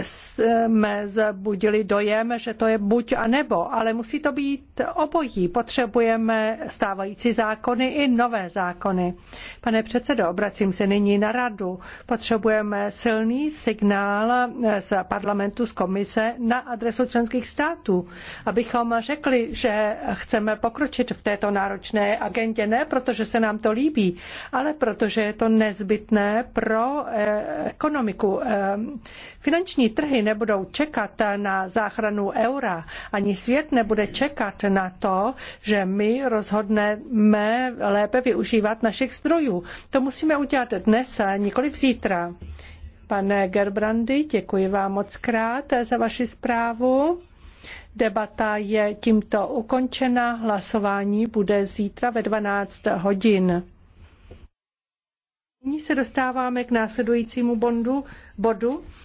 jsme zbudili dojem, že to je buď a nebo, ale musí to být obojí. Potřebujeme stávající zákony i nové zákony. Pane předsedo, obracím se nyní na radu. Potřebujeme silný signál z parlamentu, z komise na adresu členských států, abychom řekli, že chceme pokročit v této náročné agendě, ne protože se nám to líbí, ale protože je to nezbytné pro eh, ekonomiku. Eh, finanční finanční trhy nebudou čekat na záchranu eura, ani svět nebude čekat na to, že my rozhodneme lépe využívat našich zdrojů. To musíme udělat dnes, nikoli zítra. Pane Gerbrandy, děkuji vám moc krát za vaši zprávu. Debata je tímto ukončena, hlasování bude zítra ve 12 hodin. Nyní se dostáváme k následujícímu bondu, bodu.